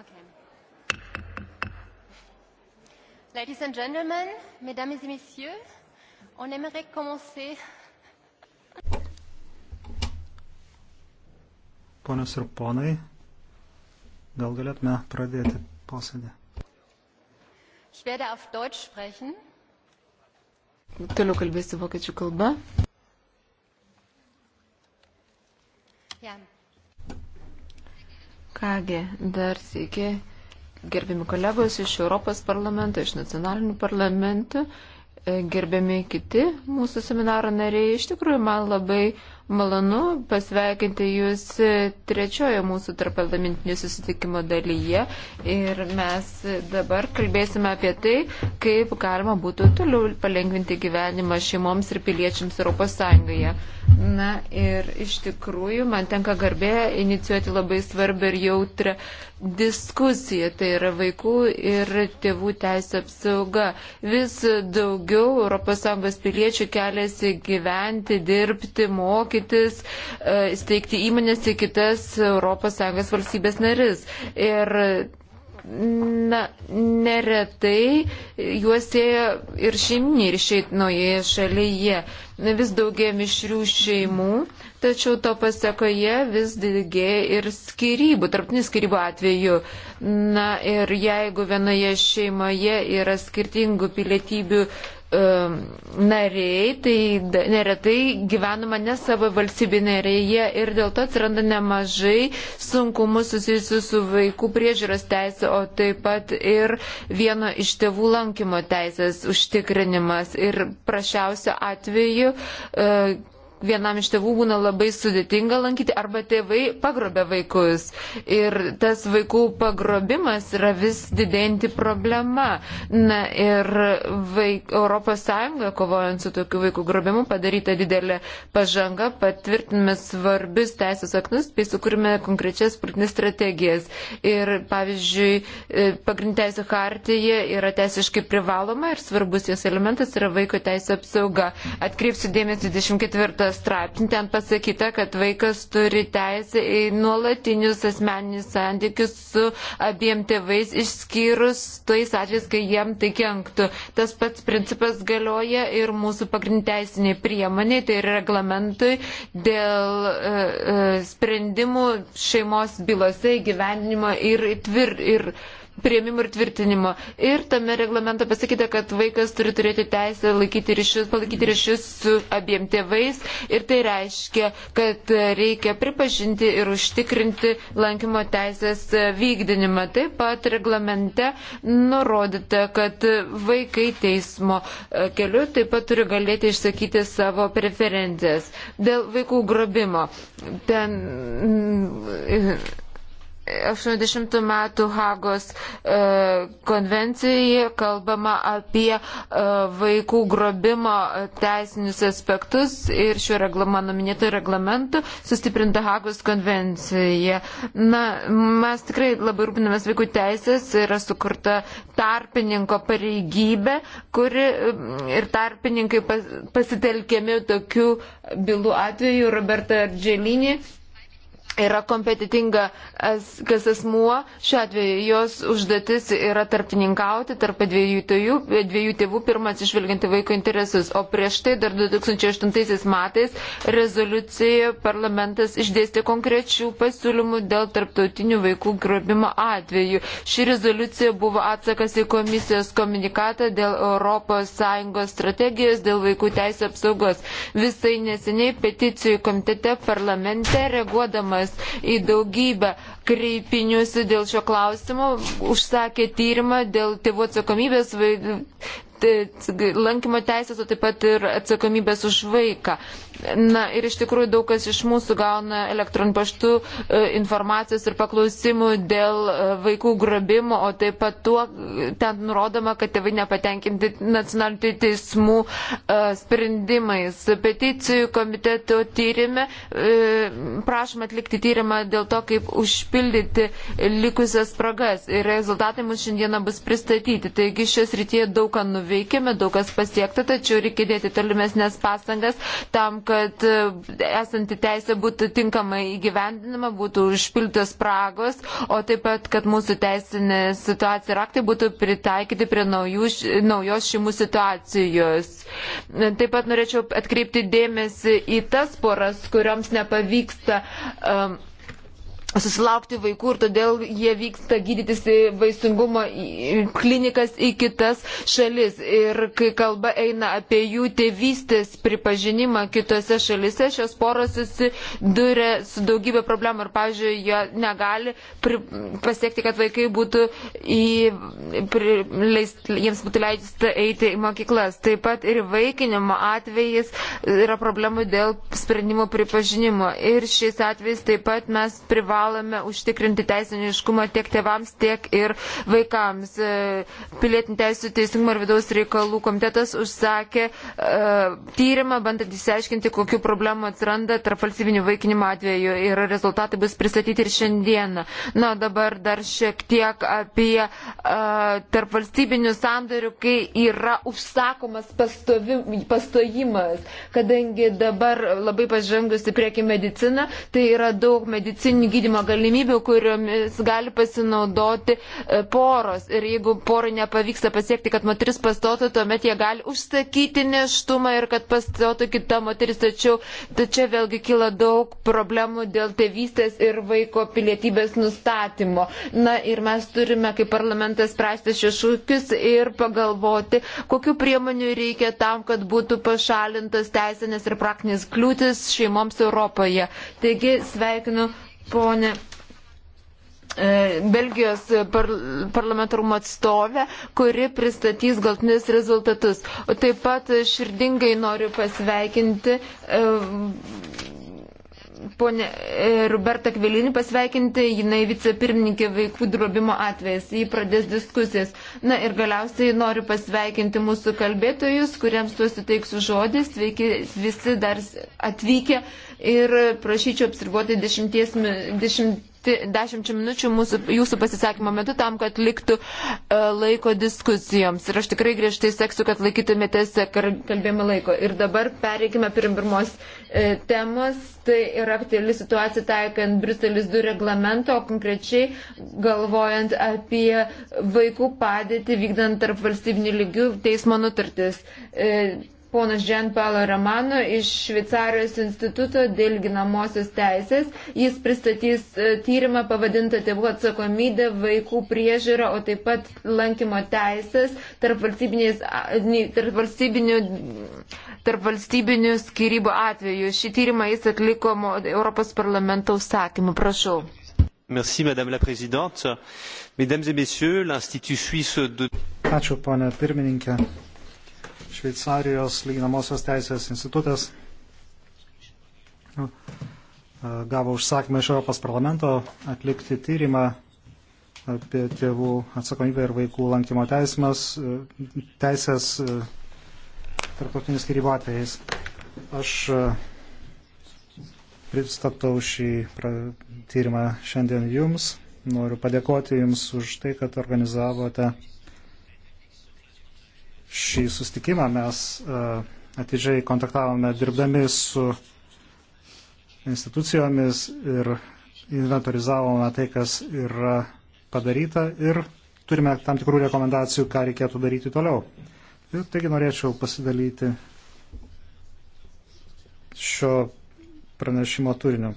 Okay. Ladies and gentlemen, mesdames et messieurs, on aimerait commencer. Ponios ir ponai, gal galėtume pradėti posėdį. Ich werde auf Deutsch sprechen. Toliau kalbėsiu vokiečių kalba. Ja. Kągi, dar sveiki, gerbiami kolegos iš Europos parlamento, iš nacionalinių parlamentų, e, gerbiami kiti mūsų seminaro nariai. Iš tikrųjų, man labai Malonu pasveikinti Jūs trečiojo mūsų tarpalamentinio susitikimo dalyje ir mes dabar kalbėsime apie tai, kaip galima būtų toliau palengvinti gyvenimą šeimoms ir piliečiams Europos Sąjungoje. Na ir iš tikrųjų man tenka garbė inicijuoti labai svarbę ir jautrę diskusiją, tai yra vaikų ir tėvų teisė apsauga. Vis daugiau ES piliečių keliasi gyventi, dirbti, mokyti mokytis, e, steigti įmonės į kitas ES valstybės naris. Ir na, neretai juos sieja ir šeiminiai ryšiai naujoje šalyje. Vis daugia mišrių šeimų, tačiau to pasiekoje vis didėja ir skirybų, tarptinių skirybų atveju. Na ir jeigu vienoje šeimoje yra skirtingų pilietybių Um, nariai, tai neretai gyvenama ne savo valstybė narėje ir dėl to atsiranda nemažai sunkumų susijusių su vaikų priežiūros teisė, o taip pat ir vieno iš tėvų lankymo teisės užtikrinimas. Ir prašiausio atveju uh, vienam iš tėvų būna labai sudėtinga lankyti arba tėvai pagrobia vaikus. Ir tas vaikų pagrobimas yra vis didėjanti problema. Na ir vaik, Europos Sąjunga, kovojant su tokiu vaikų grobimu, padaryta didelė pažanga, patvirtiname svarbius teisės aktus, bei sukūrime konkrečias politinės strategijas. Ir pavyzdžiui, e, pagrindinė teisė hartija yra teisiškai privaloma ir svarbus jos elementas yra vaiko teisė apsauga. Atkreipsiu dėmesį 24 straipsnį, ten pasakyta, kad vaikas turi teisę į nuolatinius asmeninius santykius su abiem tėvais, išskyrus tais atvejais, kai jiem tai kenktų. Tas pats principas galioja ir mūsų pagrindteisiniai priemoniai, tai reglamentui dėl e, e, sprendimų šeimos bylose įgyvendinimo ir, ir, ir prieimimo ir tvirtinimo. Ir tame reglamento pasakyta, kad vaikas turi turėti teisę laikyti ryšius, palaikyti ryšius su abiem tėvais. Ir tai reiškia, kad reikia pripažinti ir užtikrinti lankymo teisės vykdinimą. Taip pat reglamente nurodyta, kad vaikai teismo keliu taip pat turi galėti išsakyti savo preferencijas. Dėl vaikų grobimo. Ten 80 metų Hagos e, konvencijoje kalbama apie e, vaikų grobimo teisinius aspektus ir šiuo mano minėtų reglamentų sustiprinta Hagos konvencija. Na, mes tikrai labai rūpinamės vaikų teisės, yra sukurta tarpininko pareigybė, kuri e, ir tarpininkai pas, pasitelkiami tokių bylų atveju Roberta Ardželinė yra kompetitinga kas asmuo, šiuo atveju jos užduotis yra tarpininkauti tarp dviejų, tėvų, dviejų tėvų, pirmas išvelginti vaiko interesus, o prieš tai dar 2008 metais rezoliucijoje parlamentas išdėstė konkrečių pasiūlymų dėl tarptautinių vaikų grobimo atvejų. Ši rezoliucija buvo atsakas į komisijos komunikatą dėl ES strategijos dėl vaikų teisų apsaugos. Visai neseniai peticijų komitete parlamente reaguodama orientuojamas į daugybę kreipiniusi dėl šio klausimo, užsakė tyrimą dėl tėvų atsakomybės lankymo teisės, o taip pat ir atsakomybės už vaiką. Na ir iš tikrųjų daug kas iš mūsų gauna elektron paštu e, informacijos ir paklausimų dėl e, vaikų grabimo, o taip pat tuo ten nurodoma, kad tėvai nepatenkinti nacionalinių teismų e, sprendimais. Peticijų komiteto tyrimė prašom atlikti tyrimą dėl to, kaip užpildyti užpildyti likusias spragas ir rezultatai mums šiandieną bus pristatyti. Taigi šios rytyje daug ką nuveikėme, daug kas pasiekta, tačiau reikia dėti tolimesnės pastangas tam, kad e, esanti teisė būtų tinkamai įgyvendinama, būtų užpildytos spragos, o taip pat, kad mūsų teisinė situacija ir aktai būtų pritaikyti prie naujų, naujos šeimų situacijos. Taip pat norėčiau atkreipti dėmesį į tas poras, kurioms nepavyksta um, susilaukti vaikų ir todėl jie vyksta gydytis į vaisingumo klinikas į kitas šalis. Ir kai kalba eina apie jų tėvystės pripažinimą kitose šalise, šios poros susiduria su daugybė problemų ir, pavyzdžiui, jie negali pri, pasiekti, kad vaikai būtų į, pri, leist, jiems būtų leidžiama eiti į mokyklas. Taip pat ir vaikinimo atvejais yra problemų dėl sprendimo pripažinimo. Ir šiais atvejais taip pat mes privalome privalome užtikrinti teisinį iškumą tiek tėvams, tiek ir vaikams. E, Pilietinių teisų teisingumo ir vidaus reikalų komitetas užsakė uh, tyrimą, bandant įsiaiškinti, kokiu problemu atsiranda tarp valstybinių vaikinimo atveju ir rezultatai bus pristatyti ir šiandieną. Na, dabar dar šiek tiek apie uh, tarp valstybinių sandorių, kai yra užsakomas pastovi, pastojimas, kadangi dabar labai pažengusi prieki medicina, tai yra daug medicininių gydymų gydymo galimybių, kuriomis gali pasinaudoti e, poros. Ir jeigu porai nepavyksta pasiekti, kad moteris pastotų, tuomet jie gali užsakyti neštumą ir kad pastotų kita moteris. Tačiau čia vėlgi kyla daug problemų dėl tėvystės ir vaiko pilietybės nustatymo. Na ir mes turime kaip parlamentas spręsti šios šūkius ir pagalvoti, kokiu priemoniu reikia tam, kad būtų pašalintas teisinės ir praktinės kliūtis šeimoms Europoje. Taigi sveikinu ponė e, Belgijos par, parlamentarumo atstovę, kuri pristatys galtinius rezultatus. O taip pat širdingai noriu pasveikinti. E, Pone e, Roberta Kvelinį pasveikinti, jinai vicepirmininkė vaikų drobimo atvejais, jį pradės diskusijas. Na ir galiausiai noriu pasveikinti mūsų kalbėtojus, kuriems tu suteiksiu žodį, sveiki visi dar atvykę ir prašyčiau apsirgoti dešimties, dešimt, dešimčių minučių mūsų, jūsų pasisakymo metu tam, kad liktų uh, laiko diskusijoms. Ir aš tikrai griežtai seksiu, kad laikytumėtės kalbėjimo laiko. Ir dabar pereikime prie pirmos uh, temos. Tai yra aktuali situacija taikant Briselis 2 reglamento, konkrečiai galvojant apie vaikų padėtį vykdant tarp valstybinių lygių teismo nutartis. Uh, ponas Žen Paulo Romano iš Šveicarijos instituto dėl ginamosios teisės. Jis pristatys e, tyrimą pavadintą tėvų atsakomybę, vaikų priežiūrą, o taip pat lankimo teisės tarp, tarp, valstybinių, tarp valstybinių skirybų atveju. Šį tyrimą jis atliko Europos parlamento užsakymu. Prašau. Merci, Madame la Présidente. Mesdames et Messieurs, l'Institut Suisse de. Ačiū, ponia pirmininkė. Šveicarijos lyginamosios teisės institutas gavo užsakymą iš Europos parlamento atlikti tyrimą apie tėvų atsakomybę ir vaikų lankymo teismas, teisės tarptautinis skirybų atvejais. Aš pristatau šį tyrimą šiandien jums. Noriu padėkoti jums už tai, kad organizavote šį sustikimą mes e, atidžiai kontaktavome dirbdami su institucijomis ir inventorizavome tai, kas yra padaryta ir turime tam tikrų rekomendacijų, ką reikėtų daryti toliau. Ir taigi norėčiau pasidalyti šio pranešimo turiniu.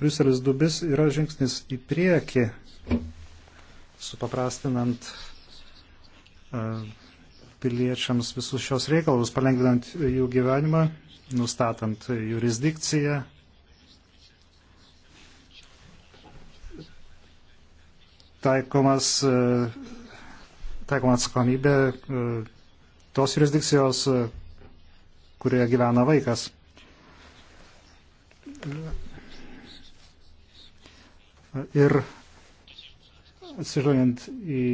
Briuselis Dubis yra žingsnis į priekį, supaprastinant uh, piliečiams visus šios reikalus, palengvinant jų gyvenimą, nustatant jurisdikciją. Taikomas, e, taikoma atsakomybė e, tos jurisdikcijos, e, kurioje gyvena vaikas. Ir atsižvelgiant į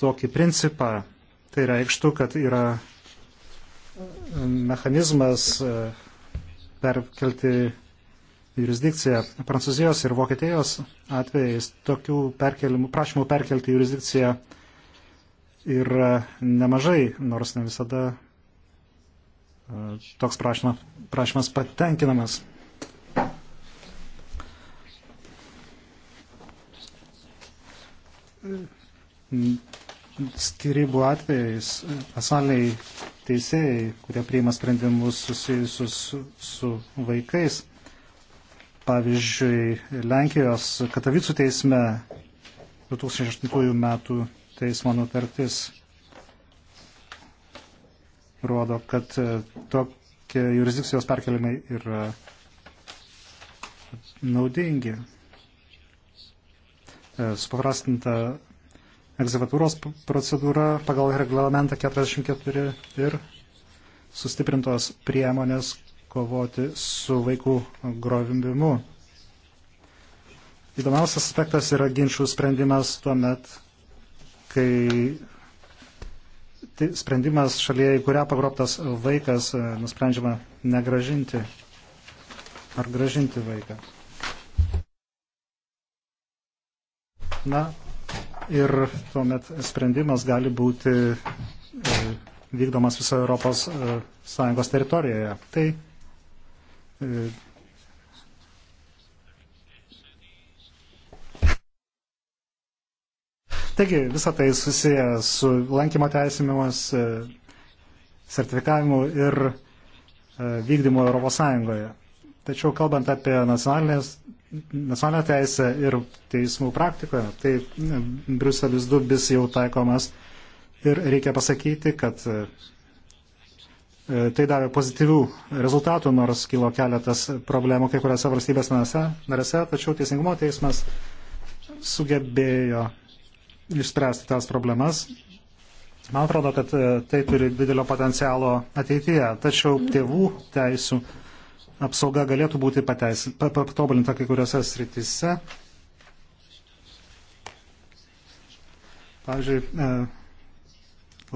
tokį principą, tai reikštų, kad yra e, mechanizmas e, perkelti jurisdikciją. Prancūzijos ir Vokietijos atvejais tokių prašymų perkelti jurisdikciją yra nemažai, nors ne visada e, toks prašyma, prašymas patenkinamas skirybų atvejais pasauliai teisėjai, kurie priima sprendimus susijusius su, su vaikais. Pavyzdžiui, Lenkijos Katavicų teisme 2008 metų teismo nutartis rodo, kad e, tokie jurisdikcijos perkelimai yra naudingi. E, supaprastinta egzavatūros procedūra pagal reglamentą 44 ir sustiprintos priemonės kovoti su vaikų grovimu. Įdomiausias aspektas yra ginčių sprendimas tuo met, kai sprendimas šalyje, į kurią pagroptas vaikas, e, nusprendžiama negražinti ar gražinti vaiką. Na, ir tuomet sprendimas gali būti e, vykdomas visoje Europos e, Sąjungos teritorijoje. Tai e, Taigi visą tai susiję su lankymo teisimimas, sertifikavimu ir vykdymu Europos Sąjungoje. Tačiau kalbant apie nacionalinės nacionalinė teisė ir teismų praktikoje, tai Bruselis 2 bis jau taikomas ir reikia pasakyti, kad e, tai davė pozityvių rezultatų, nors kilo keletas problemų kai kuriuose valstybės narėse, tačiau Teisingumo teismas sugebėjo išspręsti tas problemas. Man atrodo, kad e, tai turi didelio potencialo ateityje, tačiau tėvų teisų apsauga galėtų būti patobulinta kai kuriuose sritise. Pavyzdžiui, e,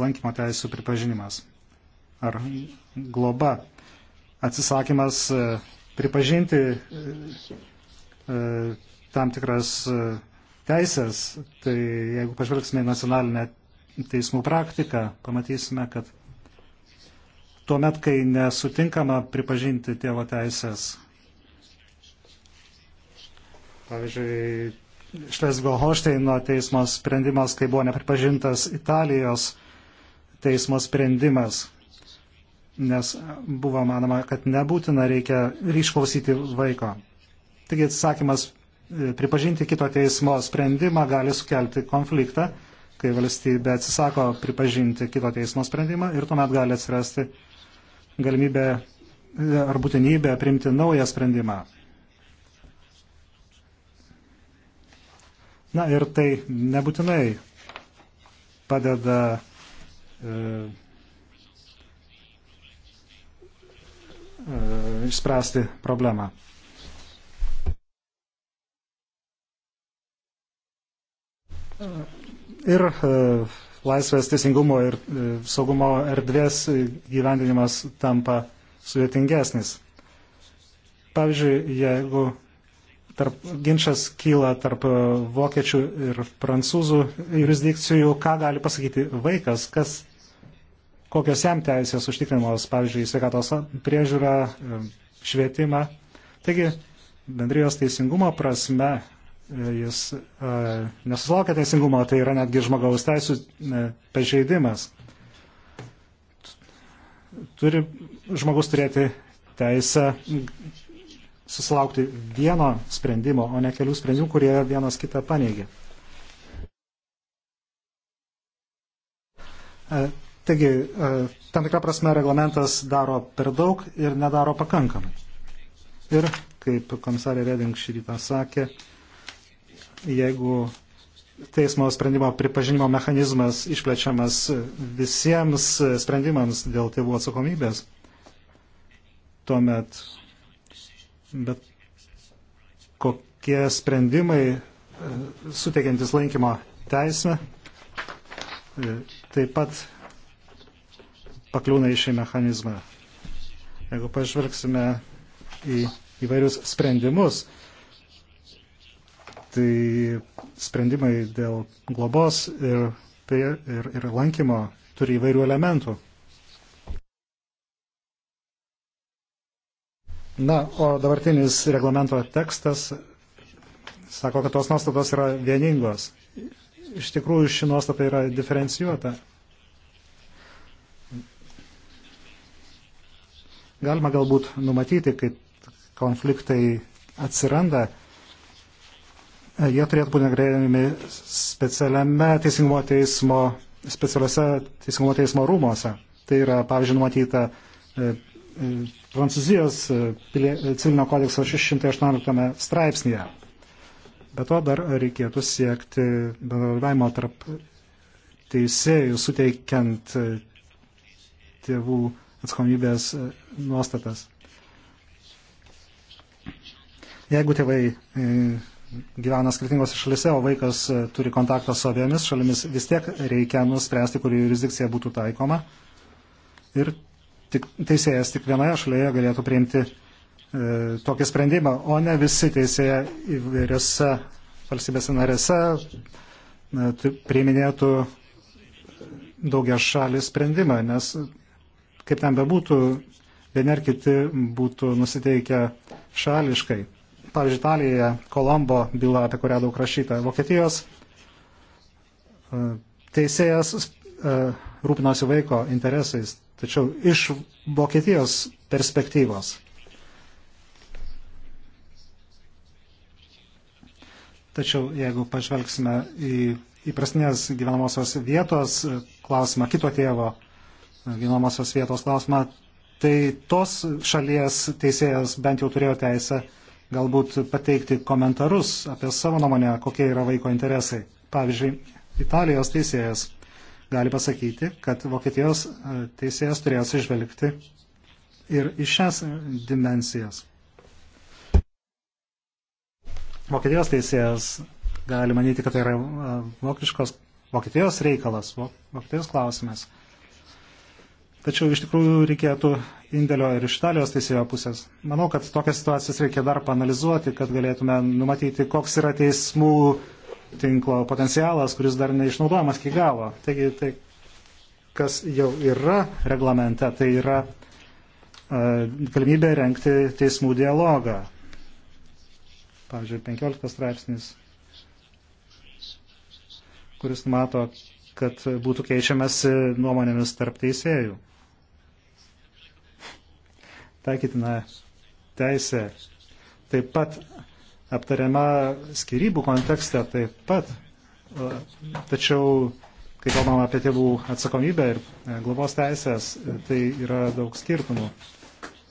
lankymo teisų pripažinimas ar globa, atsisakymas e, pripažinti e, tam tikras teisės, tai jeigu pažvelgsime į nacionalinę teismų praktiką, pamatysime, kad tuomet, kai nesutinkama pripažinti tėvo teisės. Pavyzdžiui, Šlesvigo Hošteino teismo sprendimas, kai buvo nepripažintas Italijos teismo sprendimas, nes buvo manoma, kad nebūtina reikia ryšklausyti vaiko. Taigi atsakymas e, pripažinti kito teismo sprendimą gali sukelti konfliktą, kai valstybė atsisako pripažinti kito teismo sprendimą ir tuomet gali atsirasti uh, galimybę e, ar būtinybę priimti naują sprendimą. Na ir tai nebūtinai padeda e, e, išspręsti problemą. Ir e, laisvės teisingumo ir e, saugumo erdvės e, gyvendinimas tampa sudėtingesnis. Pavyzdžiui, jeigu tarp, ginčas kyla tarp e, vokiečių ir prancūzų jurisdikcijų, ką gali pasakyti vaikas, kas, kokios jam teisės užtikrinamos, pavyzdžiui, sveikatos priežiūra, švietimą. Taigi, bendrijos teisingumo prasme E, jis e, nesusilaukia teisingumo, tai yra netgi žmogaus teisų e, pažeidimas. Turi žmogus turėti teisę susilaukti vieno sprendimo, o ne kelių sprendimų, kurie vienas kitą paneigia. Taigi, tam tikrą prasme reglamentas daro per daug ir nedaro pakankamai. Ir, kaip komisarė Reding šį rytą sakė, jeigu teismo sprendimo pripažinimo mechanizmas išplečiamas visiems sprendimams dėl tėvų atsakomybės, tuomet bet kokie sprendimai e, suteikiantis lankymo teisę e, taip pat pakliūna į šį mechanizmą. Jeigu pažvelgsime į įvairius sprendimus, tai sprendimai dėl globos ir, tai ir, ir lankymo turi įvairių elementų. Na, o dabartinis reglamento tekstas sako, kad tos nuostatos yra vieningos. Iš tikrųjų, ši nuostata yra diferencijuota. Galima galbūt numatyti, kaip konfliktai atsiranda E, jie turėtų būti nagrinėjami specialiame teisingumo teismo, specialiuose teisingumo teismo rūmose. Tai yra, pavyzdžiui, numatyta e, e, Prancūzijos civilinio kodekso 618 straipsnėje. Be to dar reikėtų siekti bendradarbiavimo tarp teisėjų, suteikiant tėvų atsakomybės nuostatas. Jeigu tėvai gyvena skirtingose šalise, o vaikas e, turi kontaktą su abiejomis šalimis, vis tiek reikia nuspręsti, kuri jurisdikcija būtų taikoma. Ir tik, teisėjas tik vienoje šalyje galėtų priimti e, tokį sprendimą, o ne visi teisėjai įvairiose valstybėse narėse e, priiminėtų daugia šalį sprendimą, nes kaip ten bebūtų, vieni ar kiti būtų nusiteikę šališkai pavyzdžiui, Italijoje Kolombo byla, apie kurią daug rašyta. Vokietijos e, teisėjas e, rūpinosi vaiko interesais, tačiau iš Vokietijos perspektyvos. Tačiau jeigu pažvelgsime į įprastinės gyvenamosios vietos e, klausimą, kito tėvo gyvenamosios vietos klausimą, tai tos šalies teisėjas bent jau turėjo teisę uh, galbūt pateikti komentarus apie savo nuomonę, kokie yra vaiko interesai. Pavyzdžiui, Italijos teisėjas gali pasakyti, kad Vokietijos e, teisėjas turėjo atsižvelgti ir į šias dimensijas. Vokietijos teisėjas gali manyti, kad tai yra e, vokiškos, Vokietijos reikalas, Vokietijos klausimas. Tačiau iš tikrųjų reikėtų indėlio ir iš Italijos teisėjo pusės. Manau, kad tokias situacijas reikia dar panalizuoti, kad galėtume numatyti, koks yra teismų tinklo potencialas, kuris dar neišnaudojamas iki galo. Taigi, tai kas jau yra reglamente, tai yra e, galimybė renkti teismų dialogą. Pavyzdžiui, 15 straipsnis, kuris numato, kad būtų keičiamas nuomonėmis tarp teisėjų taikytina teisė taip pat aptariama skirybų kontekste taip pat, tačiau kai kalbam apie tėvų atsakomybę ir e, globos teisės, e, tai yra daug skirtumų.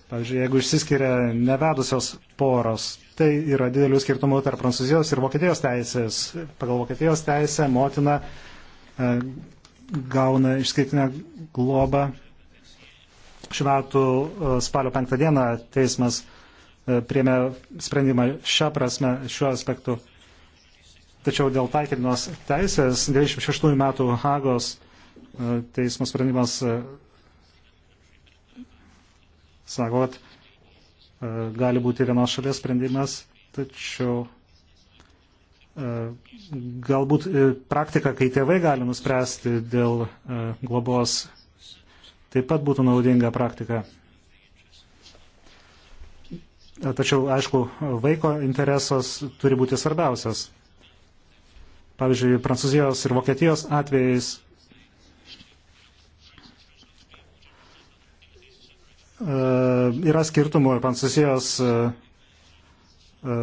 Pavyzdžiui, jeigu išsiskiria nevedusios poros, tai yra didelių skirtumų tarp Prancūzijos ir Vokietijos teisės. Pagal Vokietijos teisę motina e, gauna išskirtinę globą Šiuo metu e, spalio penktą dieną teismas e, priemė sprendimą šią prasme, šiuo aspektu. Tačiau dėl taikytinos teisės 96 metų Hagos e, teismo sprendimas sako, kad gali būti vienos šalies sprendimas, tačiau galbūt praktika, kai tėvai gali nuspręsti dėl globos taip pat būtų naudinga praktika. Tačiau, aišku, vaiko interesas turi būti svarbiausias. Pavyzdžiui, Prancūzijos ir Vokietijos atvejais e, yra skirtumų ir Prancūzijos e, e,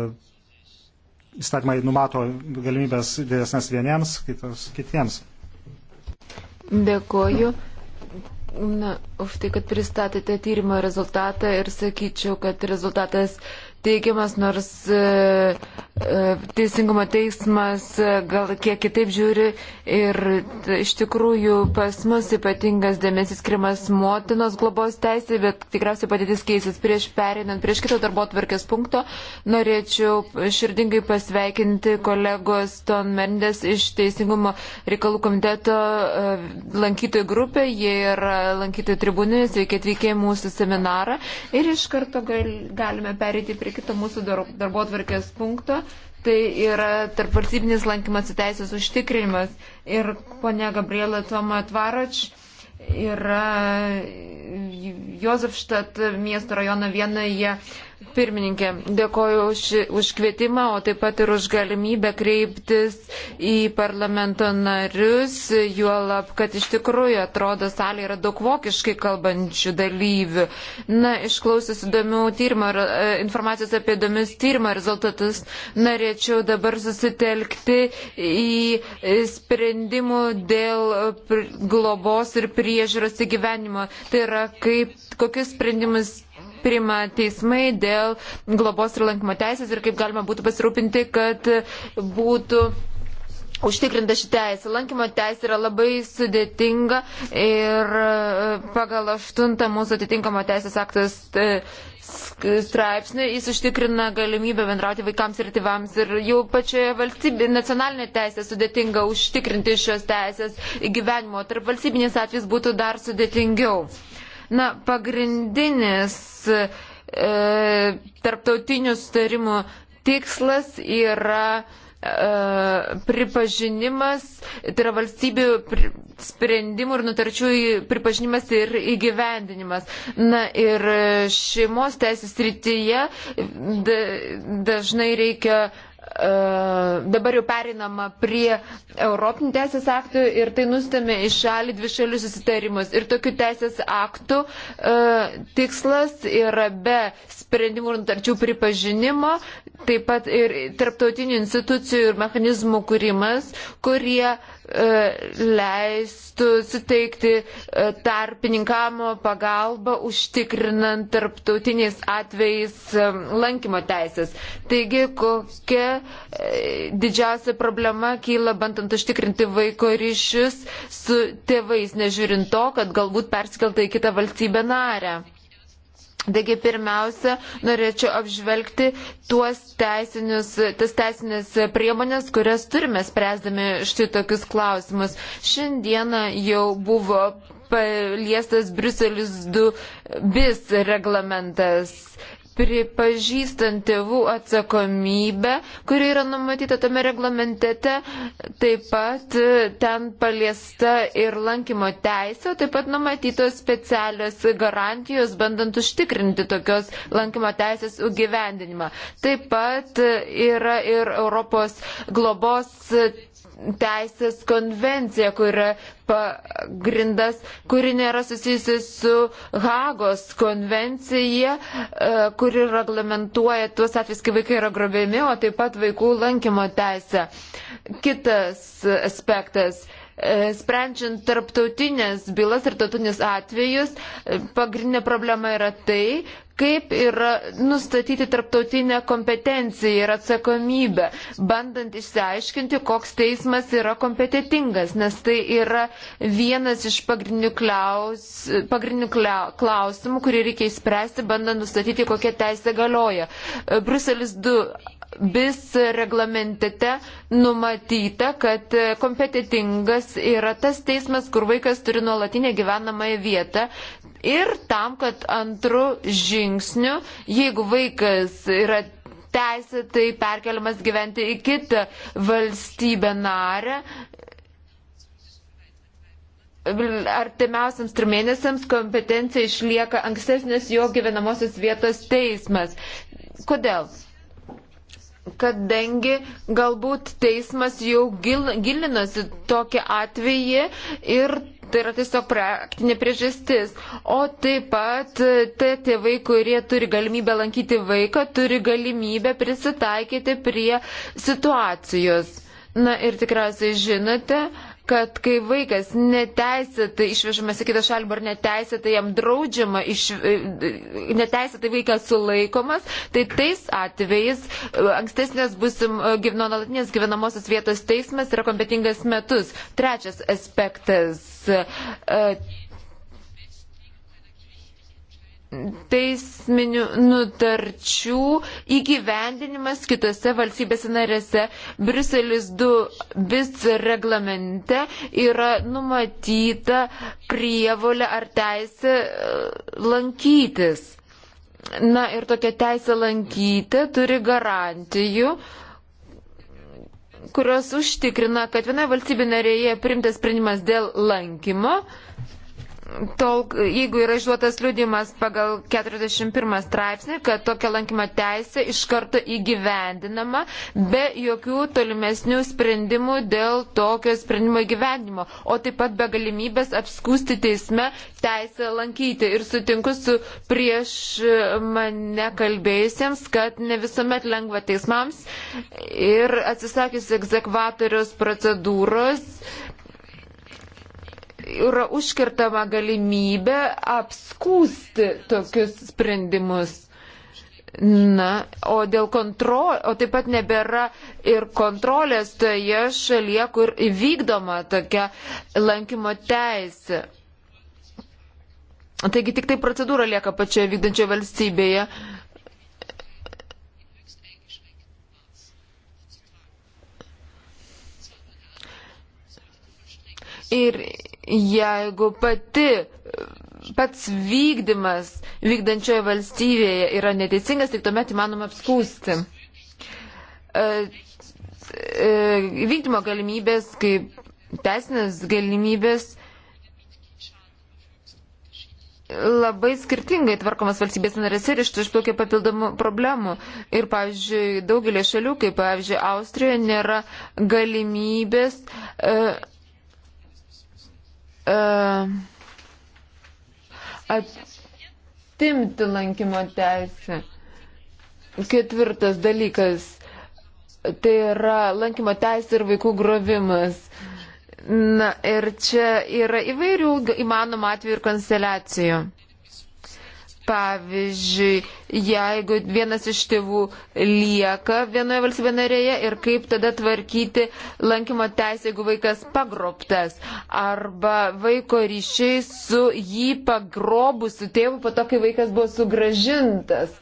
įstatymai numato galimybės didesnės vieniems, kitos kitiems. Dėkoju. Na, už tai, kad pristatėte tyrimo rezultatą ir sakyčiau, kad rezultatas teigiamas, nors e, E, Teisingumo teismas e, gal kiek kitaip žiūri ir iš tikrųjų pas mus ypatingas dėmesys skirimas motinos globos teisė, bet tikriausiai padėtis keisis prieš perinant prieš kito darbo tvarkės punkto. Norėčiau širdingai pasveikinti kolegos Ton Mendes iš Teisingumo reikalų komiteto e, lankytojų grupę. Jie yra lankytojų tribūnės, sveiki atvykę į mūsų seminarą. Ir iš karto gal, galime perėti prie kito mūsų darbo tvarkės punkto tai yra tarpvalstybinis lankymas į teisės užtikrinimas. Ir ponia Gabriela Toma Tvarač yra Jozefštat miesto rajono vienoje Pirmininkė, dėkoju už, už kvietimą, o taip pat ir už galimybę kreiptis į parlamento narius, juolab, kad iš tikrųjų atrodo salė yra daug vokiškai kalbančių dalyvių. Na, išklausęs įdomių tyrimo, e, informacijos apie įdomius tyrimo rezultatus, norėčiau dabar susitelkti į sprendimų dėl globos ir priežiūros įgyvenimo. Tai yra, kaip, kokius sprendimus priima teismai dėl globos ir lankymo teisės ir kaip galima būtų pasirūpinti, kad būtų užtikrinta ši teisė. Lankymo teisė yra labai sudėtinga ir e, pagal aštuntą mūsų atitinkamo teisės aktas e, straipsnį jis užtikrina galimybę bendrauti vaikams ir tėvams ir jau pačioje valstybė, nacionalinė teisė sudėtinga užtikrinti šios teisės gyvenimo. Tarp valstybinės atvejs būtų dar sudėtingiau. Na, pagrindinis e, tarptautinių sutarimų tikslas yra e, pripažinimas, tai yra valstybių sprendimų ir nutarčių pripažinimas ir įgyvendinimas. Na ir šeimos teisės rytyje dažnai reikia dabar jau perinama prie Europinių teisės aktų ir tai nustumė į šalį dvi šalių susitarimus. Ir tokių teisės aktų e, tikslas yra be sprendimų ir nutarčių pripažinimo, taip pat ir tarptautinių institucijų ir mechanizmų kūrimas, kurie E, leistų suteikti e, tarpininkamo pagalbą užtikrinant tarptautiniais atvejais e, lankymo teisės. Taigi, kokia didžiausia problema kyla bandant užtikrinti vaiko ryšius su tėvais, nežiūrint to, kad galbūt perskelta į kitą valstybę narę. Taigi pirmiausia, norėčiau apžvelgti tuos teisinius, tas teisinės priemonės, kurias turime spręsdami šitokius klausimus. Šiandieną jau buvo paliestas Bruselis 2 bis reglamentas pripažįstant tėvų atsakomybę, kuri yra numatyta tame reglamentete, taip pat e, ten paliesta ir lankymo teisė, taip pat numatytos specialios garantijos, bandant užtikrinti tokios lankymo teisės įgyvendinimą. Taip pat e, yra ir Europos globos teisės konvencija, kur yra pagrindas, kuri nėra susijusi su Hagos konvencija, e, kuri reglamentuoja tuos atvejus, kai vaikai yra grobėmi, o taip pat vaikų lankimo teisę. Kitas aspektas e, sprendžiant tarptautinės bylas ir tarptautinius atvejus, e, pagrindinė problema yra tai, kaip yra nustatyti tarptautinę kompetenciją ir atsakomybę, bandant išsiaiškinti, koks teismas yra kompetitingas, nes tai yra vienas iš pagrindinių, klaus, pagrindinių klausimų, kurį reikia įspręsti, bandant nustatyti, kokia teisė galioja. Bruselis 2 bis reglamentete numatyta, kad kompetitingas yra tas teismas, kur vaikas turi nuolatinę gyvenamąją vietą, Ir tam, kad antrų žingsnių, jeigu vaikas yra teisėtai perkeliamas gyventi į kitą valstybę narę, artimiausiams trimėnesiams kompetencija išlieka ankstesnės jo gyvenamosios vietos teismas. Kodėl? kadangi galbūt teismas jau gil, gilinosi tokį atvejį ir Tai yra tiesiog praktinė priežastis. O taip pat tie tėvai, kurie turi galimybę lankyti vaiką, turi galimybę prisitaikyti prie situacijos. Na ir tikriausiai žinote, kad kai vaikas neteisėtai išvežamas į kitą šalį ar neteisėtai jam draudžiama, iš, e, neteisėtai vaikas sulaikomas, tai tais atvejais e, ankstesnės busim e, gyveno nuolatinės gyvenamosios vietos teismas yra kompetingas metus. Trečias aspektas. E, teisminių nutarčių įgyvendinimas kitose valstybėse narėse. Briselis 2 bis reglamente yra numatyta prievolė ar teisė e, lankytis. Na ir tokia teisė lankyti turi garantijų kurios užtikrina, kad viena valstybė narėje primtas sprendimas dėl lankymo tol, jeigu yra išduotas liudimas pagal 41 straipsnį, kad tokia lankymo teisė iš karto įgyvendinama be jokių tolimesnių sprendimų dėl tokio sprendimo įgyvendimo, o taip pat be galimybės apskūsti teisme teisę lankyti. Ir sutinku su prieš mane kalbėjusiems, kad ne visuomet lengva teismams ir atsisakius egzekvatorius procedūros yra užkirtama galimybė apskūsti tokius sprendimus. Na, o dėl kontrolės, o taip pat nebėra ir kontrolės toje šalyje, kur įvykdoma tokia lankymo teisė. Taigi tik tai procedūra lieka pačioje vykdančioje valstybėje. Ir jeigu pati pats vykdymas vykdančioje valstybėje yra neteisingas, tik tuomet įmanoma apskūsti. E, e, vykdymo galimybės, kaip teisinės galimybės labai skirtingai tvarkomas valstybės narės ir iš to išplaukia papildomų problemų. Ir, pavyzdžiui, daugelį šalių, kaip, pavyzdžiui, Austrijoje, nėra galimybės. Uh, e, E, atimti lankymo teisę. Ketvirtas dalykas - tai yra lankymo teisė ir vaikų grovimas. Na ir čia yra įvairių įmanomų atvejų ir konsteliacijų. Pavyzdžiui, jeigu vienas iš tėvų lieka vienoje valstybėje narėje ir kaip tada tvarkyti lankymo teisę, jeigu vaikas pagroptas arba vaiko ryšiai su jį pagrobusiu tėvu po to, kai vaikas buvo sugražintas.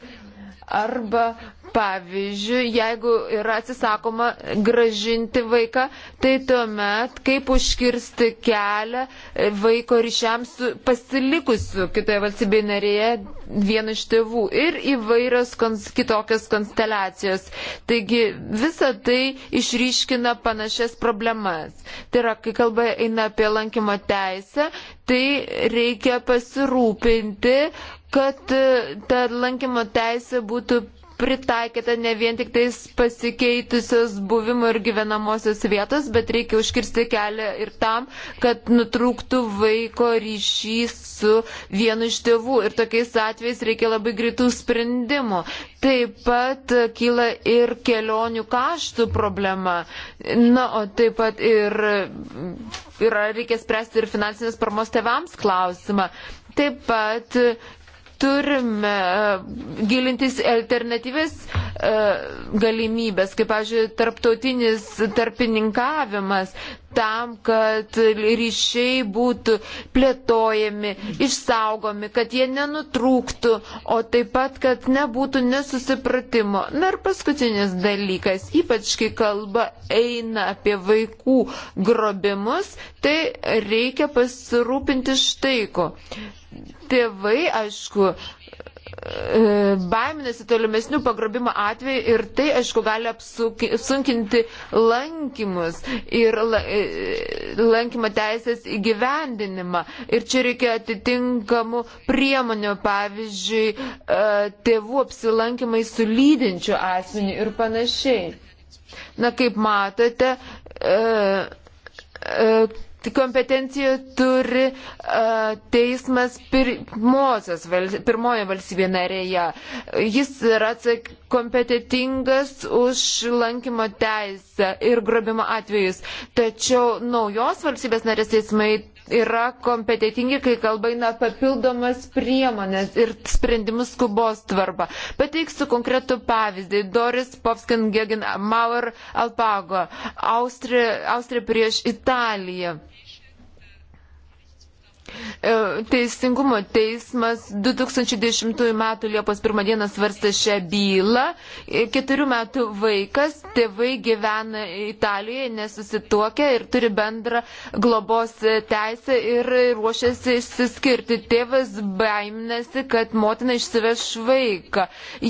Arba Pavyzdžiui, jeigu yra atsisakoma gražinti vaiką, tai tuomet kaip užkirsti kelią vaiko ryšiams su pasilikusiu kitoje valstybėje narėje vienu iš tėvų ir įvairios kons, kitokios konsteliacijos. Taigi visa tai išryškina panašias problemas. Tai yra, kai kalba eina apie lankimo teisę, tai reikia pasirūpinti, kad ta lankimo teisė būtų pritaikyta ne vien tik tais pasikeitusios buvimo ir gyvenamosios vietos, bet reikia užkirsti kelią ir tam, kad nutrūktų vaiko ryšys su vienu iš tėvų. Ir tokiais atvejais reikia labai greitų sprendimų. Taip pat kyla ir kelionių kaštų problema. Na, o taip pat ir, ir reikia spręsti ir finansinės paramos tevams klausimą. Taip pat turime e, gilintis alternatyves e, galimybės, kaip, pavyzdžiui, tarptautinis tarpininkavimas tam, kad ryšiai būtų plėtojami, išsaugomi, kad jie nenutrūktų, o taip pat, kad nebūtų nesusipratimo. Na ir paskutinis dalykas, ypač kai kalba eina apie vaikų grobimus, tai reikia pasirūpinti štai ko tėvai, aišku, e, baiminasi tolimesnių pagrobimo atvejų ir tai, aišku, gali apsunkinti lankymus ir e, lankymo teisės įgyvendinimą. Ir čia reikia atitinkamų priemonių, pavyzdžiui, e, tėvų apsilankimai su lydinčiu asmeniu ir panašiai. Na, kaip matote, Tai kompetencija turi uh, teismas pirmosios, val, pirmojo valstybė narėje. Jis yra atsak, kompetitingas už lankimo teisę ir grobimo atvejus. Tačiau naujos valstybės narės teismai yra kompetitingi, kai kalba eina papildomas priemonės ir sprendimus skubos tvarba. Pateiksiu konkretų pavyzdį. Doris Povskin Gegin Mauer Alpago. Austrija, Austrija prieš Italiją. E, Teisingumo teismas 2010 m. Liepos 1 d. svarsta šią bylą. E, keturių metų vaikas, tėvai gyvena Italijoje, nesusituokia ir turi bendrą globos teisę ir ruošiasi išsiskirti. Tėvas baiminasi, kad motina išsiveš vaiką.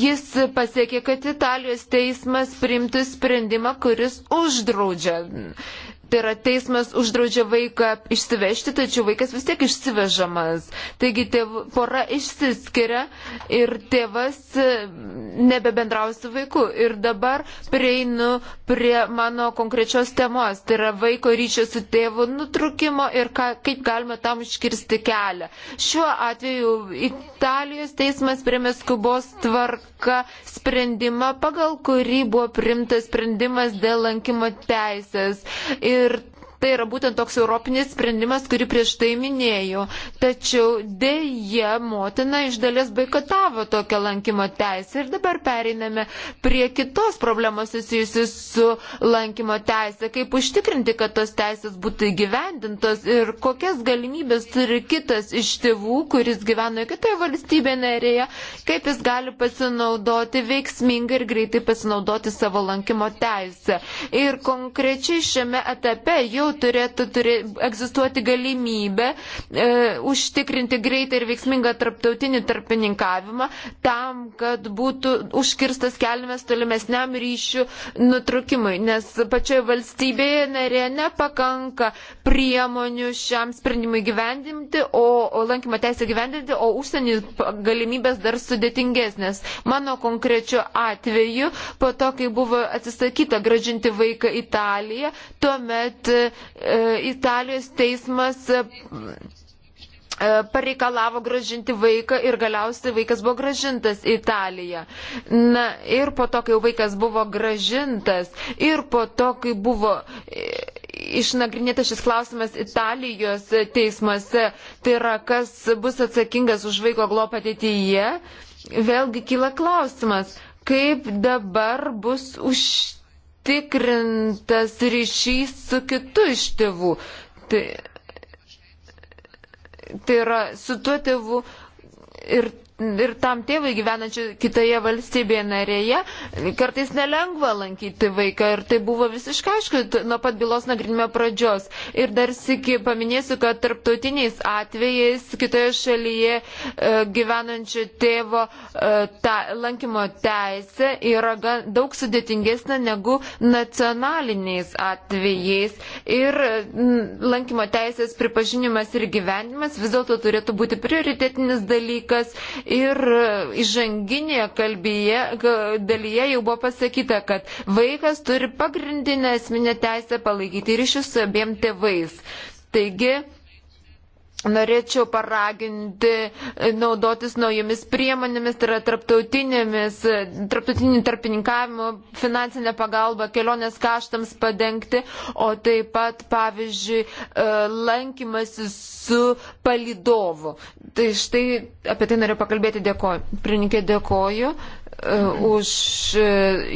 Jis pasiekė, kad Italijos teismas priimtų sprendimą, kuris uždraudžia Tai yra teismas uždraudžia vaiką išsivežti, tačiau vaikas vis tiek išsivežamas. Taigi tėv, pora išsiskiria ir tėvas e, nebebendraus su vaiku. Ir dabar prieinu prie mano konkrečios temos. Tai yra vaiko ryšio su tėvu nutrukimo ir ka, kaip galima tam iškirsti kelią. Šiuo atveju Italijos teismas priėmė skubos tvarką sprendimą, pagal kurį buvo primtas sprendimas dėl lankimo teisės. Ir ir Tai yra būtent toks europinis sprendimas, kurį prieš tai minėjau. Tačiau dėje motina iš dalies baikatavo tokią lankimo teisę ir dabar pereiname prie kitos problemos susijusius su lankimo teisė, kaip užtikrinti, kad tos teisės būtų įgyvendintos ir kokias galimybės turi kitas iš tėvų, kuris gyvena kitoje valstybėje narėje, kaip jis gali pasinaudoti veiksmingai ir greitai pasinaudoti savo lankimo teisę. Ir konkrečiai šiame etape jau toliau turėtų turė, egzistuoti galimybė e, užtikrinti greitą ir veiksmingą tarptautinį tarpininkavimą tam, kad būtų užkirstas kelmes tolimesniam ryšių nutrukimui, nes pačioje valstybėje narė nepakanka priemonių šiam sprendimui gyvendinti, o, o lankymo teisę gyvendinti, o užsienį galimybės dar sudėtingesnės. Mano konkrečiu atveju, po to, kai buvo atsisakyta gražinti vaiką Italiją, tuomet e, E, Italijos teismas e, e, pareikalavo gražinti vaiką ir galiausiai vaikas buvo gražintas į Italiją. Na ir po to, kai vaikas buvo gražintas ir po to, kai buvo išnagrinėtas šis klausimas Italijos teismuose, tai yra kas bus atsakingas už vaiko globą ateityje, vėlgi kyla klausimas, kaip dabar bus už užtikrintas ryšys su kitu iš tėvų. Tai, tai yra su tuo tėvu ir ir tam tėvai gyvenančiai kitoje valstybėje narėje kartais nelengva lankyti vaiką ir tai buvo visiškai aišku nuo pat bylos nagrinimo pradžios. Ir dar sėki paminėsiu, kad tarptautiniais atvejais kitoje šalyje e, gyvenančio tėvo e, ta, lankymo teisė yra daug sudėtingesnė negu nacionaliniais atvejais. Ir lankymo teisės pripažinimas ir gyvenimas vis dėlto turėtų būti prioritetinis dalykas ir įžanginėje kalbėje, dalyje jau buvo pasakyta, kad vaikas turi pagrindinę esminę teisę palaikyti ryšius su abiem tėvais. Taigi, Norėčiau paraginti e, naudotis naujomis priemonėmis, tai yra tarptautinėmis, e, tarptautinį tarpininkavimo, finansinę pagalbą, kelionės kaštams padengti, o taip pat, pavyzdžiui, e, lankymasi su palidovu. Tai štai apie tai noriu pakalbėti, dėkoju. Prininkė, dėkoju. E, už e,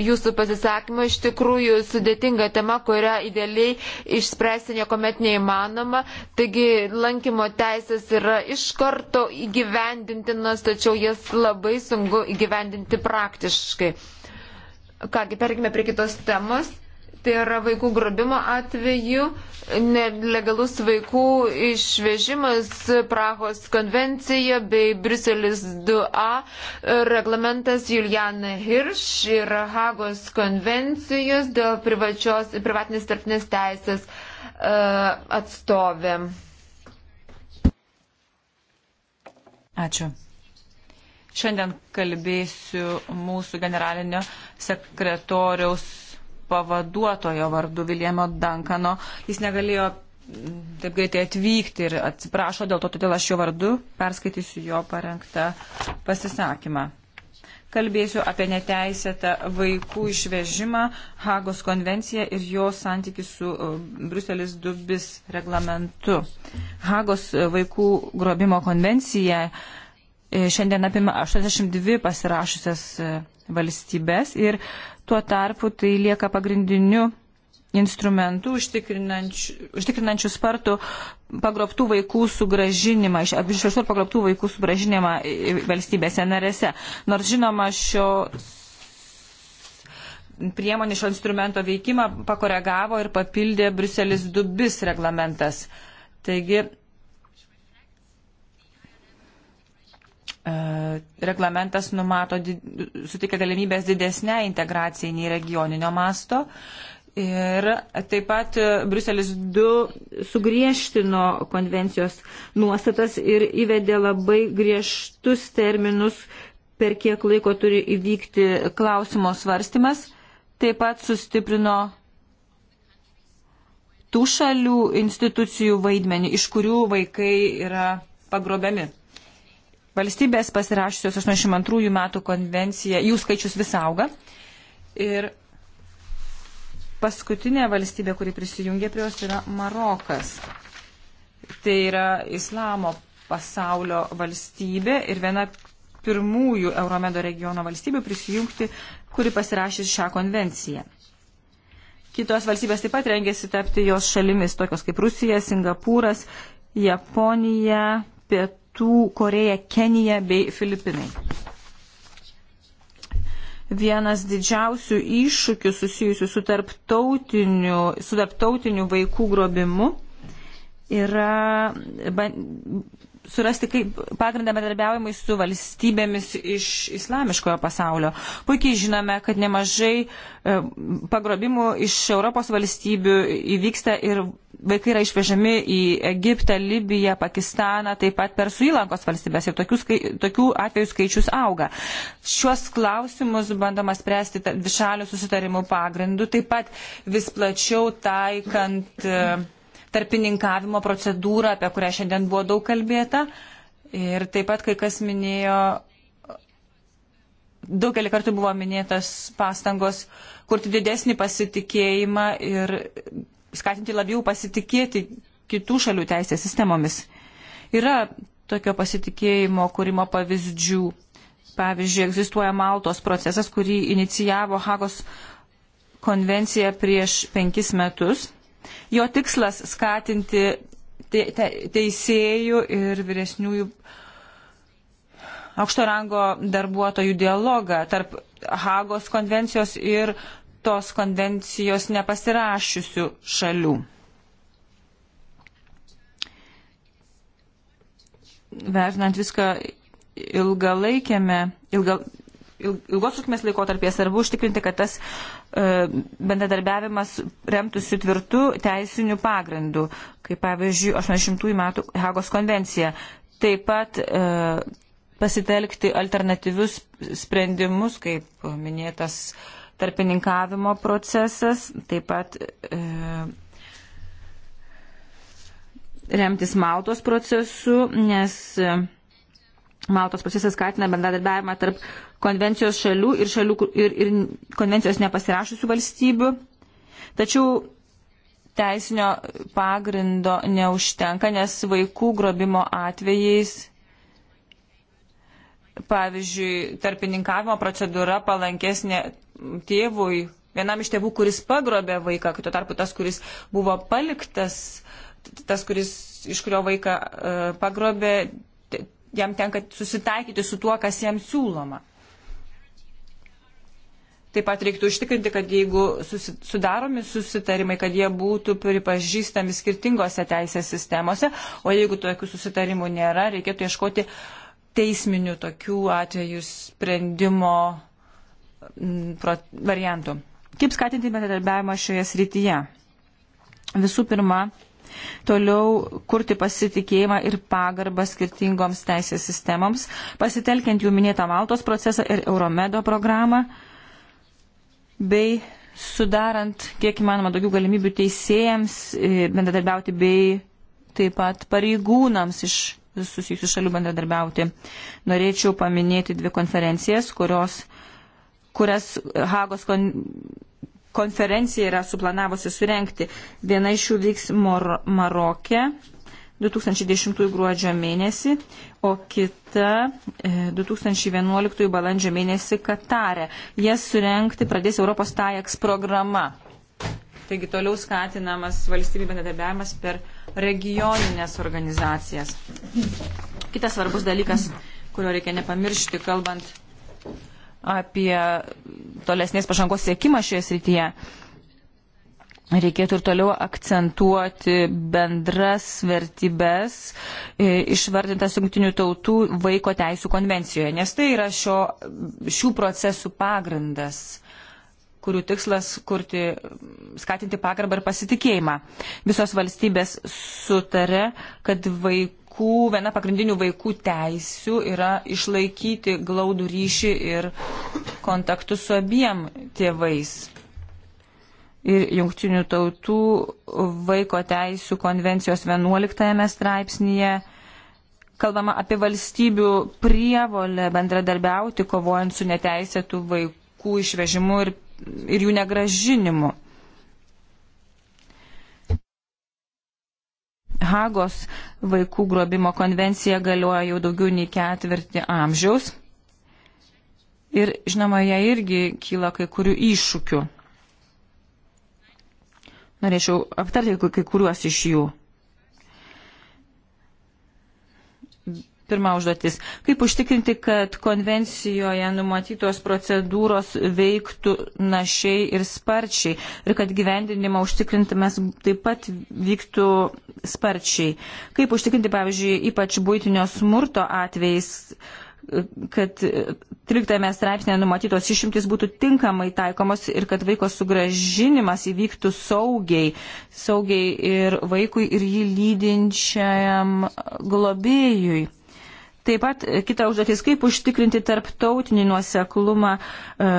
jūsų pasisakymą. Iš tikrųjų sudėtinga tema, kurią idealiai išspręsti niekuomet neįmanoma. Taigi lankymo teisės yra iš karto įgyvendintinas, tačiau jas labai sunku įgyvendinti praktiškai. Kągi, perkime prie kitos temos. Tai yra vaikų grobimo atveju, nelegalus vaikų išvežimas Prahos konvencija bei Briselis 2A reglamentas Juliana Hirš ir Hagos konvencijos dėl privačios, privatinės tarpinės teisės e, atstovė. Ačiū. Šiandien kalbėsiu mūsų generalinio sekretoriaus pavaduotojo vardu Viljamo Dankano. Jis negalėjo taip greitai atvykti ir atsiprašo dėl to, todėl aš jo vardu perskaitysiu jo parengtą pasisakymą. Kalbėsiu apie neteisėtą vaikų išvežimą, Hagos konvenciją ir jo santykių su e, Bruselis Dubis reglamentu. Hagos e, vaikų grobimo konvencija e, šiandien apima 82 pasirašusias valstybės ir Tuo tarpu tai lieka pagrindiniu instrumentų užtikrinančių, užtikrinančių spartų pagrobtų vaikų sugražinimą, iš visur pagrobtų vaikų sugražinimą valstybėse narėse. Nors žinoma, šio priemonė šio instrumento veikimą pakoregavo ir papildė Bruselis 2 reglamentas. Taigi E, reglamentas numato, suteikia galimybės didesnę integraciją nei regioninio masto. Ir taip pat e, Bruselis 2 sugriežtino konvencijos nuostatas ir įvedė labai griežtus terminus, per kiek laiko turi įvykti klausimo svarstymas. Taip pat sustiprino tų šalių institucijų vaidmenį, iš kurių vaikai yra pagrobiami. Valstybės pasirašusios 82 metų konvenciją, jų skaičius vis auga. Ir paskutinė valstybė, kuri prisijungė prie jos, tai yra Marokas. Tai yra islamo pasaulio valstybė ir viena pirmųjų Euromedo regiono valstybių prisijungti, kuri pasirašys šią konvenciją. Kitos valstybės taip pat rengėsi tapti jos šalimis, tokios kaip Rusija, Singapūras, Japonija, Pietų. Pietų Koreja, Kenija bei Filipinai. Vienas didžiausių iššūkių susijusių su tarptautiniu, su tarptautiniu vaikų grobimu yra surasti kaip pagrindą bendradarbiavimui su valstybėmis iš islamiškojo pasaulio. Puikiai žinome, kad nemažai e, pagrobimų iš Europos valstybių įvyksta ir vaikai yra išvežami į Egiptą, Libiją, Pakistaną, taip pat per Suilankos valstybės ir tokių, skai, tokių atvejų skaičius auga. Šiuos klausimus bandoma spręsti dvišalių susitarimų pagrindų, taip pat vis plačiau taikant e, tarpininkavimo procedūrą, apie kurią šiandien buvo daug kalbėta. Ir taip pat kai kas minėjo, daugelį kartų buvo minėtas pastangos kurti didesnį pasitikėjimą ir skatinti labiau pasitikėti kitų šalių teisės sistemomis. Yra tokio pasitikėjimo kūrimo pavyzdžių. Pavyzdžiui, egzistuoja Maltos procesas, kurį inicijavo Hagos konvencija prieš penkis metus. Jo tikslas skatinti te, te, teisėjų ir vyresniųjų aukšto rango darbuotojų dialogą tarp Hagos konvencijos ir tos konvencijos nepasirašiusių šalių. Vertinant viską ilgalaikėme, ilga, ilgos trukmės laikotarpėje svarbu užtikrinti, kad tas e, bendradarbiavimas remtųsi tvirtų teisinių pagrindų, kaip pavyzdžiui 80-ųjų metų Hagos konvencija. Taip pat e, pasitelkti alternatyvius sprendimus, kaip minėtas tarpininkavimo procesas, taip pat e, remtis Maltos procesu, nes e, Maltos procesas skatina bendradarbiavimą tarp konvencijos šalių ir, šalių, ir, ir konvencijos nepasirašusių valstybių. Tačiau teisinio pagrindo neužtenka, nes vaikų grobimo atvejais, pavyzdžiui, tarpininkavimo procedūra palankesnė tėvui, vienam iš tėvų, kuris pagrobė vaiką, kai tuo tarpu tas, kuris buvo paliktas, tas, kuris, iš kurio vaiką uh, pagrobė, jam tenka susitaikyti su tuo, kas jam siūloma. Taip pat reiktų užtikrinti, kad jeigu susi, sudaromi susitarimai, kad jie būtų pripažįstami skirtingose teisės sistemose, o jeigu tokių susitarimų nėra, reikėtų ieškoti teisminių tokių atvejų sprendimo variantų. Kaip skatinti bendradarbiavimą šioje srityje? Visų pirma, toliau kurti pasitikėjimą ir pagarbą skirtingoms teisės sistemoms, pasitelkiant jų minėtą Maltos procesą ir Euromedo programą, bei sudarant kiek įmanoma daugiau galimybių teisėjams e, bendradarbiauti bei taip pat pareigūnams iš susijusių šalių bendradarbiauti. Norėčiau paminėti dvi konferencijas, kurios kurias Hagos kon konferencija yra suplanavusi surenkti. Viena iš jų vyks Mor Marokė 2010 gruodžio mėnesį, o kita 2011 e, balandžio mėnesį Katare. Jas surenkti pradės Europos TAEX programa. Taigi toliau skatinamas valstybių bendradarbiavimas per regioninės organizacijas. Kitas svarbus dalykas, kurio reikia nepamiršti, kalbant apie tolesnės pažangos siekimą šioje srityje. Reikėtų ir toliau akcentuoti bendras vertybės e, išvardintas jungtinių tautų vaiko teisų konvencijoje, nes tai yra šio, šių procesų pagrindas kurių tikslas kurti, skatinti pagarbą ir pasitikėjimą. Visos valstybės sutarė, kad vaikų vaikų, viena pagrindinių vaikų teisių yra išlaikyti glaudų ryšį ir kontaktus su abiem tėvais. Ir jungtinių tautų vaiko teisų konvencijos 11 straipsnėje kalbama apie valstybių prievolę bendradarbiauti, kovojant su neteisėtų vaikų išvežimu ir, ir jų negražinimu. Hagos vaikų grobimo konvencija galioja jau daugiau nei ketvirtį amžiaus. Ir, žinoma, jie irgi kyla kai kurių iššūkių. Norėčiau aptarti kai kuriuos iš jų. pirma užduotis. Kaip užtikrinti, kad konvencijoje numatytos procedūros veiktų našiai ir sparčiai ir kad gyvendinimą užtikrintumės taip pat vyktų sparčiai. Kaip užtikrinti, pavyzdžiui, ypač būtinio smurto atvejais kad 13 straipsnėje numatytos išimtis būtų tinkamai taikomos ir kad vaiko sugražinimas įvyktų saugiai, saugiai ir vaikui ir jį lydinčiam globėjui. Taip pat e, kita užduotis, kaip užtikrinti tarptautinį nuoseklumą, e,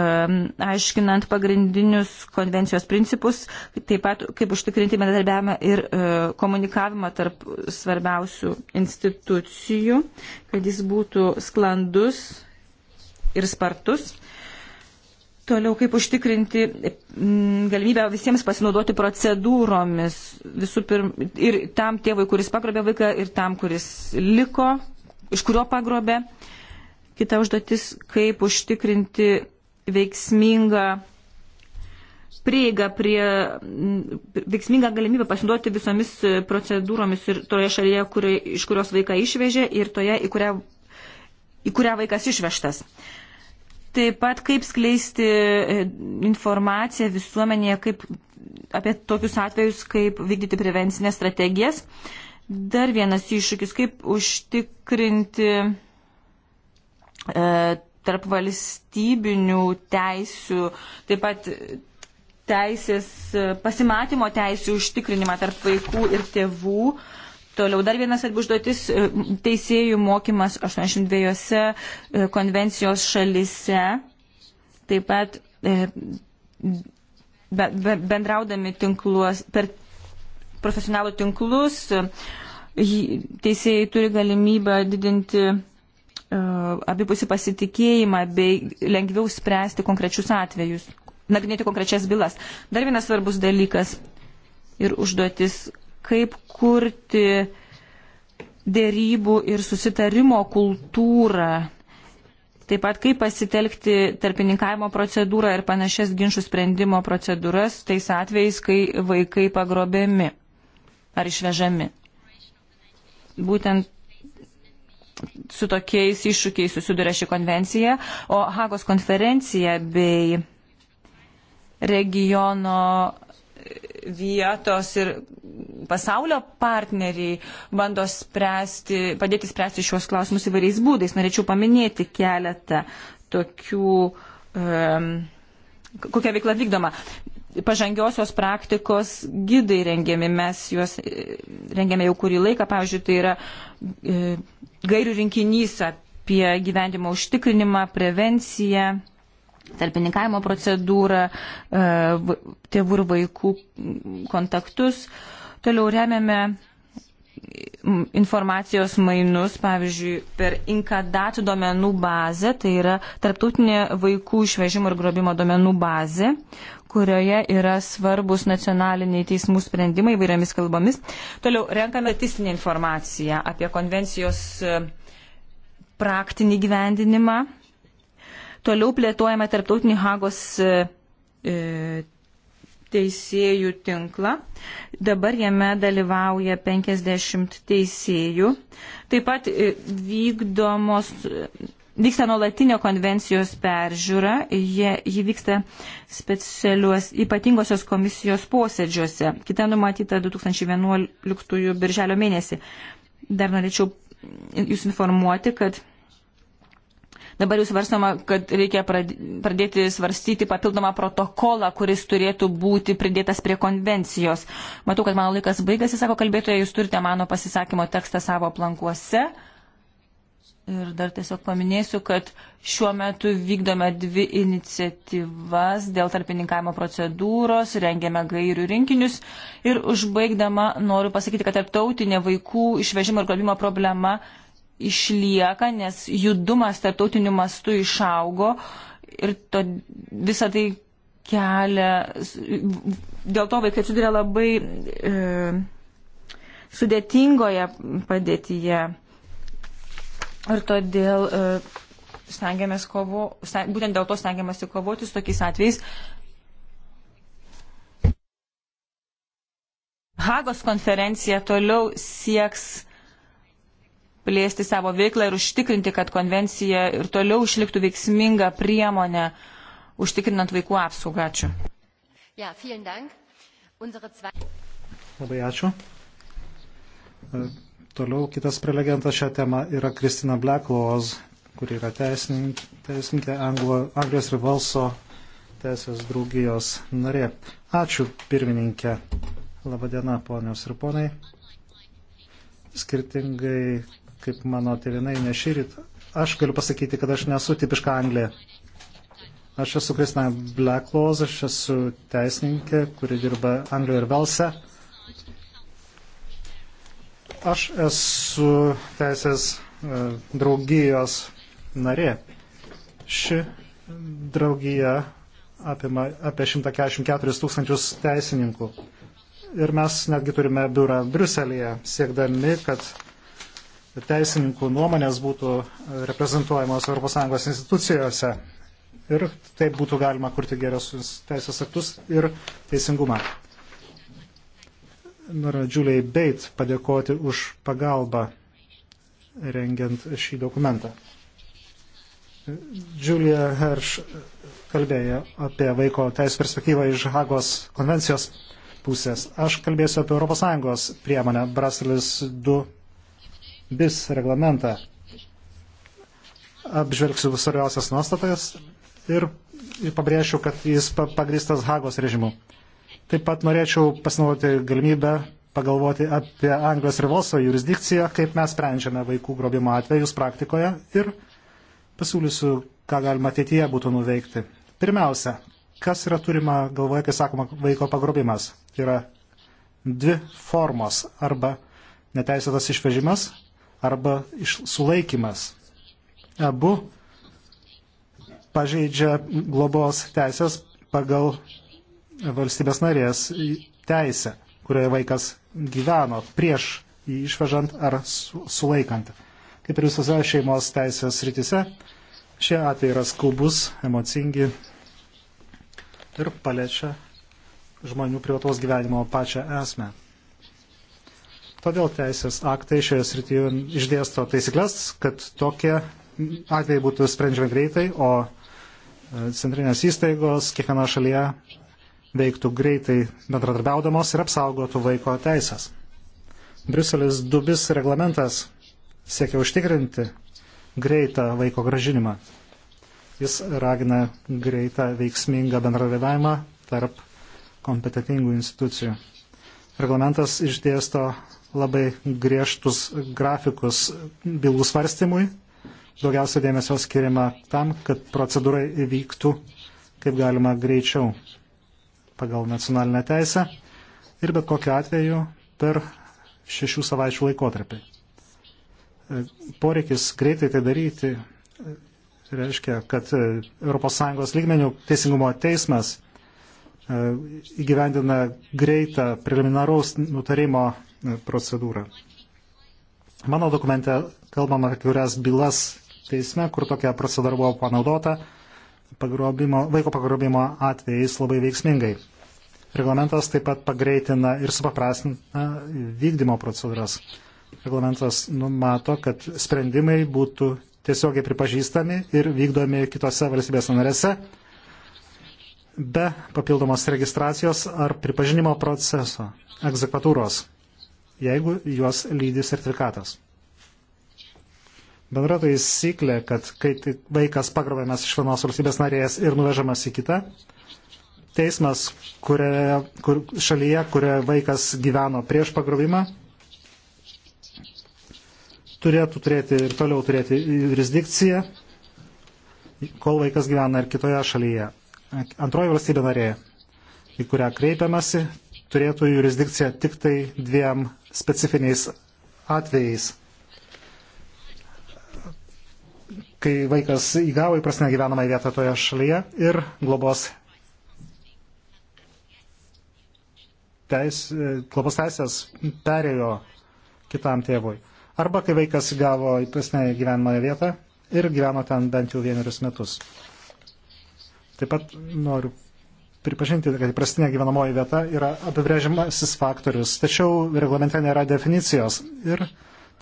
aiškinant pagrindinius konvencijos principus, taip pat kaip užtikrinti bendradarbiavimą ir e, komunikavimą tarp svarbiausių institucijų, kad jis būtų sklandus ir spartus. Toliau, kaip užtikrinti galimybę visiems pasinaudoti procedūromis. Visų pirma, ir tam tėvui, kuris pagrobė vaiką, ir tam, kuris liko iš kurio pagrobė. Kita užduotis, kaip užtikrinti veiksmingą prieigą prie, veiksmingą galimybę pasinaudoti visomis procedūromis ir toje šalyje, kuri, iš kurios vaiką išvežė ir toje, į kurią, į kurią vaikas išvežtas. Taip pat kaip skleisti e, informaciją visuomenėje kaip, apie tokius atvejus, kaip vykdyti prevencinės strategijas. Uh, Dar vienas iššūkis, kaip užtikrinti e, tarp valstybinių teisių, taip pat teisės, e, pasimatymo teisų užtikrinimą tarp vaikų ir tėvų. Toliau dar vienas svarbi užduotis e, - teisėjų mokymas 82 e, konvencijos šalise. Taip pat e, be, be, bendraudami tinkluos, per profesionalų tinklus, teisėjai turi galimybę didinti e, abipusį pasitikėjimą bei lengviau spręsti konkrečius atvejus, nagrinėti konkrečias bylas. Dar vienas svarbus dalykas ir užduotis, kaip kurti dėrybų ir susitarimo kultūrą. Taip pat kaip pasitelkti tarpininkavimo procedūrą ir panašias ginčių sprendimo procedūras tais atvejais, kai vaikai pagrobėmi ar išvežami. Būtent su tokiais iššūkiais susiduria ši konvencija, o Hagos konferencija bei regiono vietos ir pasaulio partneriai bando spręsti, padėti spręsti šiuos klausimus įvairiais būdais. Norėčiau paminėti keletą tokių, um, kokia veikla vykdoma pažangiosios praktikos gidai rengiami, mes juos e, rengiame jau kurį laiką, pavyzdžiui, tai yra e, gairių rinkinys apie gyvenimo užtikrinimą, prevenciją, tarpininkavimo procedūrą, e, tėvų ir vaikų kontaktus. Toliau remiame informacijos mainus, pavyzdžiui, per inkadatų duomenų bazę, tai yra tarptautinė vaikų išvežimo ir grobimo duomenų bazė, kurioje yra svarbus nacionaliniai teismų sprendimai vairiomis kalbomis. Toliau renkame statistinę informaciją apie konvencijos e, praktinį gyvendinimą. Toliau plėtojame tarptautinį Hagos e, e teisėjų tinklą. Dabar jame dalyvauja 50 teisėjų. Taip pat e, vykdomos, vyksta nuolatinio konvencijos peržiūra, jie, jie vyksta specialiuos ypatingosios komisijos posėdžiuose. Kita numatyta 2011 birželio mėnesį. Dar norėčiau Jūs informuoti, kad Dabar jūs varstama, kad reikia pradėti svarstyti papildomą protokolą, kuris turėtų būti pridėtas prie konvencijos. Matau, kad mano laikas baigasi, sako kalbėtoja, jūs turite mano pasisakymo tekstą savo plankuose. Ir dar tiesiog paminėsiu, kad šiuo metu vykdome dvi iniciatyvas dėl tarpininkavimo procedūros, rengiame gairių rinkinius ir užbaigdama noriu pasakyti, kad tarptautinė vaikų išvežimo ir globimo problema išlieka, nes judumas tarptautiniu mastu išaugo ir to, visą tai kelia, dėl to vaikai atsiduria labai e, sudėtingoje padėtyje. Ir todėl e, stengiamės kovo, sten, būtent dėl to stengiamasi kovoti su tokiais atvejais. Hagos konferencija toliau sieks plėsti savo veiklą ir užtikrinti, kad konvencija ir toliau išliktų veiksminga priemonė užtikrinant vaikų apsaugą. Ačiū. Ja, Labai ačiū. E, toliau kitas prelegentas šią temą yra Kristina Blacklaws, kuri yra teisininkė Anglo, Anglijos ir Valso teisės draugijos narė. Ačiū pirmininkė. Labadiena, ponios ir ponai. Skirtingai kaip mano tėvinai nešyrit, aš galiu pasakyti, kad aš nesu tipiška Anglija. Aš esu Kristina Blacklaws, aš esu teisininkė, kuri dirba Anglijoje ir Velse. Aš esu teisės e, draugijos narė. Ši draugija apima apie 144 tūkstančius teisininkų. Ir mes netgi turime biurą Bruselėje, siekdami, kad teisininkų nuomonės būtų e, reprezentuojamos ES institucijose ir taip būtų galima kurti geriausius teisės aktus ir teisingumą. Noriu Džiuliai Beit padėkoti už pagalbą rengiant šį dokumentą. Džiulija Herš kalbėjo apie vaiko teisų perspektyvą iš Hagos konvencijos pusės. Aš kalbėsiu apie ES priemonę Brasilis 2 bis reglamentą. Apžvelgsiu svarbiausias nuostatas ir pabrėšiu, kad jis pagristas Hagos režimu. Taip pat norėčiau pasinaudoti galimybę pagalvoti apie Anglijos ir Voso jurisdikciją, kaip mes sprendžiame vaikų grobimo atvejus praktikoje ir pasiūlysiu, ką galima ateityje būtų nuveikti. Pirmiausia, kas yra turima galvoje, kai sakoma vaiko pagrobimas? Tai yra dvi formos arba neteisėtas išvežimas arba sulaikimas. Abu pažeidžia globos teisės pagal valstybės narės teisę, kurioje vaikas gyveno prieš jį išvežant ar sulaikant. Kaip ir visose šeimos teisės rytise, šie atvejai yra skubus, emocingi ir paliečia žmonių privataus gyvenimo pačią esmę. Todėl teisės aktai šioje srityje išdėsto taisyklės, kad tokie atvejai būtų sprendžiami greitai, o e, centrinės įstaigos kiekviena šalyje veiktų greitai bendradarbiaudamos ir apsaugotų vaiko teisės. Briuselis dubis reglamentas siekia užtikrinti greitą vaiko gražinimą. Jis ragina greitą veiksmingą bendradarbiavimą tarp kompetitingų institucijų. Reglamentas išdėsto labai griežtus grafikus bylų svarstymui. Daugiausia dėmesio skiriama tam, kad procedūra įvyktų kaip galima greičiau pagal nacionalinę teisę ir bet kokiu atveju per šešių savaičių laikotarpį. Poreikis greitai tai daryti reiškia, kad ES lygmenių teisingumo teismas e, įgyvendina greitą preliminaraus nutarimo procedūrą. Mano dokumente kalbama apie kurias bylas teisme, kur tokia procedūra buvo panaudota pagrobimo, vaiko pagrobimo atvejais labai veiksmingai. Reglamentas taip pat pagreitina ir supaprastina vykdymo procedūras. Reglamentas numato, kad sprendimai būtų tiesiogiai pripažįstami ir vykdomi kitose valstybės narėse be papildomos registracijos ar pripažinimo proceso, egzekvatūros jeigu juos lydi sertifikatas. Bendra taisyklė, kad kai vaikas pagrobiamas iš vienos valstybės narės ir nuvežamas į kitą, teismas kuria, kur, šalyje, kurioje vaikas gyveno prieš pagrobimą, turėtų turėti ir toliau turėti jurisdikciją, kol vaikas gyvena ir kitoje šalyje. Antroji valstybė narė, į kurią kreipiamasi, turėtų jurisdikciją tik tai dviem specifiniais atvejais. Kai vaikas įgavo įprastinę gyvenamą vietą toje šalyje ir globos, teis, globos teisės perėjo kitam tėvui. Arba kai vaikas įgavo įprastinę gyvenamą vietą ir gyveno ten bent jau vienerius metus. Taip pat noriu pripažinti, kad įprastinė gyvenamoji vieta yra apibrėžimasis faktorius, tačiau reglamente nėra definicijos ir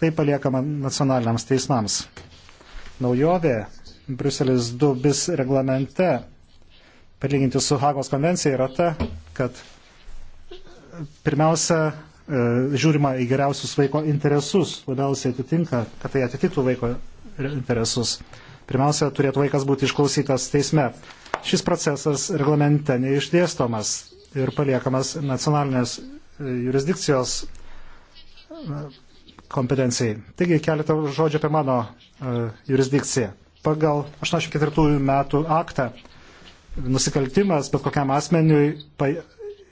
tai paliekama nacionaliniams teismams. Naujovė Bruselis 2 bis reglamente, palyginti su Hagos konvencija, yra ta, kad pirmiausia e, žiūrima į geriausius vaiko interesus, labiausiai atitinka, kad tai atitiktų vaiko interesus. Pirmiausia, turėtų vaikas būti išklausytas teisme. Šis procesas reglamente neišdėstomas ir paliekamas nacionalinės e, jurisdikcijos e, kompetencijai. Taigi keletą žodžių apie mano uh, jurisdikciją. Pagal 84 metų aktą nusikaltimas bet kokiam asmeniui pa,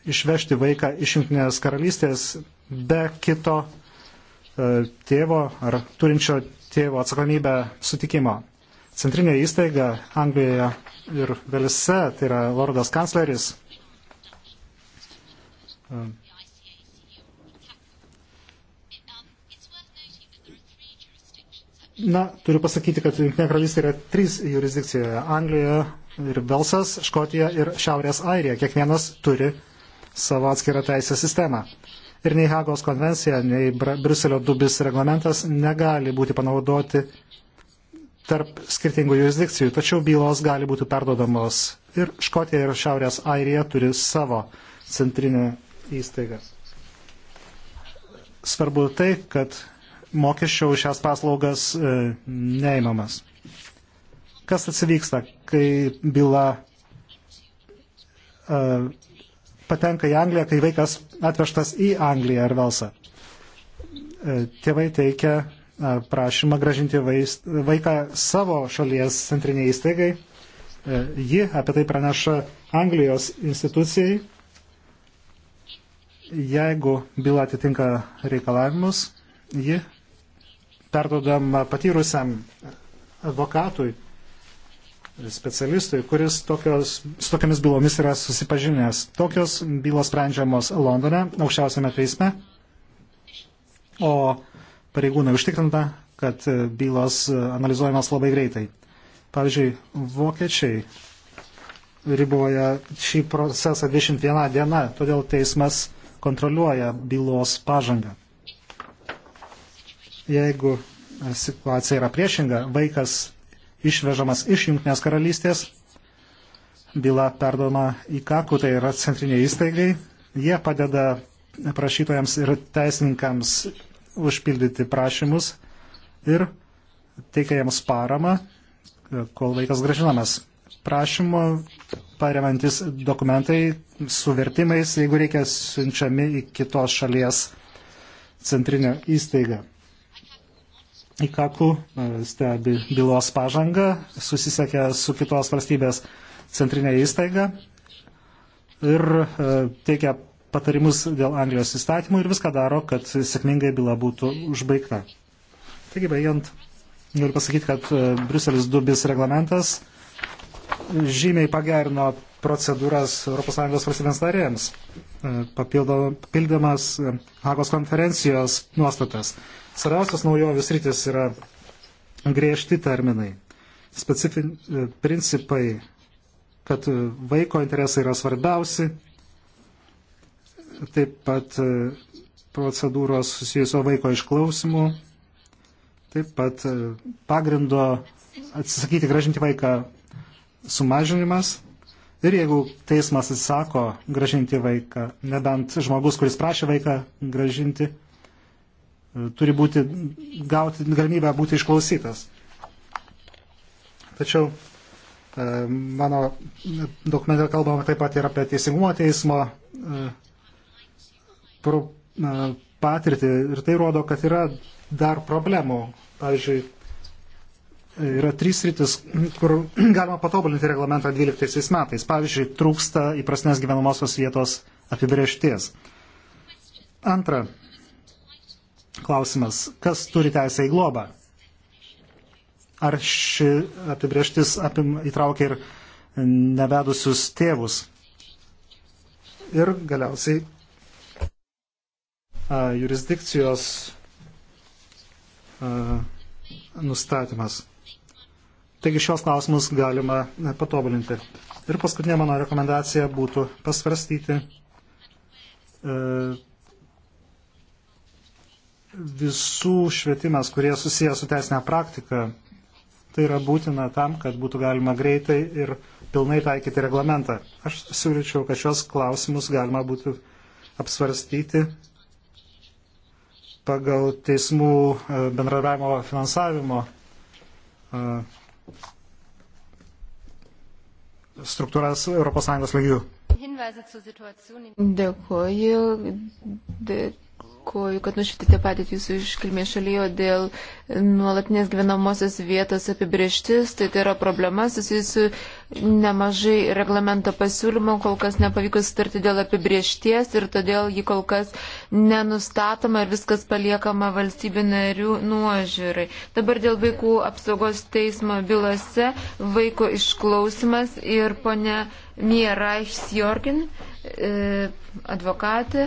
išvežti vaiką iš Junktinės karalystės be kito uh, tėvo ar turinčio tėvo atsakomybę sutikimo centrinė įstaiga Anglijoje ir Velise, tai yra Lordas kancleris, Na, turiu pasakyti, kad Junktinė karalystė yra trys jurisdikcijoje - Anglija ir Velsas, Škotija ir Šiaurės Airija. Kiekvienas turi savo atskirą teisės sistemą. Ir nei Hagos konvencija, nei Br Bruselio dubis reglamentas negali būti panaudoti tarp skirtingų jurisdikcijų, tačiau bylos gali būti perdodamos ir Škotija ir Šiaurės Airija turi savo centrinę įstaigą. Svarbu tai, kad mokesčio už šias paslaugas e, neįmamas. Kas atsivyksta, kai byla e, patenka į Angliją, kai vaikas atvežtas į Angliją ar Velsą? E, tėvai teikia prašymą gražinti vaist, vaiką savo šalies centriniai įstaigai. E, ji apie tai praneša Anglijos institucijai. Jeigu byla atitinka reikalavimus, ji perdodama patyrusiam advokatui, specialistui, kuris tokios, su tokiamis bylomis yra susipažinęs. Tokios bylos sprendžiamos Londone, aukščiausiame teisme, o pareigūnai užtikrinta, kad e, bylos e, analizuojamas labai greitai. Pavyzdžiui, vokiečiai riboja šį procesą 21 diena, todėl teismas kontroliuoja bylos pažangą. Jeigu situacija yra priešinga, vaikas išvežamas iš Junktinės karalystės, byla perdoma į Kaku, tai yra centriniai įstaigai, jie padeda prašytojams ir teisininkams užpildyti prašymus ir teikia jiems paramą, e, kol vaikas gražinamas. Prašymo paremantis dokumentai su vertimais, jeigu reikia, siunčiami į kitos šalies centrinę įstaigą. Ikaku e, stebi bylos pažangą, susisiekia su kitos valstybės centrinė įstaiga ir e, teikia patarimus dėl Anglijos įstatymų ir viską daro, kad sėkmingai byla būtų užbaigta. Taigi, baigiant, noriu pasakyti, kad e, Bruselis 2 bis reglamentas žymiai pagerino procedūras ES valstybėms narėms, e, papildamas e, Hagos konferencijos nuostatas. Svarbiausios naujovis rytis yra griežti terminai, specifin, principai, kad vaiko interesai yra svarbiausi, taip pat e, procedūros susijusio vaiko išklausimų, taip pat e, pagrindo atsisakyti gražinti vaiką sumažinimas. Ir jeigu teismas atsisako gražinti vaiką, nebent žmogus, kuris prašė vaiką gražinti, e, turi būti, gauti galimybę būti išklausytas. Tačiau mano dokumente kalbama taip pat ir apie teisingumo teismo pro, na, patirtį ir tai rodo, kad yra dar problemų. Pavyzdžiui, yra trys rytis, kur galima patobulinti reglamentą 12 metais. Pavyzdžiui, trūksta įprasnės gyvenamosios vietos apibriešties. Antra, klausimas, kas turi teisę į globą? Ar ši apibrieštis apim, įtraukia ir nevedusius tėvus? Ir galiausiai jurisdikcijos nustatymas. Taigi šios klausimus galima e, patobulinti. Ir paskutinė mano rekomendacija būtų pasvarstyti e, visų švietimas, kurie susiję su teisinė praktika. Tai yra būtina tam, kad būtų galima greitai ir pilnai taikyti reglamentą. Aš siūlyčiau, kad šios klausimus galima būtų apsvarstyti pagal teismų e, bendradarbiavimo finansavimo e, struktūras ES lygių. Dėkuoju. Dėkuoju, kad nušvitėte patį jūsų iškilmės šalyje dėl nuolatinės gyvenamosios vietos apibrieštis. Tai, tai yra problema susijusi su nemažai reglamento pasiūlymų, kol kas nepavyko sutarti dėl apibriešties ir todėl ji kol kas nenustatoma ir viskas paliekama valstybių narių nuožiūrai. Dabar dėl vaikų apsaugos teismo bylose vaiko išklausimas ir ponia Mieraichs Jorgin, e, advokatė,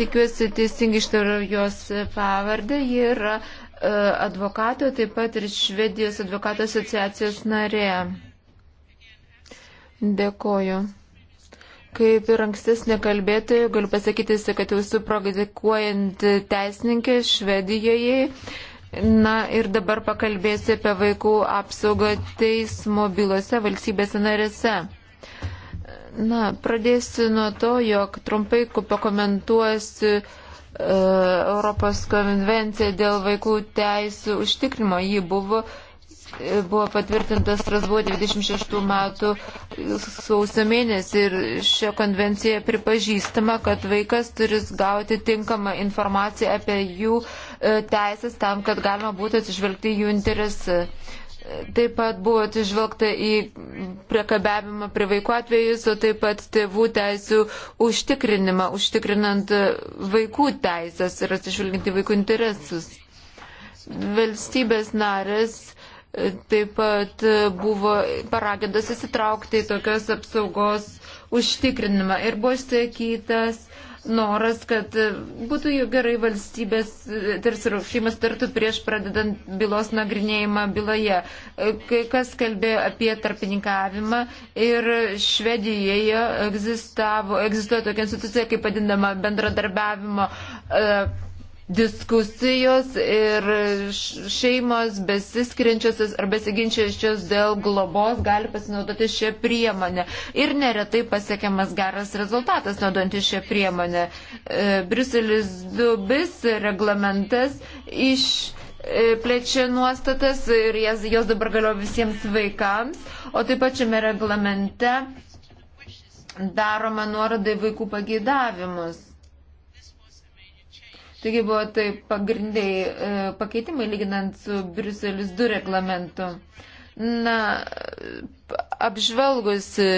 tikiuosi teisingai ištariu jos pavardę, ji yra e, advokato, taip pat ir Švedijos advokato asociacijos narė. Dėkoju. Kaip ir ankstesnė kalbėtoja, galiu pasakyti, kad esu praktikuojant teisininkė Švedijoje. Na ir dabar pakalbėsiu apie vaikų apsaugą teismo bylose valstybėse narėse. Na, pradėsiu nuo to, jog trumpai pakomentuosiu e, Europos konvenciją dėl vaikų teisų užtikrimo. Ji buvo buvo patvirtintas Strasbūro 26 metų sausio mėnesį ir šio konvencija pripažįstama, kad vaikas turi gauti tinkamą informaciją apie jų e, teisės tam, kad galima būtų atsižvelgti jų interesą. Taip pat buvo atsižvelgta į priekabiavimą prie vaikų atvejus, o taip pat tėvų teisų užtikrinimą, užtikrinant vaikų teisės ir atsižvelginti vaikų interesus. Valstybės narės taip pat buvo paragintas įsitraukti į tokios apsaugos užtikrinimą ir buvo išsakytas noras, kad būtų jau gerai valstybės tarsi šeimas tartų prieš pradedant bylos nagrinėjimą byloje. Kai kas kalbėjo apie tarpininkavimą ir Švedijoje egzistavo, egzistuoja tokia institucija kaip vadinama bendradarbiavimo e, diskusijos ir šeimos besiskiriančios ar besiginčiančios dėl globos gali pasinaudoti šią priemonę. Ir neretai pasiekiamas geras rezultatas naudojant šią priemonę. E, Briuselis 2 bis reglamentas iš e, plečia nuostatas ir jas, jos dabar galio visiems vaikams, o taip pat šiame reglamente daroma nuorodai vaikų pageidavimus. Taigi buvo tai pagrindai e, pakeitimai lyginant su Briuselis 2 reglamentu. Na, apžvelgus e,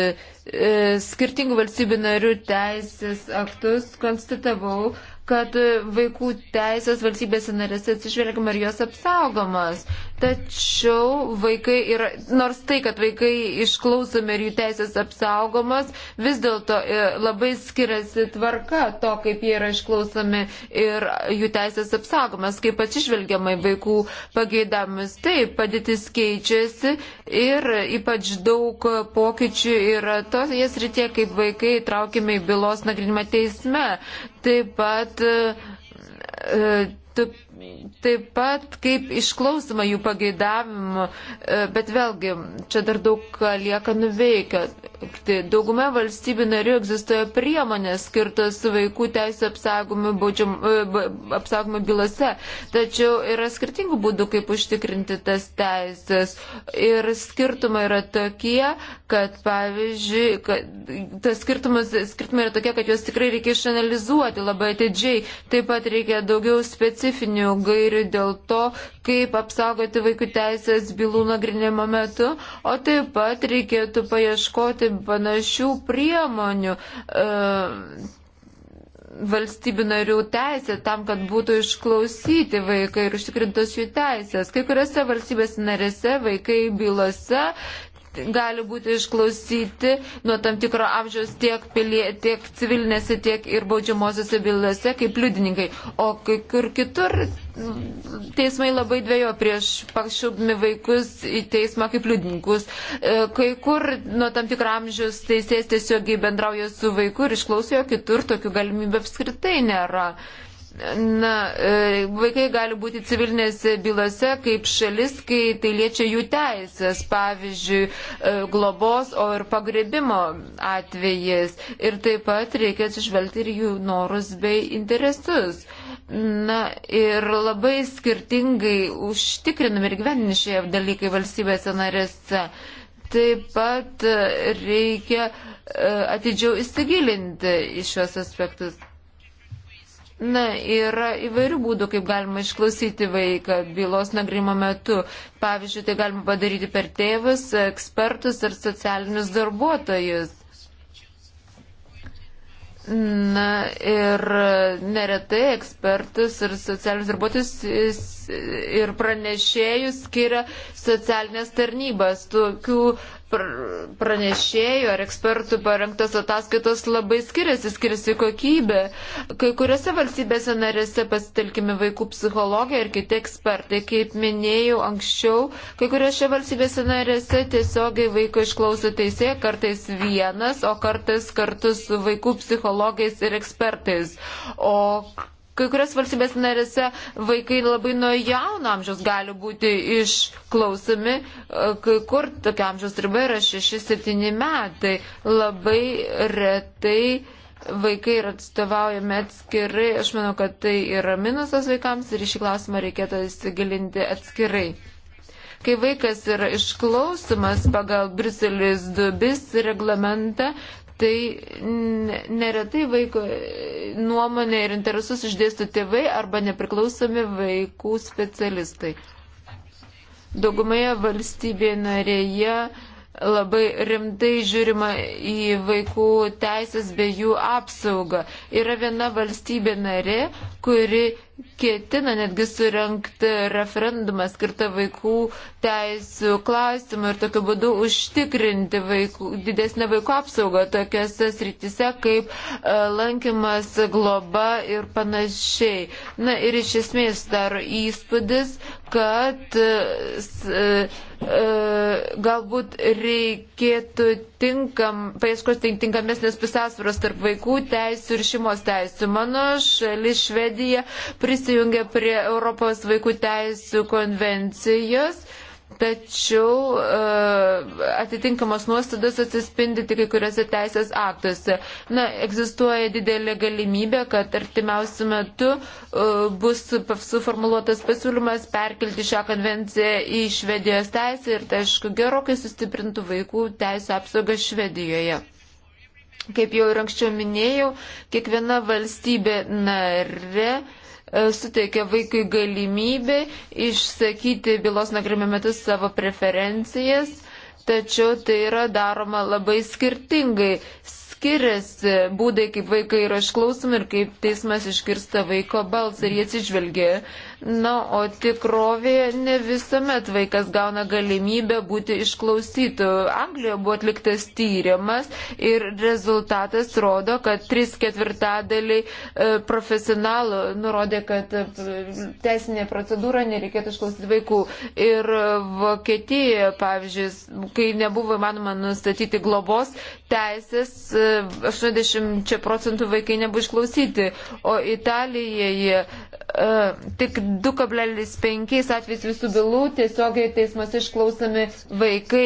skirtingų valstybių narių teisės aktus, konstatavau, kad vaikų teisės valstybėse narėse atsižvelgiama ir jos apsaugomas. Tačiau vaikai yra, nors tai, kad vaikai išklausomi ir jų teisės apsaugomas, vis dėlto e, labai skiriasi tvarka to, kaip jie yra išklausomi ir jų teisės apsaugomas, kaip atsižvelgiama į vaikų pageidavimus. Taip, padėtis keičiasi ir ypač daug pokyčių yra tos jas rytie, kaip vaikai traukiami į bylos nagrinimą teisme taip pat, e, e, taip pat kaip išklausoma jų pageidavimu, e, bet vėlgi čia dar daug lieka nuveikia. Dauguma valstybių narių egzistuoja priemonės skirtos vaikų teisų apsaugomų e, bylose, tačiau yra skirtingų būdų, kaip užtikrinti tas teisės. Ir skirtumai yra tokie, kad pavyzdžiui, kad, tas skirtumas, skirtumai yra tokie, kad juos tikrai reikia išanalizuoti labai atidžiai. Taip pat reikia daugiau specifinių gairių dėl to, kaip apsaugoti vaikų teisės bylų nagrinimo metu, o taip pat reikėtų paieškoti panašių priemonių e, valstybių narių teisė tam, kad būtų išklausyti vaikai ir užtikrintos jų teisės. Kai kuriuose valstybės narėse vaikai bylose gali būti išklausyti nuo tam tikro amžiaus tiek, pilie, tiek civilinėse, tiek ir baudžiamosiose bylose kaip liudininkai. O kai kur kitur mm, teismai labai dviejo prieš pakšildami vaikus į teismą kaip liudininkus. E, kai kur nuo tam tikro amžiaus teisės tiesiogiai bendrauja su vaiku ir išklauso jo kitur, tokių galimybių apskritai nėra. Uh, Na, e, vaikai gali būti civilinėse bylose kaip šalis, kai tai liečia jų teisės, pavyzdžiui, e, globos, o ir pagrebimo atvejais. Ir taip pat reikia atsižvelgti ir jų norus bei interesus. Na, ir labai skirtingai užtikrinami ir gyvenimi šie dalykai valstybėse narėse. Taip pat reikia e, atidžiau įsigilinti į šios aspektus. Na, yra įvairių būdų, kaip galima išklausyti vaiką bylos nagrimo metu. Pavyzdžiui, tai galima padaryti per tėvus, ekspertus ir socialinius darbuotojus. Na ir neretai ekspertus ir socialinius darbuotojus ir pranešėjų skiria socialinės tarnybas. Tokių pranešėjų ar ekspertų parengtos ataskaitos labai skiriasi, skiriasi kokybė. Kai kuriuose valstybėse narėse pasitelkime vaikų psichologiją ir kiti ekspertai, kaip minėjau anksčiau, kai kuriuose valstybėse narėse tiesiogiai vaiko išklauso teisėje, kartais vienas, o kartais kartu su vaikų psichologais ir ekspertais. O Kai kurias valstybės narėse vaikai labai nuo jauno amžiaus gali būti išklausami, e, kai kur tokia amžiaus riba yra 6-7 metai. Labai retai vaikai yra atstovaujami atskirai. Aš manau, kad tai yra minusas vaikams ir į šį klausimą reikėtų įsigilinti atskirai kai vaikas yra išklausimas pagal Briselis dubis reglamentą, tai neretai vaiko nuomonė ir interesus išdėstų tėvai arba nepriklausomi vaikų specialistai. Daugumoje valstybėje narėje labai rimtai žiūrima į vaikų teisės bei jų apsaugą. Yra viena valstybė narė, kuri ketina netgi surenkti referendumą skirtą vaikų teisų klausimą ir tokiu būdu užtikrinti vaikų, didesnę vaikų apsaugą tokiuose srityse kaip uh, lankymas, globa ir panašiai. Na ir iš esmės daro įspūdis, kad uh, E, galbūt reikėtų tinkam, paieškos tinkamesnės pusiausvėros tarp vaikų teisų ir šeimos teisų. Mano šalis Švedija prisijungia prie Europos vaikų teisų konvencijos tačiau e, atitinkamos nuostatos atsispindi tik kai kuriuose teisės aktuose. Na, egzistuoja didelė galimybė, kad artimiausiu metu e, bus suformuluotas pasiūlymas perkelti šią konvenciją į Švedijos teisę ir tai, aišku, gerokai sustiprintų vaikų teisų apsaugą Švedijoje. Kaip jau ir anksčiau minėjau, kiekviena valstybė narė E, suteikia vaikui galimybę išsakyti bylos nagrimė metu savo preferencijas, tačiau tai yra daroma labai skirtingai. Skiriasi būdai, kaip vaikai yra išklausomi ir kaip teismas iškirsta vaiko balsą ir jie atsižvelgia Na, o tikrovėje ne visuomet vaikas gauna galimybę būti išklausytų. Anglijoje buvo atliktas tyrimas ir rezultatas rodo, kad 3 ketvirtadaliai e, profesionalų nurodė, kad e, teisinė procedūra nereikėtų išklausyti vaikų. Ir e, Vokietijoje, pavyzdžiui, kai nebuvo įmanoma nustatyti globos teisės, 80 procentų vaikai nebuvo išklausyti, o Italijoje tik 2,5 atvejais visų bylų tiesiogiai teismas išklausami vaikai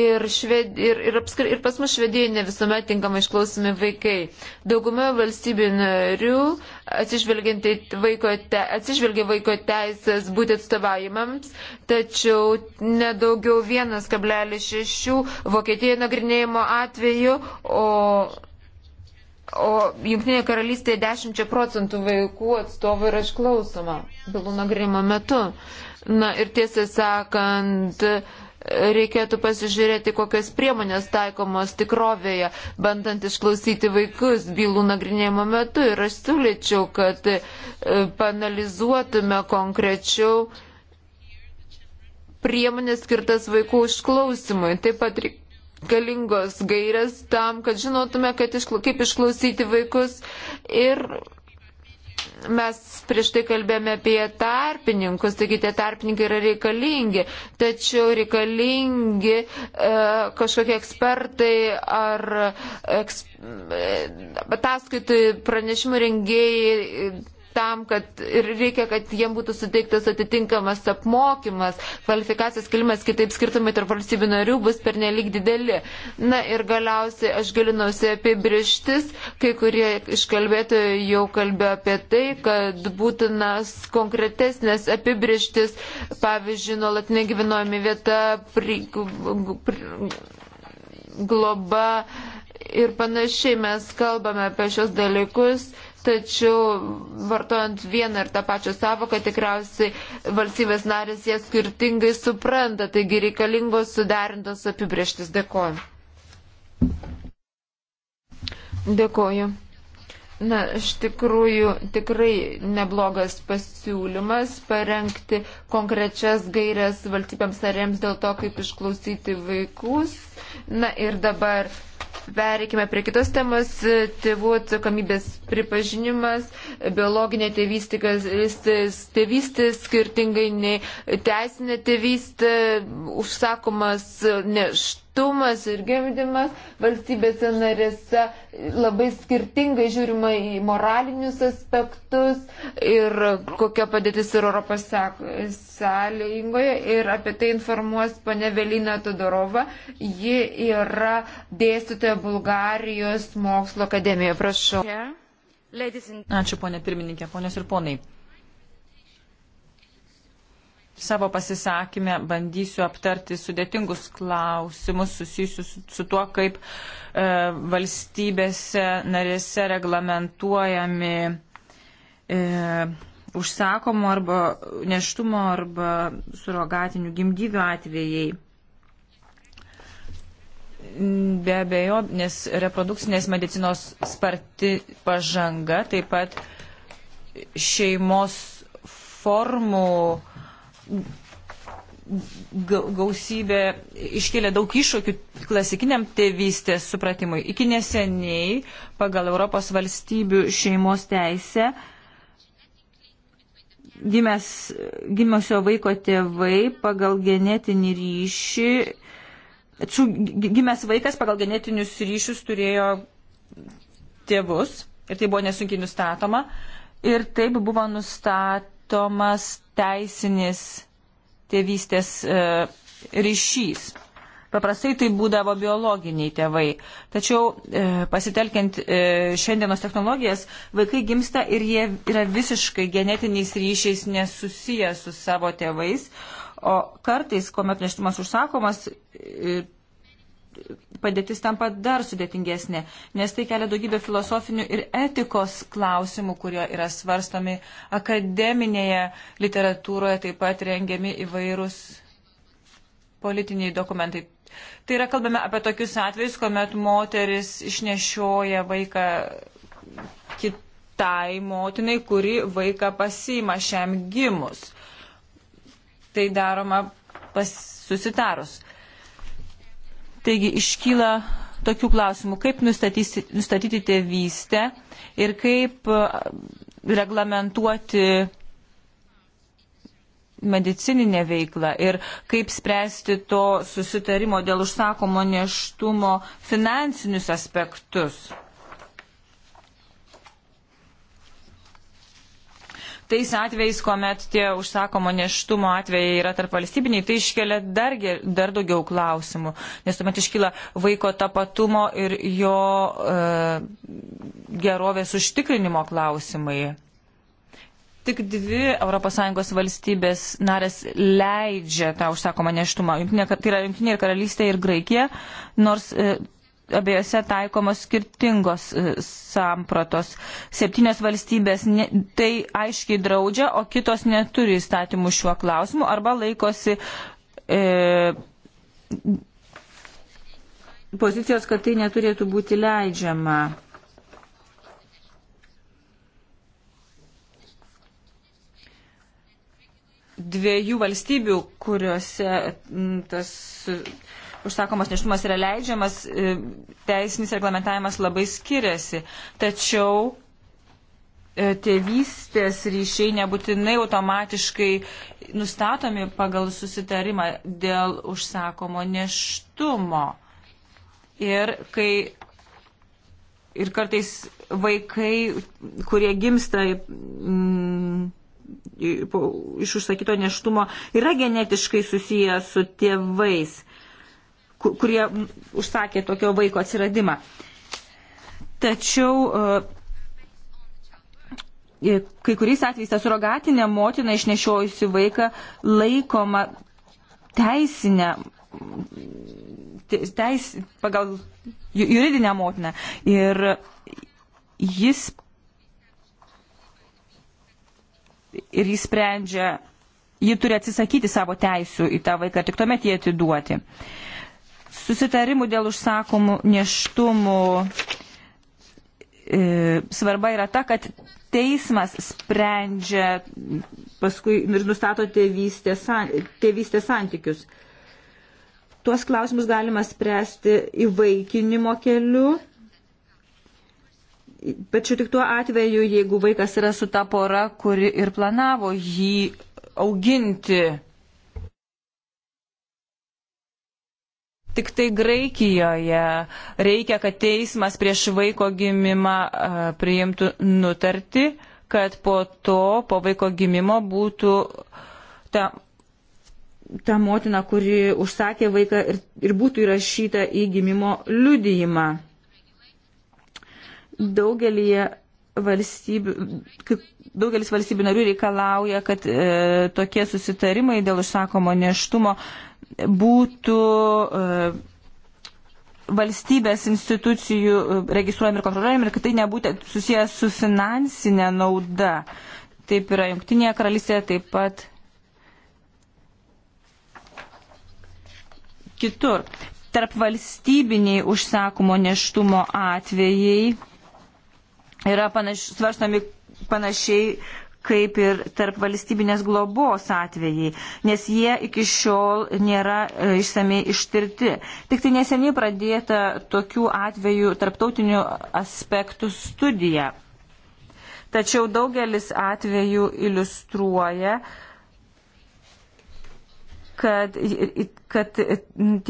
ir, šved, ir, ir, apskri, ir pas mus Švedijoje ne visuomet tinkamai išklausami vaikai. Dauguma valstybių narių vaiko te, atsižvelgia vaiko teisės būti atstovaujimams, tačiau nedaugiau 1,6 Vokietijoje nagrinėjimo atveju, o o Junktinėje karalystėje 10 procentų vaikų atstovų yra išklausoma bylų nagrinimo metu. Na ir tiesą sakant, reikėtų pasižiūrėti, kokios priemonės taikomos tikrovėje, bandant išklausyti vaikus bylų nagrinėjimo metu. Ir aš siūlyčiau, kad e, panalizuotume konkrečiau priemonės skirtas vaikų išklausimui. Taip pat reikia galingos gairės tam, kad žinotume, kad iškla, kaip išklausyti vaikus. Ir mes prieš tai kalbėjome apie tarpininkus, taigi tie tarpininkai yra reikalingi, tačiau reikalingi e, kažkokie ekspertai ar eks, e, ataskaitų pranešimų rengėjai tam, kad ir reikia, kad jiem būtų suteiktas atitinkamas apmokymas, kvalifikacijos kilimas, kitaip skirtumai tarp valstybių narių bus pernelik dideli. Na ir galiausiai aš gilinausi apie brištis, kai kurie iškalbėtojai jau kalbėjo apie tai, kad būtinas konkretesnės apibrištis, pavyzdžiui, nuolatinė gyvenojami vieta, pri, pri, globa ir panašiai mes kalbame apie šios dalykus tačiau vartojant vieną ir tą pačią savoką tikriausiai valstybės narės jie skirtingai supranta, taigi reikalingos suderintos apibrieštis. Dėkoju. Dėkoju. Na, iš tikrųjų, tikrai neblogas pasiūlymas parengti konkrečias gairias valstybėms narėms dėl to, kaip išklausyti vaikus. Na ir dabar Perikime prie kitos temas. Tėvų atsakomybės pripažinimas, biologinė tėvystė skirtingai nei teisinė tėvystė, užsakomas nešt neštumas ir gimdymas. Valstybėse narėse labai skirtingai žiūrima į moralinius aspektus ir kokia padėtis ir Europos sąlygoje. Ir apie tai informuos pane Velina Todorova. Ji yra dėstytoja Bulgarijos mokslo akademijoje. Prašau. Ačiū, ponė pirmininkė, ponios ir ponai savo pasisakymę bandysiu aptarti sudėtingus klausimus susijusius su, su tuo, kaip e, valstybėse narėse reglamentuojami e, užsakomo arba neštumo arba surogatinių gimdyvių atvejai. Be abejo, nes reprodukcinės medicinos sparti pažanga, taip pat šeimos formų gausybė iškėlė daug iššūkių klasikiniam tėvystės supratimui. Iki neseniai pagal Europos valstybių šeimos teisę gimęs, gimusio vaiko tėvai pagal genetinį ryšį, su, gimęs vaikas pagal genetinius ryšius turėjo tėvus ir tai buvo nesunkiai nustatoma ir taip buvo nustat numatomas teisinis tėvystės e, ryšys. Paprastai tai būdavo biologiniai tėvai. Tačiau e, pasitelkiant e, šiandienos technologijas, vaikai gimsta ir jie yra visiškai genetiniais ryšiais nesusiję su savo tėvais. O kartais, kuomet neštumas užsakomas, e, padėtis tampa dar sudėtingesnė, nes tai kelia daugybę filosofinių ir etikos klausimų, kurie yra svarstomi akademinėje literatūroje, taip pat rengiami įvairūs politiniai dokumentai. Tai yra kalbame apie tokius atvejus, kuomet moteris išnešioja vaiką kitai motinai, kuri vaiką pasima šiam gimus. Tai daroma pas, susitarus. Taigi iškyla tokių klausimų, kaip nustatyti, nustatyti tėvystę ir kaip e, reglamentuoti medicininę veiklą ir kaip spręsti to susitarimo dėl užsakomo neštumo finansinius aspektus. tais atvejais, kuomet tie užsakomo neštumo atvejai yra tarp valstybiniai, tai iškelia dar, dar daugiau klausimų, nes tuomet iškyla vaiko tapatumo ir jo e, gerovės užtikrinimo klausimai. Tik dvi ES valstybės narės leidžia tą užsakomą neštumą. Jungtinė, tai yra Junktinė karalystė ir Graikija, nors e, abiejose taikomos skirtingos e, sampratos. Septynios valstybės ne, tai aiškiai draudžia, o kitos neturi įstatymų šiuo klausimu arba laikosi e, pozicijos, kad tai neturėtų būti leidžiama. Dviejų valstybių, kuriuose tas užsakomas neštumas yra leidžiamas, e, teisinis reglamentavimas labai skiriasi. Tačiau e, tėvystės ryšiai nebūtinai automatiškai nustatomi pagal susitarimą dėl užsakomo neštumo. Ir kai ir kartais vaikai, kurie gimsta mm, iš užsakyto neštumo, yra genetiškai susiję su tėvais kurie užsakė tokio vaiko atsiradimą. Tačiau e, e, kai kuriais atvejais ta surogatinė motina išnešiojusi vaiką laikoma teisinę, teis, pagal juridinę motiną. Ir jis ir jis sprendžia, ji turi atsisakyti savo teisų į tą vaiką, tik tuomet jį atiduoti. Uh, susitarimų dėl užsakomų neštumų e, svarba yra ta, kad teismas sprendžia paskui ir nustato tėvystės, tėvystės santykius. Tuos klausimus galima spręsti įvaikinimo keliu, tačiau tik tuo atveju, jeigu vaikas yra su ta pora, kuri ir planavo jį auginti Tik tai Graikijoje reikia, kad teismas prieš vaiko gimimą priimtų nutartį, kad po to, po vaiko gimimo būtų ta, ta motina, kuri užsakė vaiką ir, ir būtų įrašyta į gimimo liudijimą. Daugelį valstybių, daugelis valstybių narių reikalauja, kad e, tokie susitarimai dėl išsakomo neštumo būtų e, valstybės institucijų e, registruojami ir kontroliuojami ir kad tai nebūtų susijęs su finansinė nauda. Taip yra Junktinėje karalystėje, taip pat kitur. Tarp valstybiniai užsakomo neštumo atvejai yra panaš, svarstami panašiai kaip ir tarp valstybinės globos atvejai, nes jie iki šiol nėra e, išsamei ištirti. Tik tai neseniai pradėta tokių atvejų tarptautinių aspektų studija. Tačiau daugelis atvejų iliustruoja, kad, kad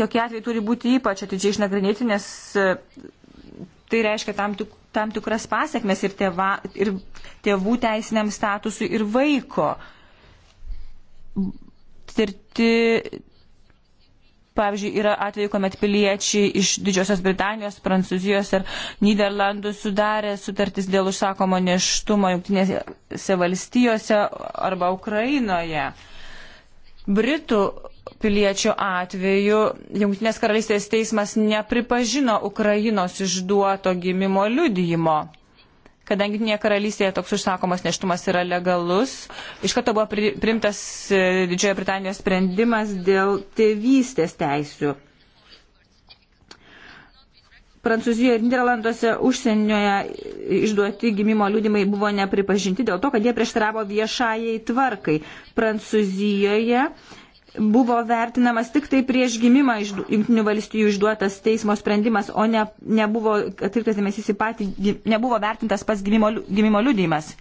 tokie atvejai turi būti ypač atidžiai išnagrinėti, nes e, tai reiškia tam tik tam tikras pasiekmes ir, tėva, ir tėvų teisiniam statusui ir vaiko. Tirti, pavyzdžiui, yra atveju, kuomet piliečiai iš Didžiosios Britanijos, Prancūzijos ir Niderlandų sudarė sutartis dėl užsakomo neštumo jungtinėse valstijose arba Ukrainoje. Britų piliečių atveju Junktinės karalystės teismas nepripažino Ukrainos išduoto gimimo liudijimo. Kadangi Junktinėje karalystėje toks užsakomas neštumas yra legalus, iš karto buvo primtas e, Didžiojo Britanijos sprendimas dėl tėvystės teisių. Prancūzijoje ir Niderlanduose užsienioje išduoti gimimo liūdimai buvo nepripažinti dėl to, kad jie prieštaravo viešajai tvarkai. Prancūzijoje uh, buvo vertinamas tik tai prieš gimimą iš Junktinių valstijų išduotas teismo sprendimas, o ne, nebuvo atkreiptas dėmesys į patį, nebuvo vertintas pats gimimo, gimimo liudijimas.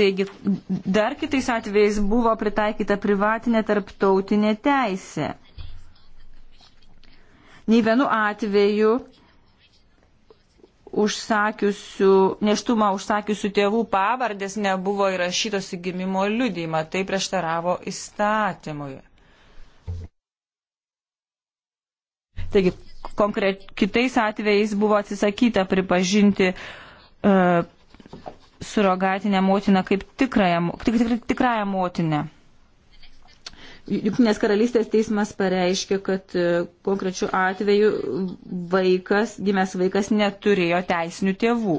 Taigi, dar kitais atvejais buvo pritaikyta privatinė tarptautinė teisė. Nei vienu atveju užsakiusių, neštumą užsakiusių tėvų pavardės nebuvo įrašytos į gimimo liudymą. Tai prieštaravo įstatymui. Taigi, konkret, kitais atvejais buvo atsisakyta pripažinti uh, surogatinę motiną kaip tikrąją, tik, tik, tikrąją motinę. Junktinės karalystės teismas pareiškė, kad e, konkrečiu atveju vaikas, gimęs vaikas neturėjo teisinių tėvų.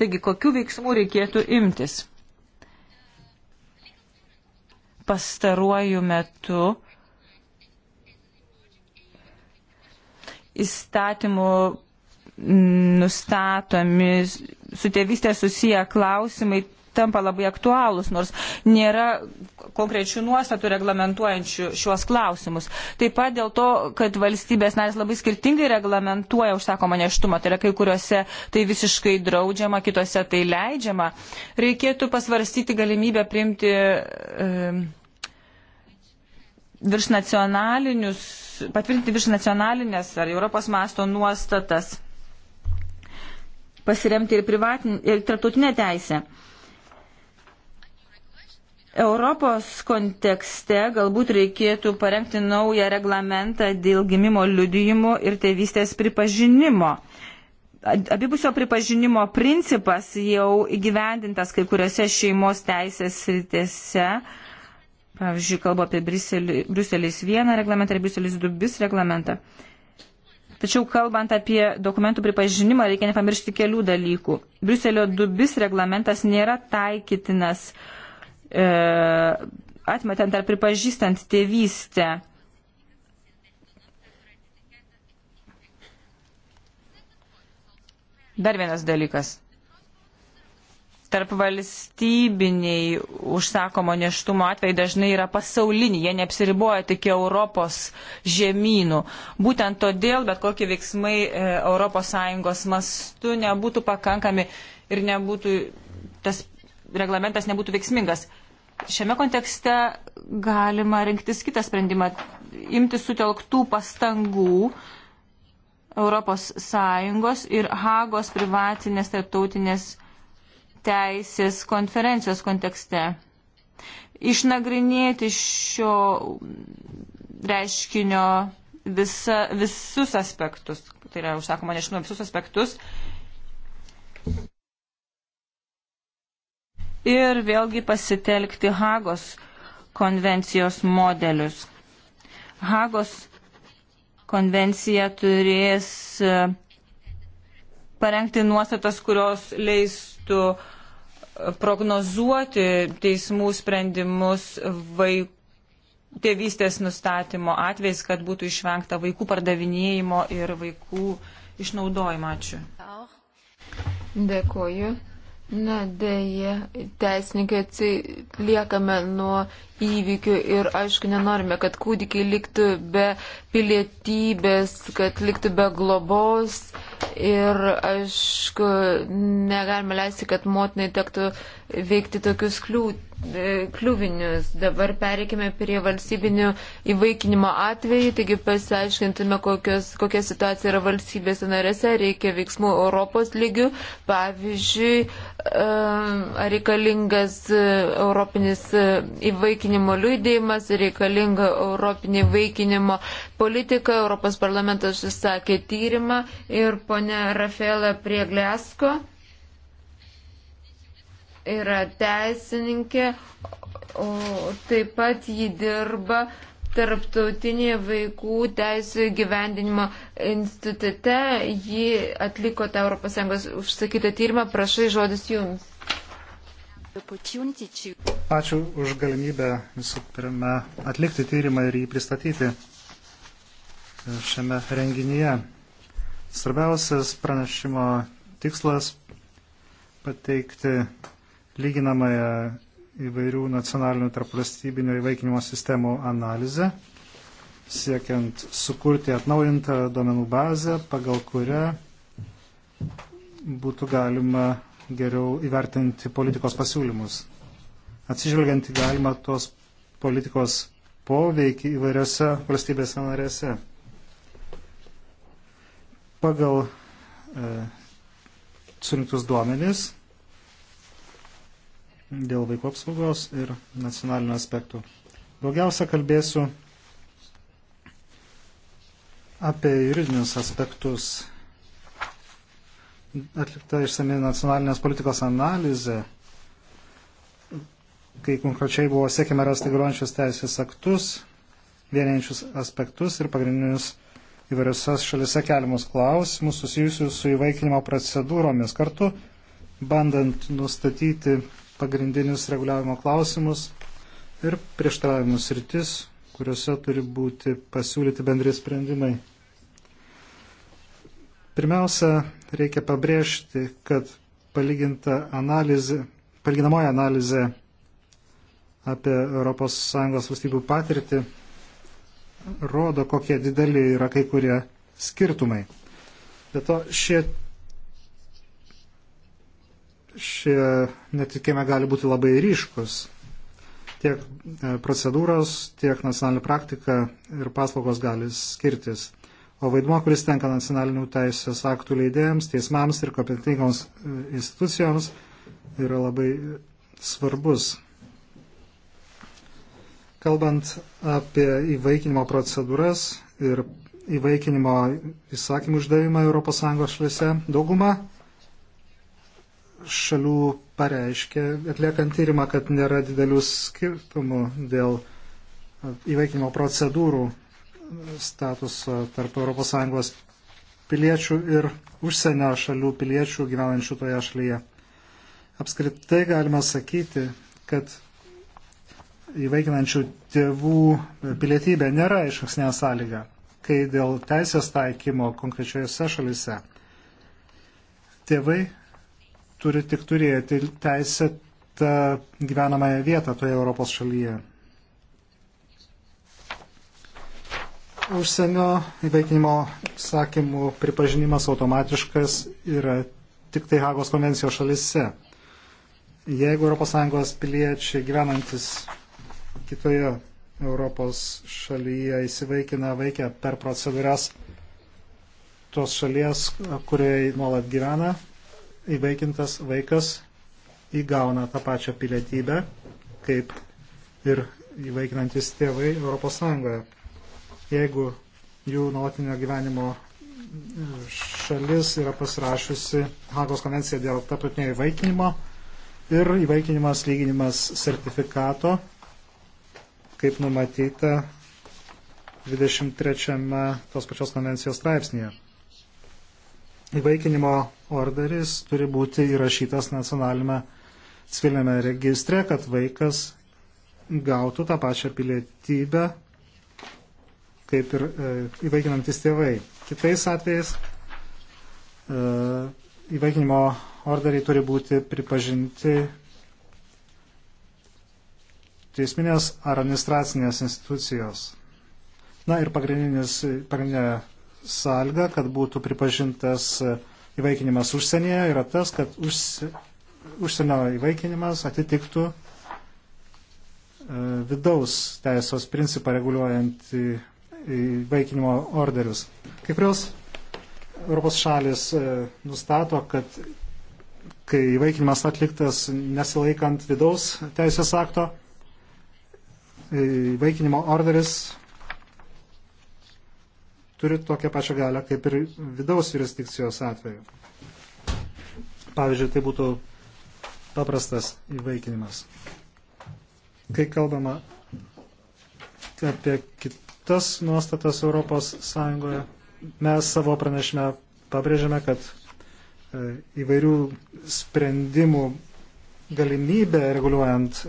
Taigi, kokiu veiksmu reikėtų imtis? Pastaruoju metu įstatymų nustatomi su tėvystė susiję klausimai tampa labai aktualūs, nors nėra konkrečių nuostatų reglamentuojančių šiuos klausimus. Taip pat dėl to, kad valstybės narės labai skirtingai reglamentuoja užsakomą neštumą, tai yra kai kuriuose tai visiškai draudžiama, kitose tai leidžiama, reikėtų pasvarstyti galimybę priimti. E, virš nacionalinius, patvirtinti virš nacionalinės ar Europos masto nuostatas pasiremti ir, privatin, ir tarptautinę teisę. Europos kontekste galbūt reikėtų parengti naują reglamentą dėl gimimo liudijimo ir tėvystės pripažinimo. Abipusio pripažinimo principas jau įgyvendintas kai kuriuose šeimos teisės rytėse. Pavyzdžiui, kalbu apie Briuselis vieną reglamentą ir Briuselis dubis reglamentą. Uh, Tačiau kalbant apie dokumentų pripažinimą, reikia nepamiršti kelių dalykų. Briuselio dubis reglamentas nėra taikytinas e, atmetant ar pripažįstant tėvystę. Dar vienas dalykas tarp valstybiniai užsakomo neštumo atvejai dažnai yra pasauliniai, jie neapsiriboja tik Europos žemynų. Būtent todėl bet kokie veiksmai ES mastu nebūtų pakankami ir nebūtų, tas reglamentas nebūtų veiksmingas. Šiame kontekste galima rinktis kitą sprendimą, imti sutelktų pastangų Europos Sąjungos ir Hagos privatinės tarptautinės teisės konferencijos kontekste. Išnagrinėti šio reiškinio visa, visus aspektus, tai yra užsakoma, nežinau, visus aspektus. Ir vėlgi pasitelkti Hagos konvencijos modelius. Hagos konvencija turės uh, parengti nuostatas, kurios leistų e, prognozuoti teismų sprendimus vaikų tėvystės nustatymo atvejais, kad būtų išvengta vaikų pardavinėjimo ir vaikų išnaudojimo. Ačiū. Dėkuoju. Na, dėje, teisininkai atsiliekame nuo įvykių ir, aišku, nenorime, kad kūdikiai liktų be pilietybės, kad liktų be globos. Uh, Ir aišku, negalime leisti, kad motinai tektų veikti tokius kliū, e, kliūvinius. Dabar pereikime prie valstybinių įvaikinimo atvejų, taigi pasiaiškintume, kokios, kokia situacija yra valstybės narėse, reikia veiksmų Europos lygių. Pavyzdžiui, e, ar reikalingas e, Europinis įvaikinimo liūdėjimas, reikalinga Europinė įvaikinimo politika, Europos parlamentas užsakė tyrimą ir panašiai ponia Rafaela Prieglesko yra teisininkė, o taip pat ji dirba Tarptautinėje vaikų teisų gyvendinimo institute. Ji atliko tą ES užsakytą tyrimą. Prašai žodis jums. Ačiū už galimybę visų pirma atlikti tyrimą ir jį pristatyti šiame renginyje. Svarbiausias pranešimo tikslas - pateikti lyginamąją įvairių nacionalinių tarpvalstybinio įvaikinimo sistemų analizę, siekiant sukurti atnaujintą duomenų bazę, pagal kurią būtų galima geriau įvertinti politikos pasiūlymus. Atsižvelgiant į galima tos politikos poveikį įvairiose valstybėse narėse pagal e, surinktus duomenys dėl vaiko apsaugos ir nacionalinių aspektų. Daugiausia kalbėsiu apie juridinius aspektus. Atlikta išsami nacionalinės politikos analizė, kai konkrečiai buvo siekiama rasti galiojančius teisės aktus, vieniančius aspektus ir pagrindinius įvairiose šalise keliamus klausimus susijusius su įvaikinimo procedūromis kartu, bandant nustatyti pagrindinius reguliavimo klausimus ir prieštaravimus rytis, kuriuose turi būti pasiūlyti bendri sprendimai. Pirmiausia, reikia pabrėžti, kad palyginta analizė, palyginamoji analizė apie ES valstybių patirtį rodo, kokie dideli yra kai kurie skirtumai. Bet to šie, šie netikėjimai gali būti labai ryškus. Tiek e, procedūros, tiek nacionalinė praktika ir paslaugos gali skirtis. O vaidmo, kuris tenka nacionalinių teisės aktų leidėjams, teismams ir kompetentingoms e, institucijoms, yra labai svarbus. Kalbant apie įvaikinimo procedūras ir įvaikinimo įsakymų išdavimą ES šalise, dauguma šalių pareiškė, atliekant tyrimą, kad nėra didelių skirtumų dėl įvaikinimo procedūrų statuso tarp ES piliečių ir užsienio šalių piliečių gyvenančių toje šalyje. Apskritai galima sakyti, kad įvaikinančių tėvų pilietybė nėra išankstinė sąlyga, kai dėl teisės taikymo konkrečiojose šalise tėvai turi tik turėti teisę tą gyvenamąją vietą toje Europos šalyje. Užsienio įvaikinimo sakymų pripažinimas automatiškas yra tik tai Hagos konvencijos šalise. Jeigu ES piliečiai gyvenantis kitoje Europos šalyje įsivaikina vaikę per procedūras tos šalies, kurioje nuolat gyvena, įvaikintas vaikas įgauna tą pačią pilietybę, kaip ir įvaikinantis tėvai Europos Sąjungoje. Jeigu jų nuolatinio gyvenimo šalis yra pasirašiusi Hagos konvenciją dėl tarptautinio įvaikinimo ir įvaikinimas lyginimas sertifikato kaip numatyta 23 tos pačios konvencijos straipsnėje. Įvaikinimo orderis turi būti įrašytas nacionalinėme civilinėme registre, kad vaikas gautų tą pačią pilietybę kaip ir e, įvaikinantis tėvai. Kitais atvejais e, įvaikinimo orderiai turi būti pripažinti teisminės ar administracinės institucijos. Na ir pagrindinė sąlyga, kad būtų pripažintas įvaikinimas užsienyje, yra tas, kad užs, užsienio įvaikinimas atitiktų e, vidaus teisos principą reguliuojant įvaikinimo orderius. Kai kurios Europos šalis e, nustato, kad kai įvaikinimas atliktas nesilaikant vidaus teisės akto, E, Vaikinimo orderis turi tokią pačią galę kaip ir vidaus jurisdikcijos atveju. Pavyzdžiui, tai būtų paprastas įvaikinimas. Kai kalbama apie kitas nuostatas Europos Sąjungoje, mes savo pranešime pabrėžiame, kad e, įvairių sprendimų galimybė reguliuojant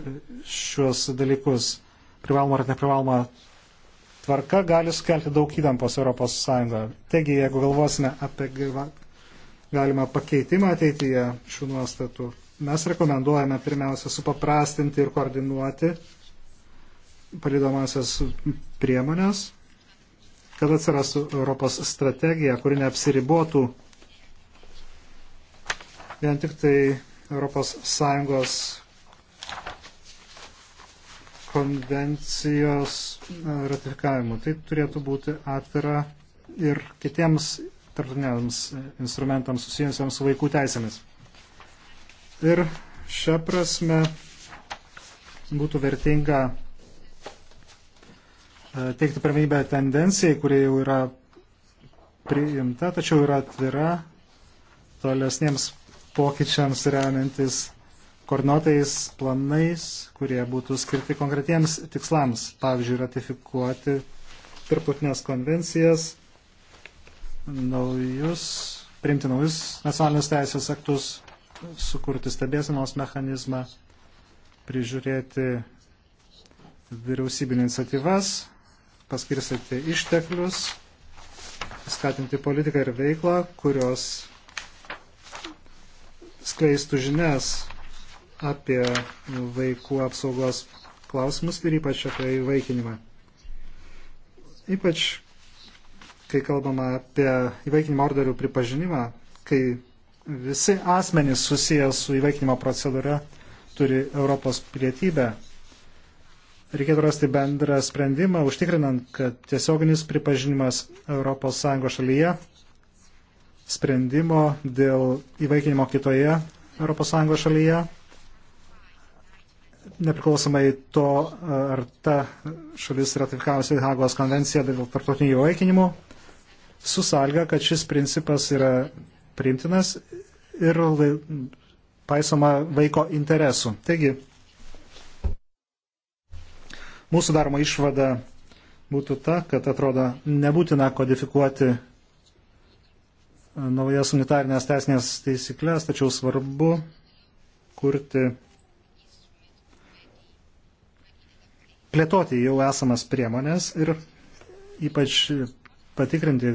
šiuos dalykus privaloma ar neprivaloma tvarka gali skelti daug įtampos Europos Sąjungoje. Taigi, jeigu galvosime apie galimą pakeitimą ateityje šių nuostatų, mes rekomenduojame pirmiausia supaprastinti ir koordinuoti palidomasias priemonės, kad atsirastų Europos strategija, kuri neapsiribotų vien tik tai Europos Sąjungos konvencijos e, ratifikavimu. Tai turėtų būti atvira ir kitiems tarptautiniams instrumentams susijusiams su vaikų teisėmis. Ir šią prasme būtų vertinga e, teikti pirmenybę tendencijai, kuri jau yra priimta, tačiau yra atvira tolesniems pokyčiams remiantis koordinuotais planais, kurie būtų skirti konkretiems tikslams, pavyzdžiui, ratifikuoti tarptautinės konvencijas, naujus, priimti naujus nacionalinius teisės aktus, sukurti stebėsinos mechanizmą, prižiūrėti vyriausybinį iniciatyvas, paskirstyti išteklius, skatinti politiką ir veiklą, kurios skleistų žinias apie vaikų apsaugos klausimus ir ypač apie įvaikinimą. Ypač, kai kalbama apie įvaikinimo orderių pripažinimą, kai visi asmenys susijęs su įvaikinimo procedūra turi Europos pilietybę, reikėtų rasti bendrą sprendimą, užtikrinant, kad tiesioginis pripažinimas ES šalyje sprendimo dėl įvaikinimo kitoje ES šalyje nepriklausomai to, ar ta šalis ratifikavusi Hagos konvenciją dėl tarptautinių įvaikinimų, su salga, kad šis principas yra priimtinas ir paisoma vaiko interesų. Taigi, mūsų daroma išvada būtų ta, kad atrodo nebūtina kodifikuoti e, naujas unitarnės teisinės teisiklės, tačiau svarbu kurti plėtoti jau esamas priemonės ir ypač patikrinti,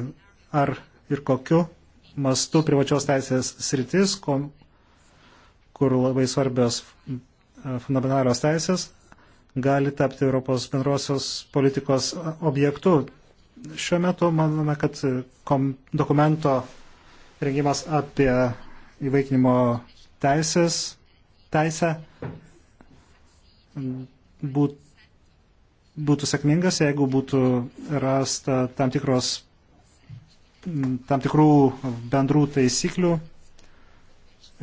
ar ir kokiu mastu privačios teisės sritis, kur labai svarbios e, fundamentalios teisės, gali tapti Europos bendrosios politikos objektu. Šiuo metu manome, kad kom, dokumento rengimas apie įvaikinimo teisės, teisę būt, būtų sėkmingas, jeigu būtų rasta tam, tikros, tam tikrų bendrų taisyklių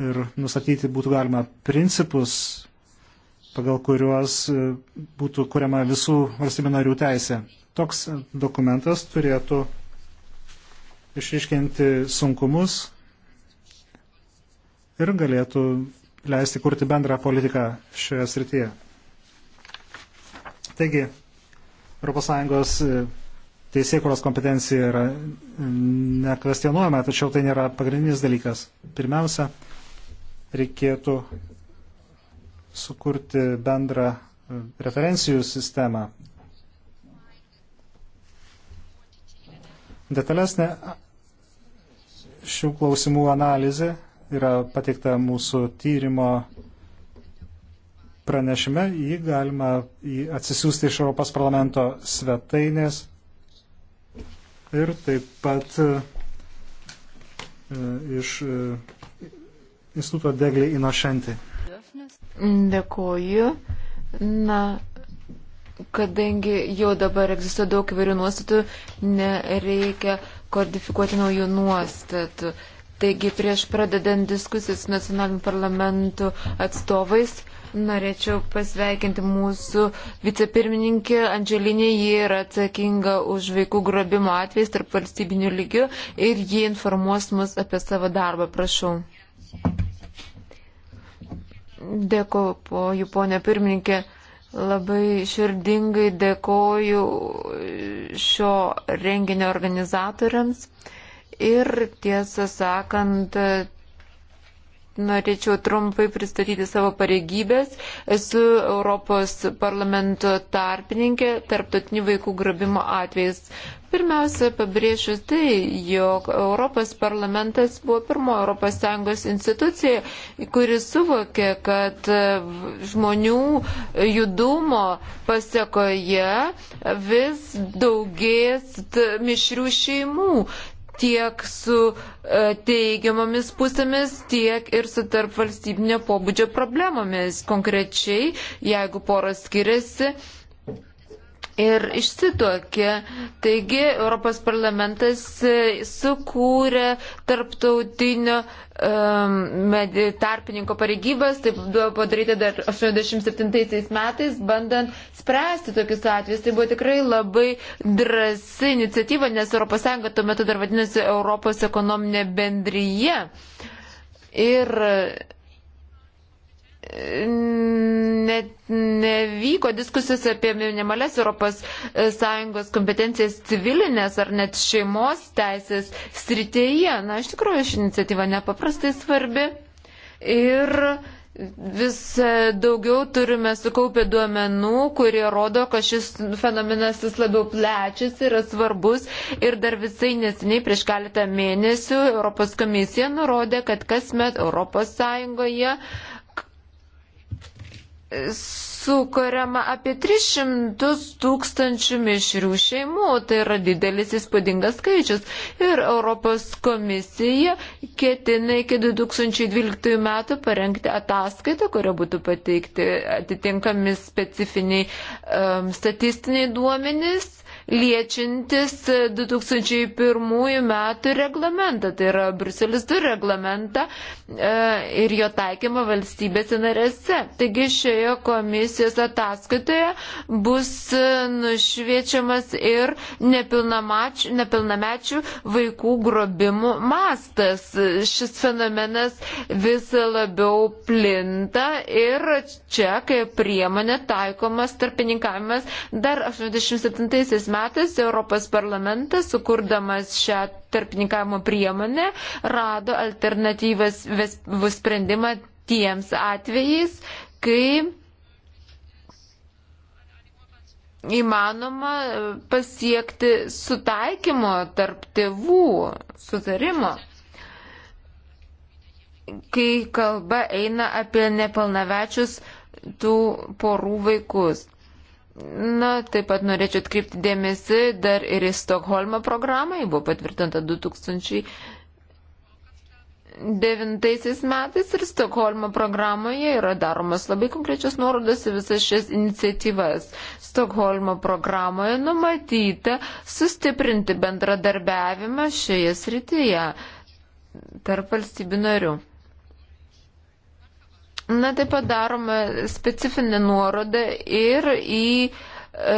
ir nustatyti būtų galima principus, pagal kuriuos e, būtų kuriama visų valstybių narių teisė. Toks dokumentas turėtų išriškinti sunkumus ir galėtų leisti kurti bendrą politiką šioje srityje. Taigi, ES e, teisėkuros kompetencija yra e, nekvestionuojama, tačiau tai nėra pagrindinis dalykas. Pirmiausia, reikėtų sukurti bendrą e, referencijų sistemą. Detalesnė šių klausimų analizė yra pateikta mūsų tyrimo pranešime, jį galima jį atsisiųsti iš Europos parlamento svetainės ir taip pat e, iš e, Instituto Deglį Inošentį. Dėkuoju. Na, kadangi jau dabar egzistuoja daug įvairių nuostatų, nereikia kodifikuoti naujų nuostatų. Taigi prieš pradedant diskusijas su nacionaliniu parlamentu atstovais, Norėčiau pasveikinti mūsų vicepirmininkį Andželinį, ji yra atsakinga už vaikų grobimo atvejais tarp valstybinių lygių ir ji informuos mus apie savo darbą. Prašau. Dėkoju, ponė pirmininkė. Labai širdingai dėkoju šio renginio organizatoriams. Ir tiesą sakant, norėčiau trumpai pristatyti savo pareigybės. Esu Europos parlamento tarpininkė tarptautinių vaikų grabimo atvejais. Pirmiausia, pabrėšiu tai, jog Europos parlamentas buvo pirmo ES institucija, kuris suvokė, kad žmonių judumo pasiekoje vis daugės mišrių šeimų tiek su e, teigiamomis pusėmis, tiek ir su tarp valstybinio pobūdžio problemomis. Konkrečiai, jeigu poros skiriasi, ir išsitokė. Taigi Europos parlamentas sukūrė tarptautinio um, tarpininko pareigybės, tai buvo padaryta dar 87 metais, bandant spręsti tokius atvejus. Tai buvo tikrai labai drasi iniciatyva, nes ES tuo metu dar vadinasi Europos ekonominė bendryje. Ir net nevyko diskusijos apie minimales ES e, kompetencijas civilinės ar net šeimos teisės srityje. Na, iš tikrųjų, ši iniciatyva nepaprastai svarbi. Ir vis e, daugiau turime sukaupę duomenų, kurie rodo, kad šis fenomenas vis labiau plečiasi, yra svarbus ir dar visai nesiniai prieš keletą mėnesių Europos komisija nurodė, kad kasmet Europos Sąjungoje uh, sukuriama apie 300 tūkstančių mišrių šeimų. Tai yra didelis įspūdingas skaičius. Ir Europos komisija ketina iki 2012 metų parengti ataskaitą, kurio būtų pateikti atitinkami specifiniai um, statistiniai duomenys liečiantis 2001 metų reglamentą, tai yra Bruselis 2 reglamentą e, ir jo taikymą valstybėse narėse. Taigi šioje komisijos ataskaitoje bus e, nušviečiamas ir nepilnamečių vaikų grobimų mastas. Šis fenomenas vis labiau plinta ir čia kaip priemonė taikomas tarpininkavimas dar 87 metais metais Europos parlamentas, sukurdamas šią tarpininkavimo priemonę, rado alternatyvas sprendimą tiems atvejais, kai įmanoma e, pasiekti sutaikymo tarp tėvų, sutarimo. Kai kalba eina apie nepilnavečius tų porų vaikus. Na, taip pat norėčiau atkreipti dėmesį dar ir į Stokholmo programą, ji buvo patvirtinta 2009 metais ir Stokholmo programoje yra daromas labai konkrečios nuorodos į visas šias iniciatyvas. Stokholmo programoje numatyta sustiprinti bendradarbiavimą šioje srityje tarp valstybių narių. Na, taip pat darome specifinę nuorodą ir į e,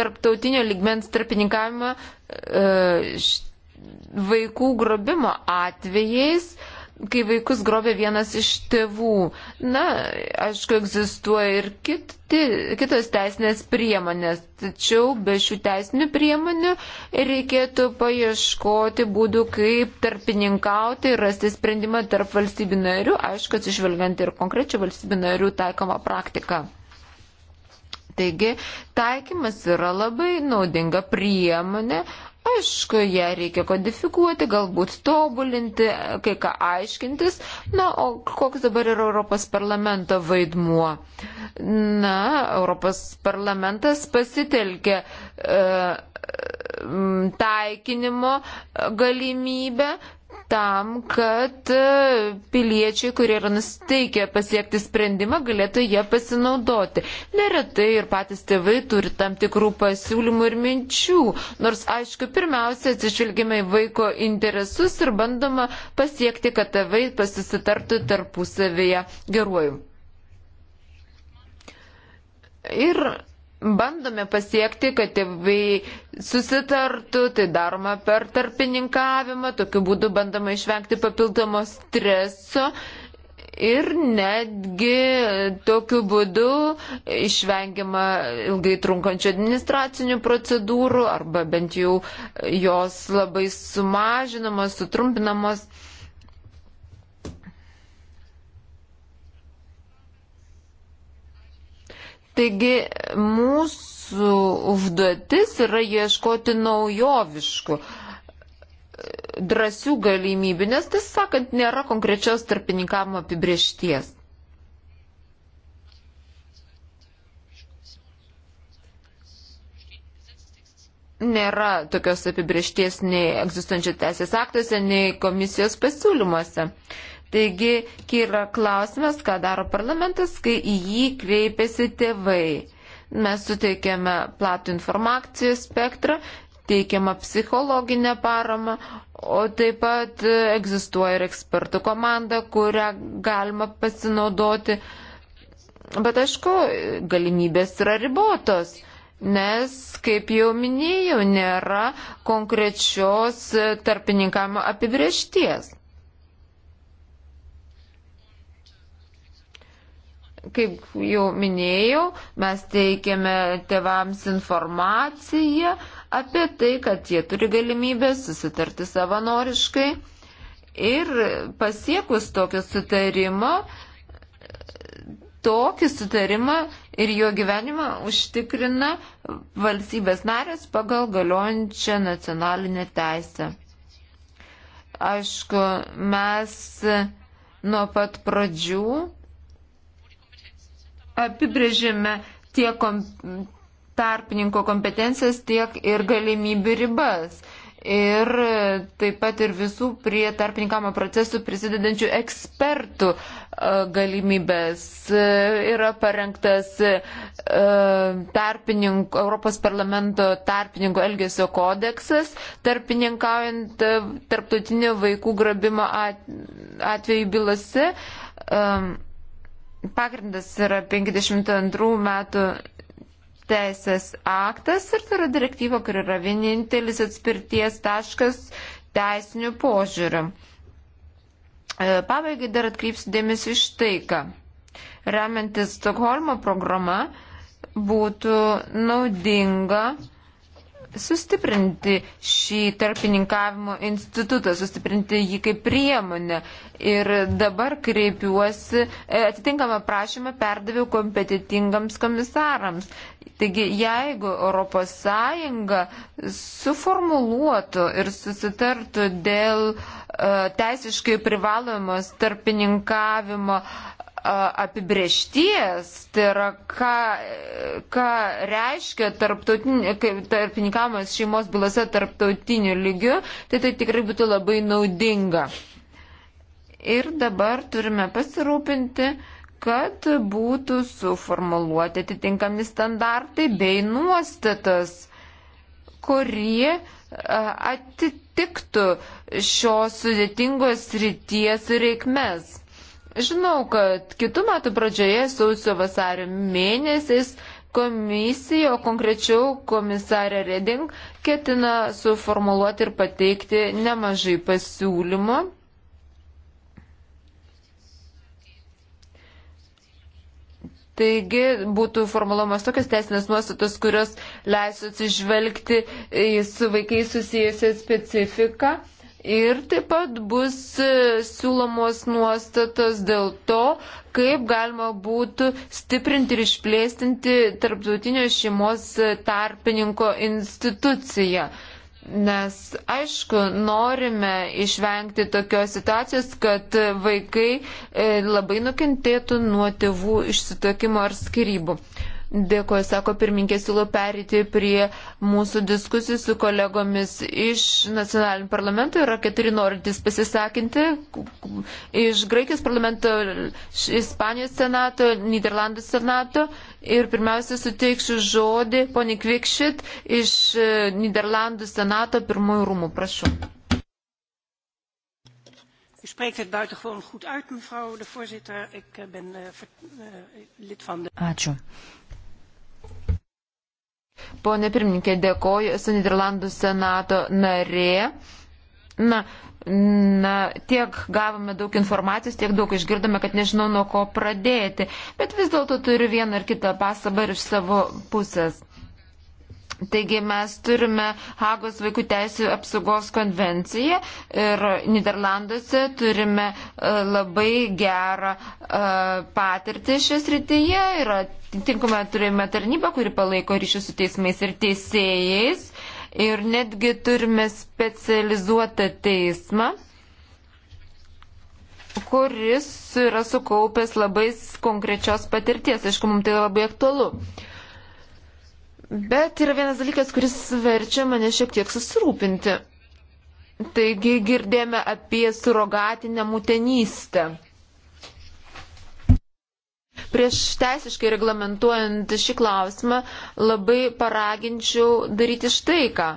tarptautinio ligmens tarpininkavimą e, š, vaikų grobimo atvejais. E, kai vaikus grobė vienas iš tėvų. Na, aišku, egzistuoja ir kiti, kitos teisinės priemonės, tačiau be šių teisinių priemonių reikėtų paieškoti būdų, kaip tarpininkauti ir rasti sprendimą tarp valstybių narių, aišku, atsižvelgiant ir konkrečią valstybių narių taikomą praktiką. Taigi, taikymas yra labai naudinga priemonė, Aišku, ją reikia kodifikuoti, galbūt tobulinti, kai ką aiškintis. Na, o koks dabar yra Europos parlamento vaidmuo? Na, Europos parlamentas pasitelkė e, taikinimo galimybę, tam, kad e, piliečiai, kurie yra nusteikę pasiekti sprendimą, galėtų ją pasinaudoti. Neretai ir patys tėvai turi tam tikrų pasiūlymų ir minčių, nors aišku, pirmiausia, atsižvelgime į vaiko interesus ir bandoma pasiekti, kad tėvai pasisitartų tarpusavėje geruoju. Ir bandome pasiekti, kad tėvai susitartų, tai daroma per tarpininkavimą, tokiu būdu bandoma išvengti papildomo streso. Ir netgi tokiu būdu išvengiama ilgai trunkančių administracinių procedūrų arba bent jau jos labai sumažinamos, sutrumpinamos. Taigi mūsų užduotis yra ieškoti naujoviškų drąsių galimybių, nes tas sakant, nėra konkrečios tarpininkavimo apibriešties. Nėra tokios apibriešties nei egzistuojančio teisės aktuose, nei komisijos pasiūlymuose. Uh, Taigi kyla klausimas, ką daro parlamentas, kai į jį kreipiasi tėvai. Mes suteikėme platų informacijų spektrą, teikiama psichologinė parama, o taip pat egzistuoja ir ekspertų komanda, kurią galima pasinaudoti. Bet aišku, galimybės yra ribotos, nes, kaip jau minėjau, nėra konkrečios tarpininkavimo apibriešties. kaip jau minėjau, mes teikiame tevams informaciją apie tai, kad jie turi galimybę susitarti savanoriškai ir pasiekus tokio sutarimo, tokį sutarimą ir jo gyvenimą užtikrina valstybės narės pagal galiojančią nacionalinę teisę. Aišku, mes nuo pat pradžių apibrėžėme tiek kom, tarpininko kompetencijas, tiek ir galimybių ribas. Ir taip pat ir visų prie tarpininkamo procesų prisidedančių ekspertų e, galimybės. E, yra parengtas e, Europos parlamento tarpininko elgesio kodeksas, tarpininkaujant tarptautinio vaikų grabimo atveju bylose. Um, pagrindas yra 52 metų teisės aktas ir tai yra direktyva, kur yra vienintelis atspirties taškas teisinių požiūrių. E, pabaigai dar atkreipsiu dėmesį iš tai, ką remiantis Stokholmo programa būtų naudinga sustiprinti šį tarpininkavimo institutą, sustiprinti jį kaip priemonę. Ir dabar kreipiuosi, e, atitinkamą prašymą perdaviau kompetitingams komisarams. Taigi, jeigu ES suformuluotų ir susitartų dėl uh, teisiškai privalomos tarpininkavimo uh, apibriešties, tai yra ką, ką reiškia tarpininkavimas šeimos bylose tarptautiniu lygiu, tai tai tikrai būtų labai naudinga. Ir dabar turime pasirūpinti, kad būtų suformuluoti atitinkami standartai bei nuostatas, kurie atitiktų šios sudėtingos ryties reikmes. Žinau, kad kitų metų pradžioje sausio vasario mėnesiais komisija, o konkrečiau komisarė Reding, ketina suformuoluoti ir pateikti nemažai pasiūlymų. Taigi būtų formuluomas tokias teisinės nuostatos, kurios leisų atsižvelgti į su vaikais susijusią specifiką Ir taip pat bus e, siūlomos nuostatos dėl to, kaip galima būtų stiprinti ir išplėstinti tarptautinio šeimos e, tarpininko instituciją. Nes, aišku, norime išvengti tokios situacijos, kad vaikai e, labai nukentėtų nuo tėvų išsitokimo ar skirybų. Dėkoju, sako pirmininkė, siūlau perėti prie mūsų diskusijų su kolegomis iš nacionalinių parlamentų. Yra keturi norintys pasisakinti iš Graikijos parlamento, Ispanijos senato, Niderlandų senato. Ir pirmiausia, suteiksiu žodį poni Kvikšit iš e, Niderlandų senato pirmųjų rūmų. Prašau. U spreekt het buitengewoon goed uit, mevrouw de voorzitter. Ik eh, ben uh, ver, uh, lid van de. Ačiū. Pone pirmininkė, dėkoju, esu Niderlandų senato narė. Na, na, tiek gavome daug informacijos, tiek daug išgirdome, kad nežinau, nuo ko pradėti. Bet vis dėlto turiu vieną ar kitą pasabą ir iš savo pusės. Taigi mes turime Hagos vaikų teisų apsaugos konvenciją ir Niderlanduose turime e, labai gerą e, patirtį šias rytyje ir tinkamą turime tarnybą, kuri palaiko ryšius su teismais ir teisėjais ir netgi turime specializuotą teismą kuris yra sukaupęs labai konkrečios patirties. Aišku, mums tai labai aktualu. Uh, Bet yra vienas dalykas, kuris verčia mane šiek tiek susirūpinti. Taigi girdėjome apie surogatinę mutenystę. Prieš teisiškai reglamentuojant šį klausimą labai paraginčiau daryti štai ką.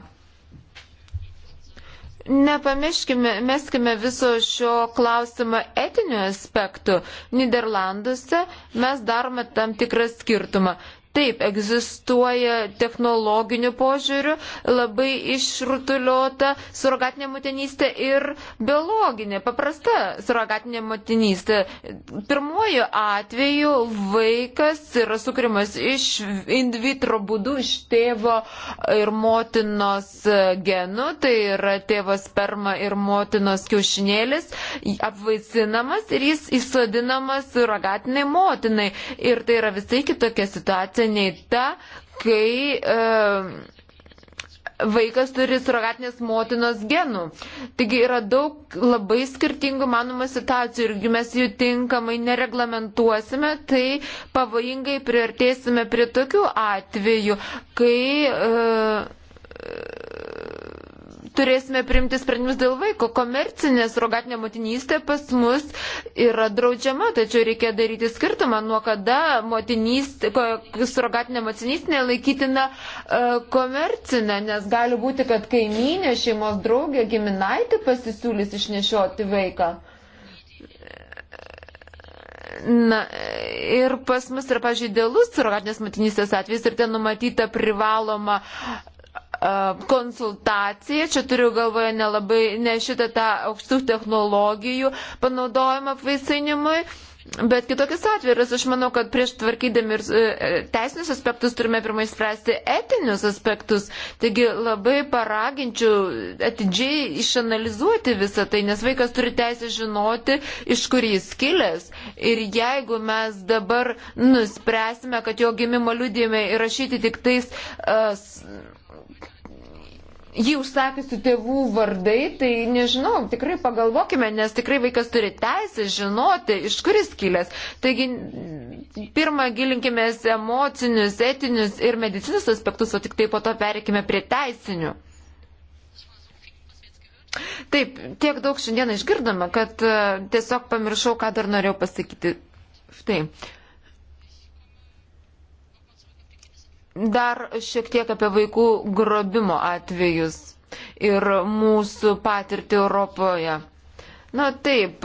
Nepamirškime, meskime viso šio klausimo etinių aspektų. Niderlanduose mes darome tam tikrą skirtumą. Taip, egzistuoja technologinių požiūrių labai išrutuliota surogatinė motinystė ir biologinė, paprasta surogatinė motinystė. Pirmuoju atveju vaikas yra sukrimas iš in vitro būdų, iš tėvo ir motinos genų, tai yra tėvo sperma ir motinos kiaušinėlis, apvaisinamas ir jis įsodinamas surogatiniai motinai. Ir tai yra visai kitokia situacija situacija nei ta, kai e, vaikas turi surogatinės motinos genų. Taigi yra daug labai skirtingų manoma situacijų ir jeigu mes jų tinkamai nereglamentuosime, tai pavojingai priartėsime prie tokių atvejų, kai e, turėsime priimti sprendimus dėl vaiko. Komercinė surogatinė motinystė pas mus yra draudžiama, tačiau reikia daryti skirtumą, nuo kada surogatinė motinystė laikytina e, komercinė, nes gali būti, kad kaimynė, šeimos draugė, giminaitė pasisiūlys išnešioti vaiką. Na, ir pas mus yra, pažiūrėjau, idealus surogatinės motinystės atvejs ir ten numatyta privaloma uh, konsultaciją, čia turiu galvoje nelabai ne šitą tą aukštų technologijų panaudojimą apvaisinimui. Bet kitokius atvejus, aš manau, kad prieš tvarkydami ir e, teisinius aspektus turime pirmai spręsti etinius aspektus. Taigi labai paraginčiau atidžiai išanalizuoti visą tai, nes vaikas turi teisę žinoti, iš kur jis kilęs. Ir jeigu mes dabar nuspręsime, kad jo gimimo liūdėjimai įrašyti tik tais. Uh, jį užsakysiu tėvų vardai, tai nežinau, tikrai pagalvokime, nes tikrai vaikas turi teisę žinoti, iš kur jis kilęs. Taigi, pirmą gilinkimės emocinius, etinius ir medicinius aspektus, o tik taip po to perikime prie teisinių. Taip, tiek daug šiandieną išgirdome, kad e, tiesiog pamiršau, ką dar norėjau pasakyti. Štai. Uh, Dar šiek tiek apie vaikų grobimo atvejus ir mūsų patirtį Europoje. Na taip,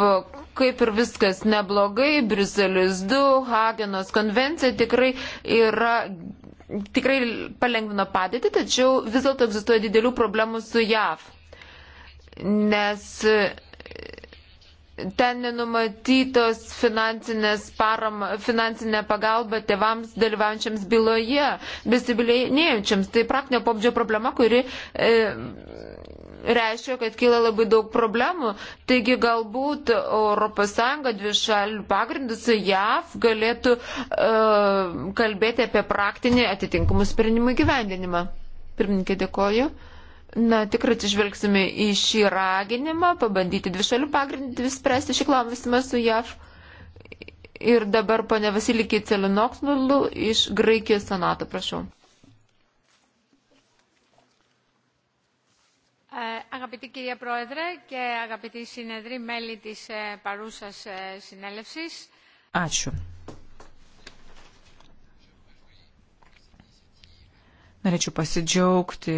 kaip ir viskas neblogai, Briselis 2, Hagenos konvencija tikrai yra. Tikrai palengvino padėtį, tačiau vis dėlto egzistuoja didelių problemų su JAV, nes ten nenumatytos parama, finansinė pagalba tėvams dalyvaujančiams byloje, besibilėjančiams. Tai praktinio pobūdžio problema, kuri e, reiškia, kad kyla labai daug problemų. Taigi galbūt ES dvi šalių pagrindų su JAV galėtų e, kalbėti apie praktinį atitinkamų sprendimų gyvendinimą. Pirmininkė, dėkoju. Na, tikrai atsižvelgsime į šį raginimą, pabandyti dvišalių pagrindį spręsti šį klausimą su JAV. Ir dabar pane Vasilikė Celinoksnulu iš Graikijos senato, prašau. Αγαπητή κυρία Πρόεδρε και αγαπητοί συνεδροί μέλη της παρούσας συνέλευσης. Ačiū. Norėčiau pasidžiaugti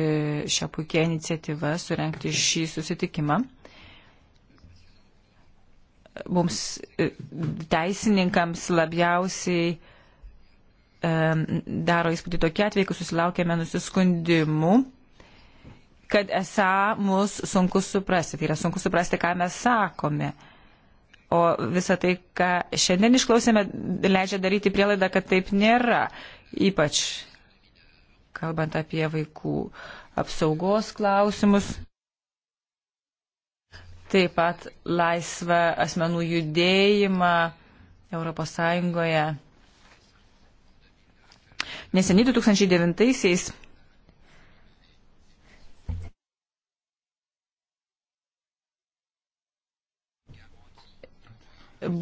šią puikią iniciatyvą, surenkti šį susitikimą. Mums e, teisininkams labiausiai e, daro įspūdį tokie atvejai, kai susilaukėme nusiskundimų, kad esą mus sunku suprasti. Tai yra sunku suprasti, ką mes sakome. O visą tai, ką šiandien išklausėme, leidžia daryti prielaidą, kad taip nėra. Ypač kalbant apie vaikų apsaugos klausimus. Taip pat laisvą asmenų judėjimą Europos Sąjungoje. Neseniai 2009-aisiais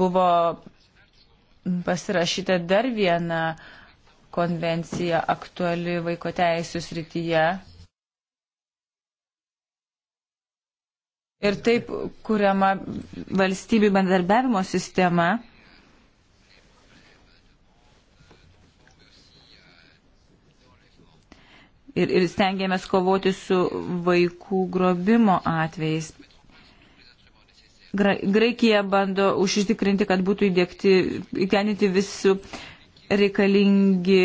buvo pasirašyta dar viena uh, konvencija aktuali vaiko teisų srityje. Ir taip kuriama valstybių bendarbiavimo sistema. Ir, ir stengiamės kovoti su vaikų grobimo atvejais. Graikija bando užtikrinti, kad būtų įdėkti, įkeninti visų reikalingi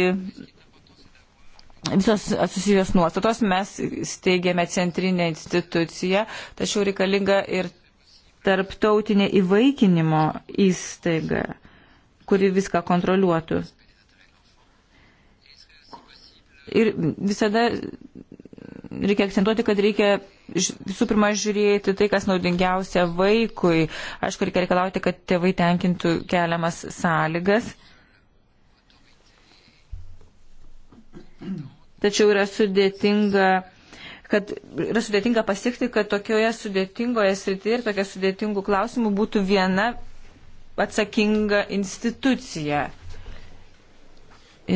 visos susijęs nuostatos, mes steigėme centrinę instituciją, tačiau reikalinga ir tarptautinė įvaikinimo įstaiga, kuri viską kontroliuotų. Ir visada reikia akcentuoti, kad reikia visų pirma žiūrėti tai, kas naudingiausia vaikui. Aišku, reikia reikalauti, kad tėvai tenkintų keliamas sąlygas. Tačiau yra sudėtinga kad yra sudėtinga pasiekti, kad tokioje sudėtingoje srityje ir tokia sudėtingų klausimų būtų viena atsakinga institucija.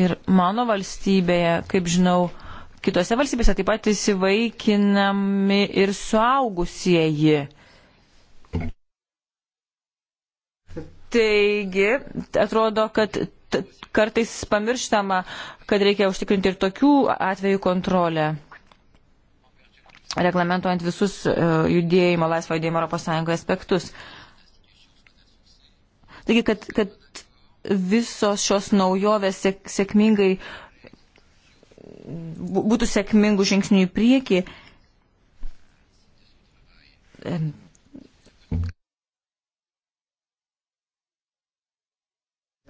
Ir mano valstybėje, kaip žinau, kitose valstybėse taip pat įsivaikinami ir suaugusieji. Taigi, atrodo, kad kartais pamirštama, kad reikia užtikrinti ir tokių atvejų kontrolę, reglamentuojant visus e, judėjimo, laisvo judėjimo Europos Sąjungoje aspektus. Taigi, kad, kad visos šios naujovės sėk, sėkmingai būtų sėkmingų žingsnių į priekį,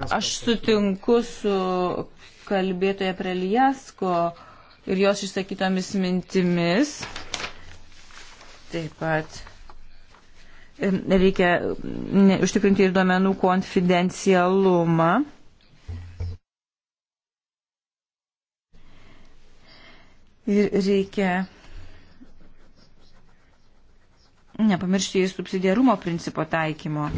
Aš sutinku su kalbėtoje Preliasko ir jos išsakytomis mintimis. Taip pat reikia mm, užtikrinti ir duomenų konfidencialumą. Ir reikia nepamiršti į subsidiarumo principo taikymo.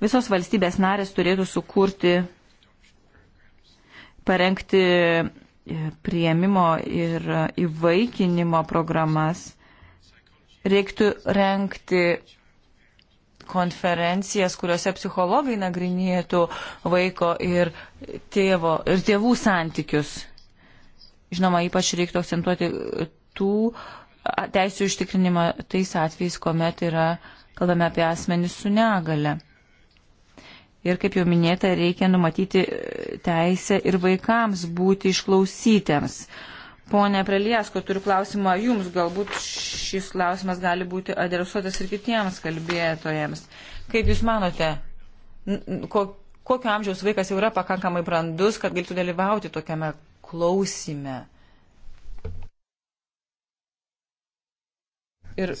Visos valstybės narės turėtų sukurti, parengti e, prieimimo ir įvaikinimo programas. Reiktų renkti konferencijas, kuriuose psichologai nagrinėtų vaiko ir, tėvo, ir tėvų santykius. Žinoma, ypač reiktų akcentuoti tų teisų ištikrinimą tais atvejais, kuomet yra, kalbame apie asmenį su negale. Ir kaip jau minėta, reikia numatyti teisę ir vaikams būti išklausytiems. Pone Preliesko, turiu klausimą jums. Galbūt šis klausimas gali būti adresuotas ir kitiems kalbėtojams. Kaip jūs manote, kokio amžiaus vaikas jau yra pakankamai brandus, kad galėtų dalyvauti tokiame klausime? Ir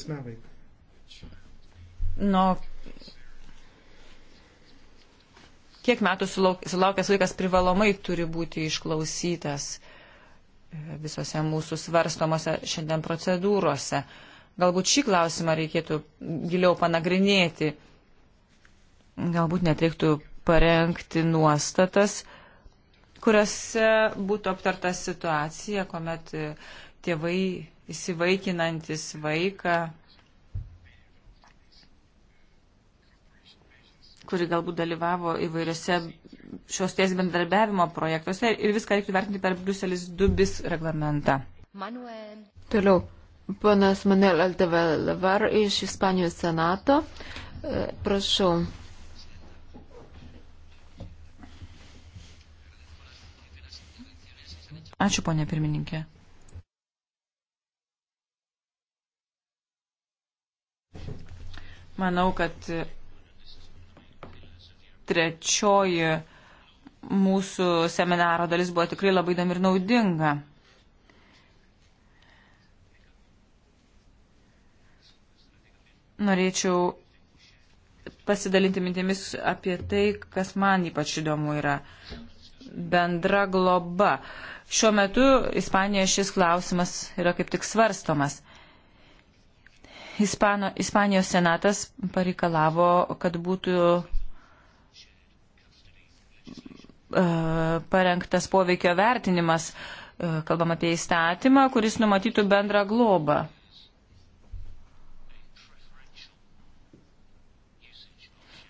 nuo kiek metų sulaukęs vaikas privalomai turi būti išklausytas e, visose mūsų svarstomose šiandien procedūrose. Galbūt šį klausimą reikėtų giliau panagrinėti. Galbūt net reiktų parengti nuostatas, kuriuose būtų aptarta situacija, kuomet e, tėvai įsivaikinantis vaiką kuri galbūt dalyvavo įvairiose šios ties bendarbiavimo projektuose ir viską reiktų vertinti per Bruselis 2 bis reglamentą. Manuel. Toliau, ponas Manuel Aldevelavar iš Ispanijos senato. E, prašau. Ačiū, ponė pirmininkė. Manau, kad trečioji mūsų seminaro dalis buvo tikrai labai įdomi ir naudinga. Norėčiau pasidalinti mintimis apie tai, kas man ypač įdomu yra bendra globa. Šiuo metu Ispanijoje šis klausimas yra kaip tik svarstomas. Ispano, Ispanijos senatas pareikalavo, kad būtų E, parengtas poveikio vertinimas, e, kalbam apie įstatymą, kuris numatytų bendrą globą.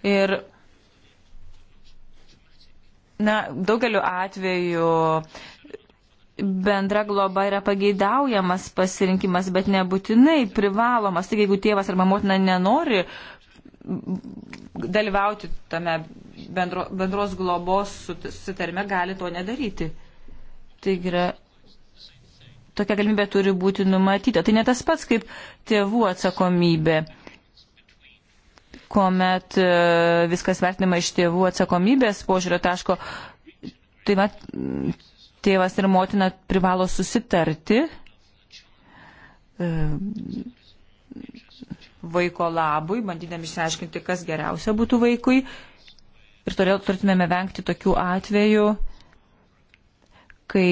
Ir na, daugeliu atveju bendra globa yra pageidaujamas pasirinkimas, bet nebūtinai privalomas. Taigi, jeigu tėvas arba motina nenori dalyvauti tame bendro, bendros globos sutarime gali to nedaryti. Taigi yra tokia galimybė turi būti numatyta. Tai ne tas pats kaip tėvų atsakomybė, kuomet e, viskas vertinama iš tėvų atsakomybės požiūrio taško. Tai mat, tėvas ir motina privalo susitarti e, vaiko labui, bandydami išsiaiškinti, kas geriausia būtų vaikui Ir todėl turėtumėme vengti tokių atvejų, kai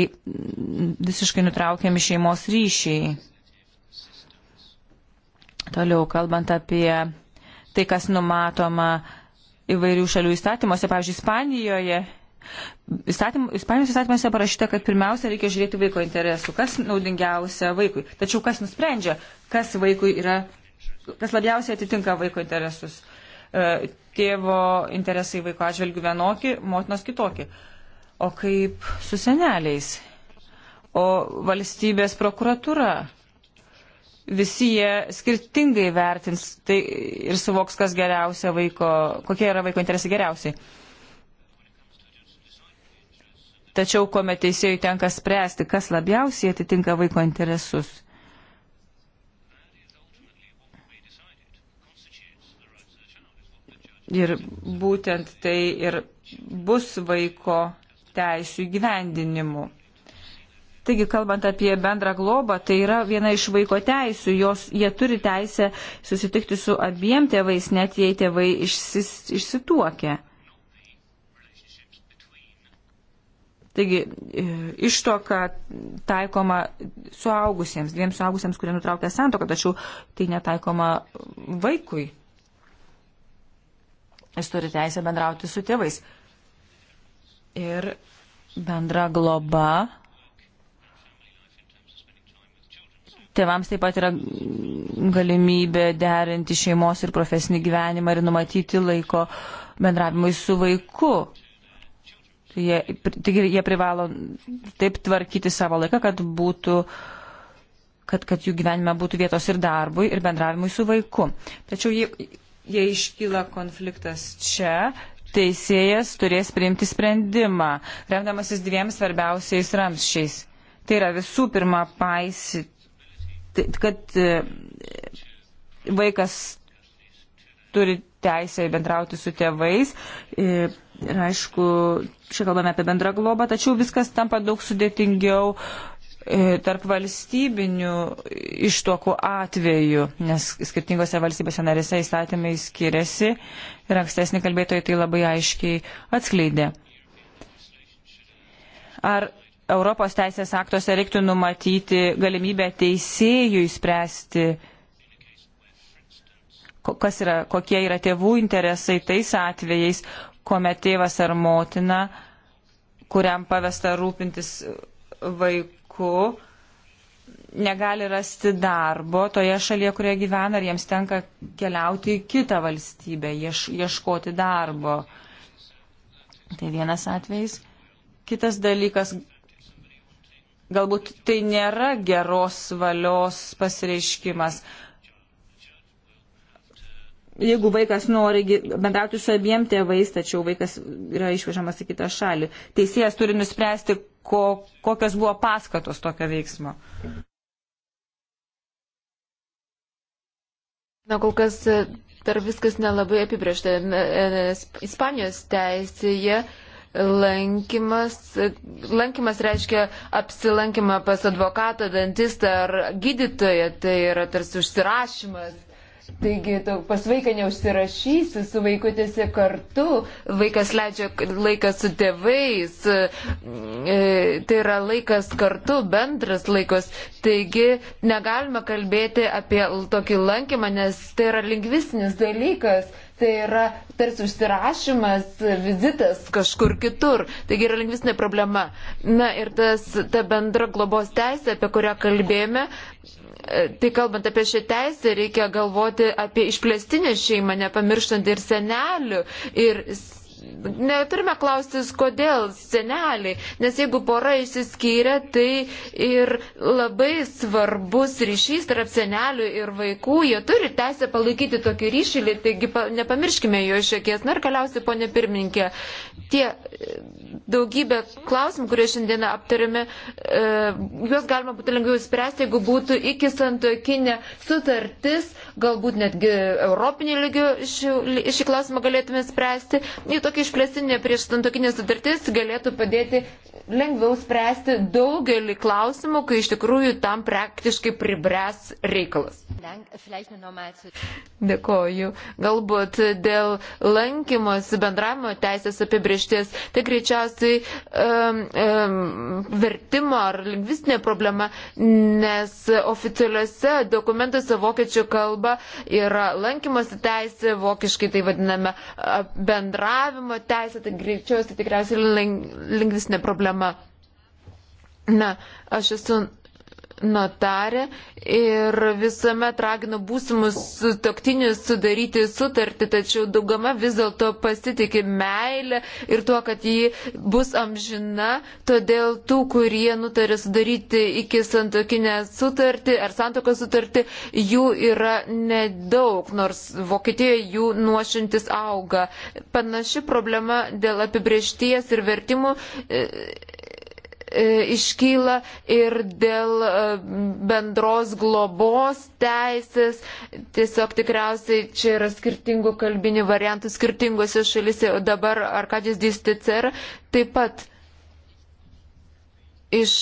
visiškai nutraukiami šeimos ryšiai. Toliau, kalbant apie tai, kas numatoma įvairių šalių įstatymuose, pavyzdžiui, Ispanijoje. Įstatym, Ispanijos įstatymuose parašyta, kad pirmiausia reikia žiūrėti vaiko interesų, kas naudingiausia vaikui. Tačiau kas nusprendžia, kas vaikui yra, kas labiausiai atitinka vaiko interesus. E, tėvo interesai vaiko atžvilgių vienoki, motinos kitoki. O kaip su seneliais? O valstybės prokuratura? Visi jie skirtingai vertins tai ir suvoks, kas geriausia vaiko, kokie yra vaiko interesai geriausiai. Tačiau, kuomet teisėjui tenka spręsti, kas labiausiai atitinka vaiko interesus, Ir būtent tai ir bus vaiko teisų įgyvendinimu. Taigi, kalbant apie bendrą globą, tai yra viena iš vaiko teisų. Jos, jie turi teisę susitikti su abiem tėvais, net jei tėvai išsis, išsituokia. Taigi, e, iš to, kad taikoma suaugusiems, dviem suaugusiems, kurie nutraukia santoką, tačiau tai netaikoma vaikui. Jis turi teisę bendrauti su tėvais. Ir bendra globa. Tėvams taip pat yra galimybė derinti šeimos ir profesinį gyvenimą ir numatyti laiko bendravimui su vaiku. Tai jie, tai jie privalo taip tvarkyti savo laiką, kad, būtų, kad, kad jų gyvenime būtų vietos ir darbui, ir bendravimui su vaiku. Tačiau jie, jei iškyla konfliktas čia, teisėjas turės priimti sprendimą, remdamasis dviem svarbiausiais ramščiais. Tai yra visų pirma paisyti, tai, kad e, vaikas turi teisę bendrauti su tėvais. E, ir aišku, čia kalbame apie bendrą globą, tačiau viskas tampa daug sudėtingiau E, tarp valstybinių ištokų atveju, nes skirtingose valstybėse narėse įstatymai skiriasi ir ankstesni kalbėtojai tai labai aiškiai atskleidė. Ar Europos teisės aktuose reiktų numatyti galimybę teisėjų įspręsti, kas yra, kokie yra tėvų interesai tais atvejais, kuomet tėvas ar motina, kuriam pavesta rūpintis vaikų laiku negali rasti darbo toje šalyje, kurioje gyvena, ar jiems tenka keliauti į kitą valstybę, ieš, ieškoti darbo. Tai vienas atvejis. Kitas dalykas, galbūt tai nėra geros valios pasireiškimas jeigu vaikas nori bendrauti su abiem tėvais, tačiau vaikas yra išvežamas į kitą šalį. Teisėjas turi nuspręsti, ko, kokios buvo paskatos tokio veiksmo. Na, kol kas e, dar viskas nelabai apibriešta. E, Ispanijos teisėje lankymas, e, lankymas reiškia apsilankymą pas advokatą, dantistą ar gydytoją, tai yra tarsi užsirašymas Taigi pas vaiką neužsirašysi, su vaiku tiesiog kartu, vaikas leidžia laiką su tėvais, e, tai yra laikas kartu, bendras laikas. Taigi negalima kalbėti apie tokį lankymą, nes tai yra lingvistinis dalykas. Tai yra tarsi užsirašymas, vizitas kažkur kitur. Taigi yra lingvistinė problema. Na ir tas, ta bendra globos teisė, apie kurią kalbėjome, Tai kalbant apie šią teisę, reikia galvoti apie išplėstinę šeimą, nepamirštant ir senelių, ir neturime klaustis, kodėl seneliai, nes jeigu pora išsiskyrė, tai ir labai svarbus ryšys tarp senelių ir vaikų, jie turi teisę palaikyti tokį ryšį, taigi nepamirškime jo iš akies. Na ir galiausiai, ponė pirmininkė, tie e, daugybė klausimų, kurie šiandieną aptarėme, e, juos galima būtų lengviau spręsti, jeigu būtų iki santokinė sutartis, galbūt netgi europinį lygių šį, šį klausimą galėtume spręsti. Į tokia išplėstinė prieš santokinė sutartis galėtų padėti lengviau spręsti daugelį klausimų, kai iš tikrųjų tam praktiškai pribręs reikalas. Dėkoju. Galbūt dėl lankymos bendravimo teisės apibriešties, tai greičiausiai um, um, vertimo ar lingvistinė problema, nes oficialiuose dokumentuose vokiečių kalba yra lankymosi teisė, vokiškai tai vadiname bendravimo balsavimo teisė, tai greičiausiai tikriausiai lingvistinė problema. Na, aš esu notarė ir visuomet ragino būsimus sutoktinius sudaryti sutartį, tačiau daugama vis dėlto pasitikė meilę ir tuo, kad ji bus amžina, todėl tų, kurie nutarė sudaryti iki santokinę sutartį ar santoko sutartį, jų yra nedaug, nors Vokietijoje jų nuošintis auga. Panaši problema dėl apibriešties ir vertimų. E, E, iškyla ir dėl e, bendros globos teisės. Tiesiog tikriausiai čia yra skirtingų kalbinių variantų skirtingose šalise. Dabar Arkadijas Disticer taip pat iš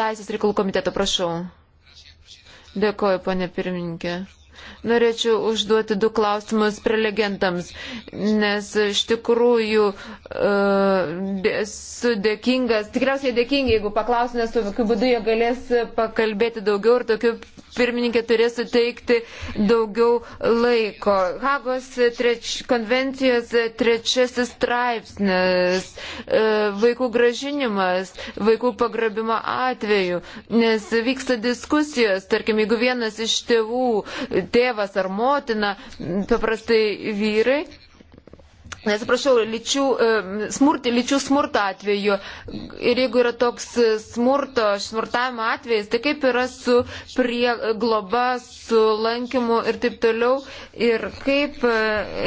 Teisės reikalų komiteto, prašau. Dėkoju, ponė pirmininkė. Norėčiau užduoti du klausimus prelegentams, nes iš tikrųjų e, esu dėkingas, tikriausiai dėkingi, jeigu paklausiu, nes tokiu būdu jie galės pakalbėti daugiau ir tokiu pirmininkė turės suteikti daugiau laiko. Hagos treč, konvencijos trečiasis straipsnis, e, vaikų gražinimas, vaikų pagrabimo atveju, nes vyksta diskusijos, tarkim, jeigu vienas iš tėvų tėvas ar motina, paprastai vyrai. Nesiprašau, lyčių, e, smurt, lyčių smurto atveju. Ir jeigu yra toks smurto, smurtavimo atvejis, tai kaip yra su prie globa, su lankymu ir taip toliau. Ir kaip e,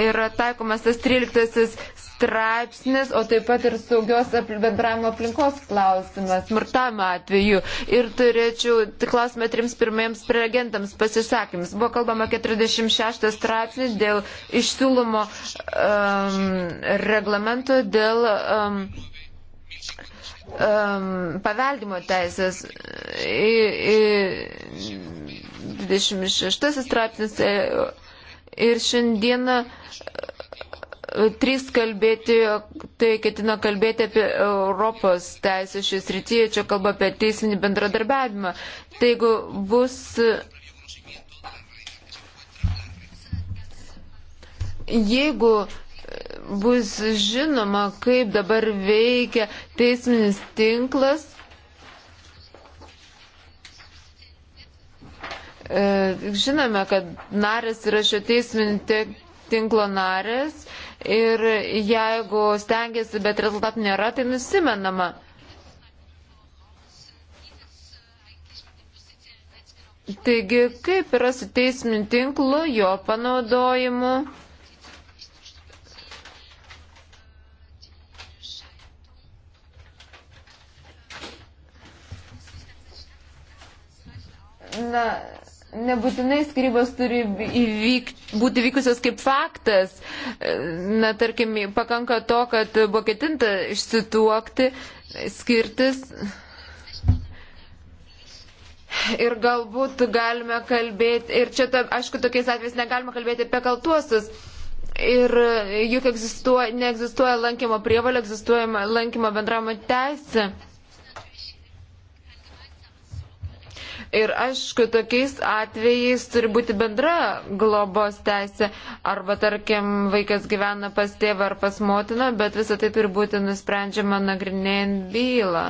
yra taikomas tas 13 straipsnis, o taip pat ir saugios bendravimo aplinkos klausimas, smurtavimo atveju. Ir turėčiau klausimą trims pirmiems prelegentams pasisakymus. Buvo kalbama 46 straipsnis dėl išsiūlomo um, reglamento dėl. Um, um, paveldimo teisės. I, i, 26 straipsnis e, ir šiandieną trys kalbėti, tai ketina kalbėti apie Europos teisę šis rytyje, čia kalba apie teisinį bendradarbiavimą. Tai jeigu bus. Jeigu bus žinoma, kaip dabar veikia teisminis tinklas, e, žinome, kad narės yra šio teisminio tinklo narės ir jeigu stengiasi, bet rezultatų nėra, tai nusimenama. Taigi, kaip yra su teisminiu tinklu, jo panaudojimu? Na, nebūtinai skrybos turi įvyk, būti vykusios kaip faktas. Na, tarkim, pakanka to, kad buvo ketinta išsituokti, skirtis. Ir galbūt galime kalbėti, ir čia, ta, aišku, tokiais atvejais negalima kalbėti apie kaltuosius. Ir juk egzistuoja, neegzistuoja lankymo prievalė, egzistuoja lankymo bendravimo teisė. Ir aišku, tokiais atvejais turi būti bendra globos teisė, arba tarkim vaikas gyvena pas tėvą ar pas motiną, bet visą tai turi būti nusprendžiama nagrinėjant bylą.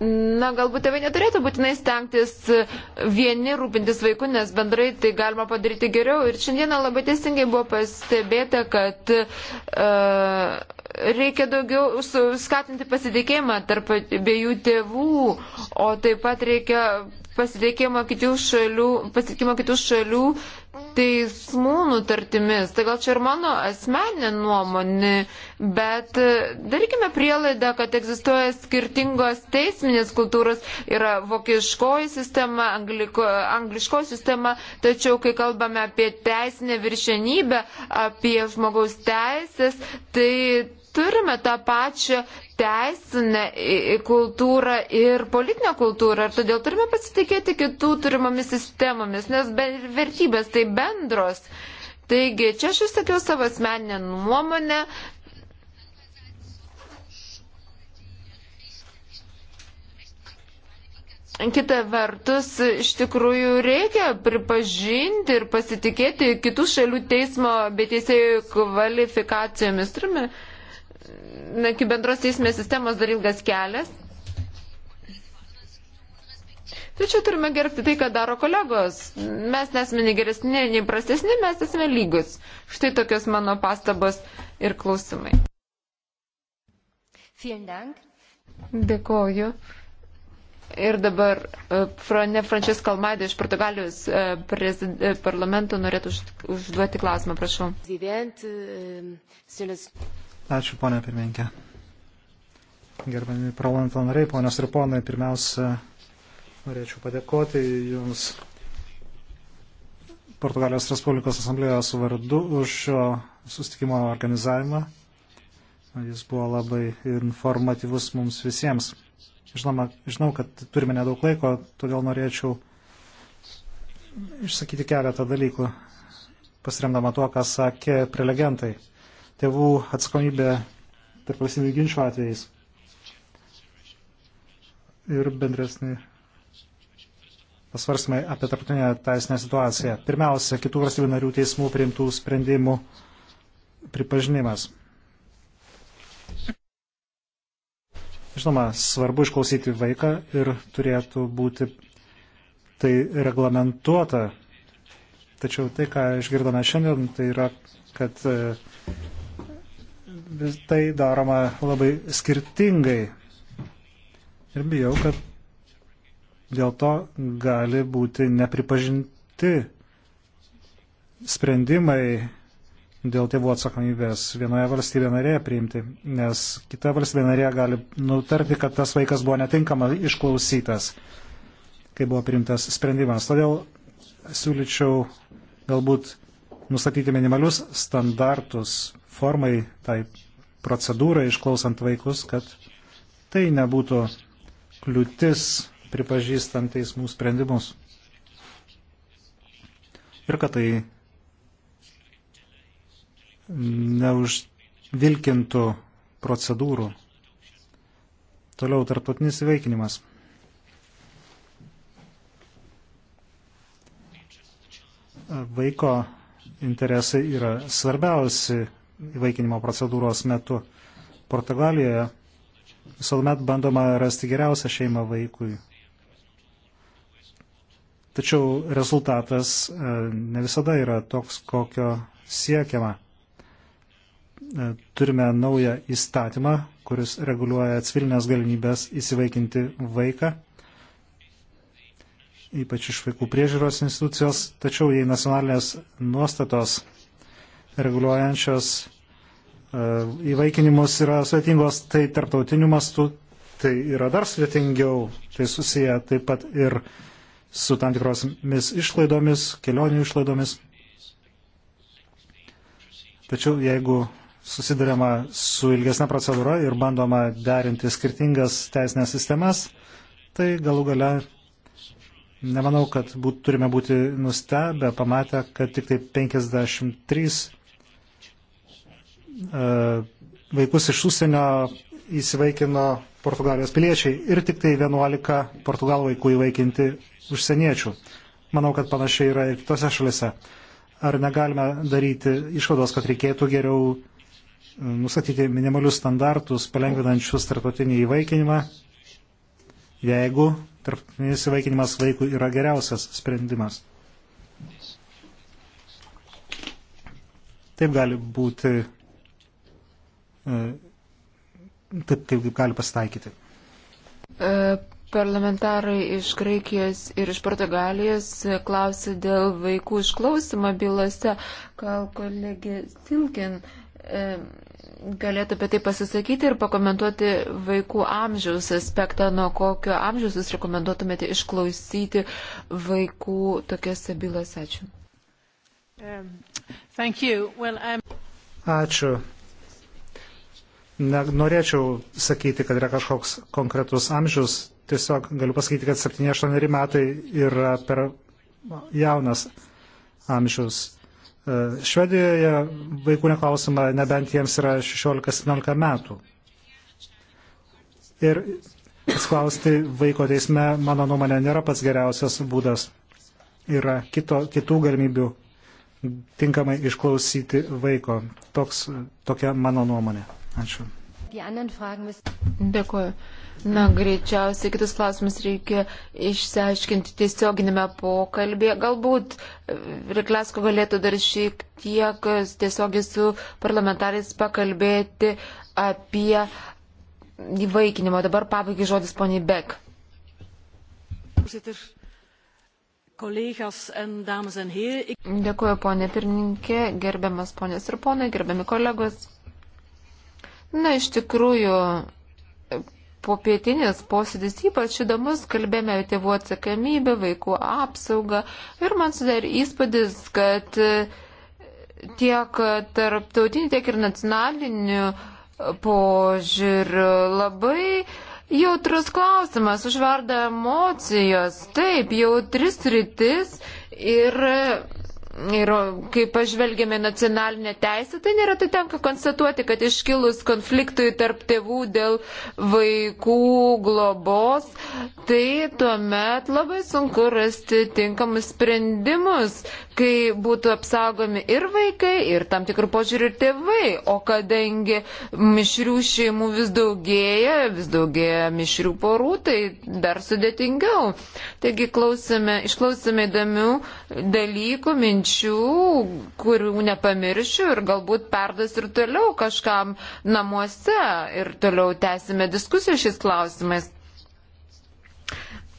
Na, galbūt tėvai neturėtų būtinai stengtis vieni rūpintis vaiku, nes bendrai tai galima padaryti geriau. Ir šiandieną labai teisingai buvo pastebėta, kad uh, reikia daugiau skatinti pasitikėjimą tarp abiejų tėvų, o taip pat reikia pasitikėjimo kitų šalių, pasitikėjimo kitų šalių uh, teismų nutartimis. Tai gal čia ir mano asmeninė nuomonė, bet e, darykime prielaidą, kad egzistuoja skirtingos teisminės kultūros, yra vokiškoji sistema, angliko, angliškoji sistema, tačiau kai kalbame apie teisinę viršenybę, apie žmogaus teisės, tai turime tą pačią teisinę kultūrą ir politinę kultūrą, ir todėl turime pasitikėti kitų turimomis sistemomis, nes vertybės tai bendros. Taigi, čia aš išsakiau savo asmeninę nuomonę. Kita vertus, iš tikrųjų reikia pripažinti ir pasitikėti kitų šalių teismo bei teisėjų kvalifikacijomis. Turime uh, na, iki bendros teisinės sistemos dar ilgas kelias. Tačiau turime gerbti tai, ką daro kolegos. Mes nesame nei geresni, nei prastesni, mes esame lygus. Štai tokios mano pastabos ir klausimai. Dėkoju. Ir dabar e, ne Frančis Kalmadė iš Portugalijos e, e, parlamento norėtų užduoti klausimą, prašau. Ačiū, ponė pirmininkė. Gerbami parlamento nariai, ponios ir ponai, pirmiausia, norėčiau padėkoti Jums Portugalijos Respublikos asamblėjos vardu už šio sustikimo organizavimą. Jis buvo labai informatyvus mums visiems. Žinoma, žinau, kad turime nedaug laiko, todėl norėčiau išsakyti keletą dalykų, pasiremdama tuo, ką sakė prelegentai tėvų atsakomybė tarp valstybių ginčių atvejais ir bendresnį pasvarstymai apie tarptautinę teisinę situaciją. Pirmiausia, kitų valstybių narių teismų priimtų sprendimų pripažinimas. Žinoma, svarbu išklausyti vaiką ir turėtų būti tai reglamentuota. Tačiau tai, ką išgirdome šiandien, tai yra, kad vis tai daroma labai skirtingai. Ir bijau, kad dėl to gali būti nepripažinti sprendimai dėl tėvų atsakomybės vienoje valstybėje narėje priimti, nes kita valstybė narėje gali nutarti, kad tas vaikas buvo netinkamai išklausytas, kai buvo priimtas sprendimas. Todėl siūlyčiau galbūt nustatyti minimalius standartus formai, tai procedūrai išklausant vaikus, kad tai nebūtų kliūtis pripažįstant teismų sprendimus. Ir kad tai neužvilkintų procedūrų. Toliau tarptautinis įveikinimas. Vaiko interesai yra svarbiausi įvaikinimo procedūros metu. Portugalijoje visuomet bandoma rasti geriausią šeimą vaikui. Tačiau rezultatas e, ne visada yra toks, kokio siekiama. E, turime naują įstatymą, kuris reguliuoja civilinės galimybės įsivaikinti vaiką, ypač iš vaikų priežiūros institucijos, tačiau jei nacionalinės nuostatos reguliuojančios e, įvaikinimus yra svetingos, tai tarptautiniu mastu tai yra dar svetingiau, tai susiję taip pat ir su tam tikrosmis išlaidomis, kelionių išlaidomis. Tačiau jeigu susidurėma su ilgesnė procedūra ir bandoma derinti skirtingas teisinės sistemas, tai galų gale nemanau, kad būt, turime būti nustebę, pamatę, kad tik tai 53 E, vaikus iš užsienio įsivaikino Portugalijos piliečiai ir tik tai 11 portugalų vaikų įvaikinti užsieniečių. Manau, kad panašiai yra ir kitose šalise. Ar negalime daryti išvados, kad reikėtų geriau e, nustatyti minimalius standartus, palengvinančius tarptautinį įvaikinimą, jeigu tarptautinis įvaikinimas vaikų yra geriausias sprendimas. Taip gali būti E, taip, taip kaip gali pasitaikyti. E, parlamentarai iš Graikijos ir iš Portugalijos klausė dėl vaikų išklausimo bylose, gal kolegė Silkin e, galėtų apie tai pasisakyti ir pakomentuoti vaikų amžiaus aspektą, nuo kokio amžiaus jūs rekomenduotumėte išklausyti vaikų tokiuose bylose. Ačiū. Um, well, I'm... Ačiū. Norėčiau sakyti, kad yra kažkoks konkretus amžius, tiesiog galiu pasakyti, kad 7-8 metai yra per jaunas amžius. E, Švedijoje vaikų neklausoma, nebent jiems yra 16-17 metų. Ir atsklausti vaiko teisme, mano nuomonė, nėra pats geriausias būdas. Yra kito, kitų galimybių tinkamai išklausyti vaiko. Toks, tokia mano nuomonė. Ačiū. Dėkuoju. Na, greičiausiai kitus klausimus reikia išsiaiškinti tiesioginėme pokalbėje. Galbūt e, Riklesko galėtų dar šiek tiek tiesiogiai su parlamentarais pakalbėti apie įvaikinimą. Dabar pabaigai žodis poniai Bek. Dėkuoju, ponė pirmininkė, gerbiamas ponės ir ponai, gerbiami kolegos. Na, iš tikrųjų, popietinis posėdis ypač įdomus, kalbėjome apie tėvų atsakomybę, vaikų apsaugą ir man sudarė įspūdis, kad e, tiek tarptautinių, tiek ir nacionalinių požiūrių labai jautrus klausimas, užverda emocijos, taip, jautris rytis ir Ir kai pažvelgėme nacionalinę teisę, tai nėra tai tenka konstatuoti, kad iškilus konfliktui tarp tėvų dėl vaikų globos, tai tuomet labai sunku rasti tinkamus sprendimus, kai būtų apsaugomi ir vaikai, ir tam tikrų požiūrių ir tėvai. O kadangi mišrių šeimų vis daugėja, vis daugėja mišrių porų, tai dar sudėtingiau. Taigi klausime, išklausime įdomių dalykų, minčių minčių, kurių nepamiršiu ir galbūt perdas ir toliau kažkam namuose ir toliau tęsime diskusiją šiais klausimais.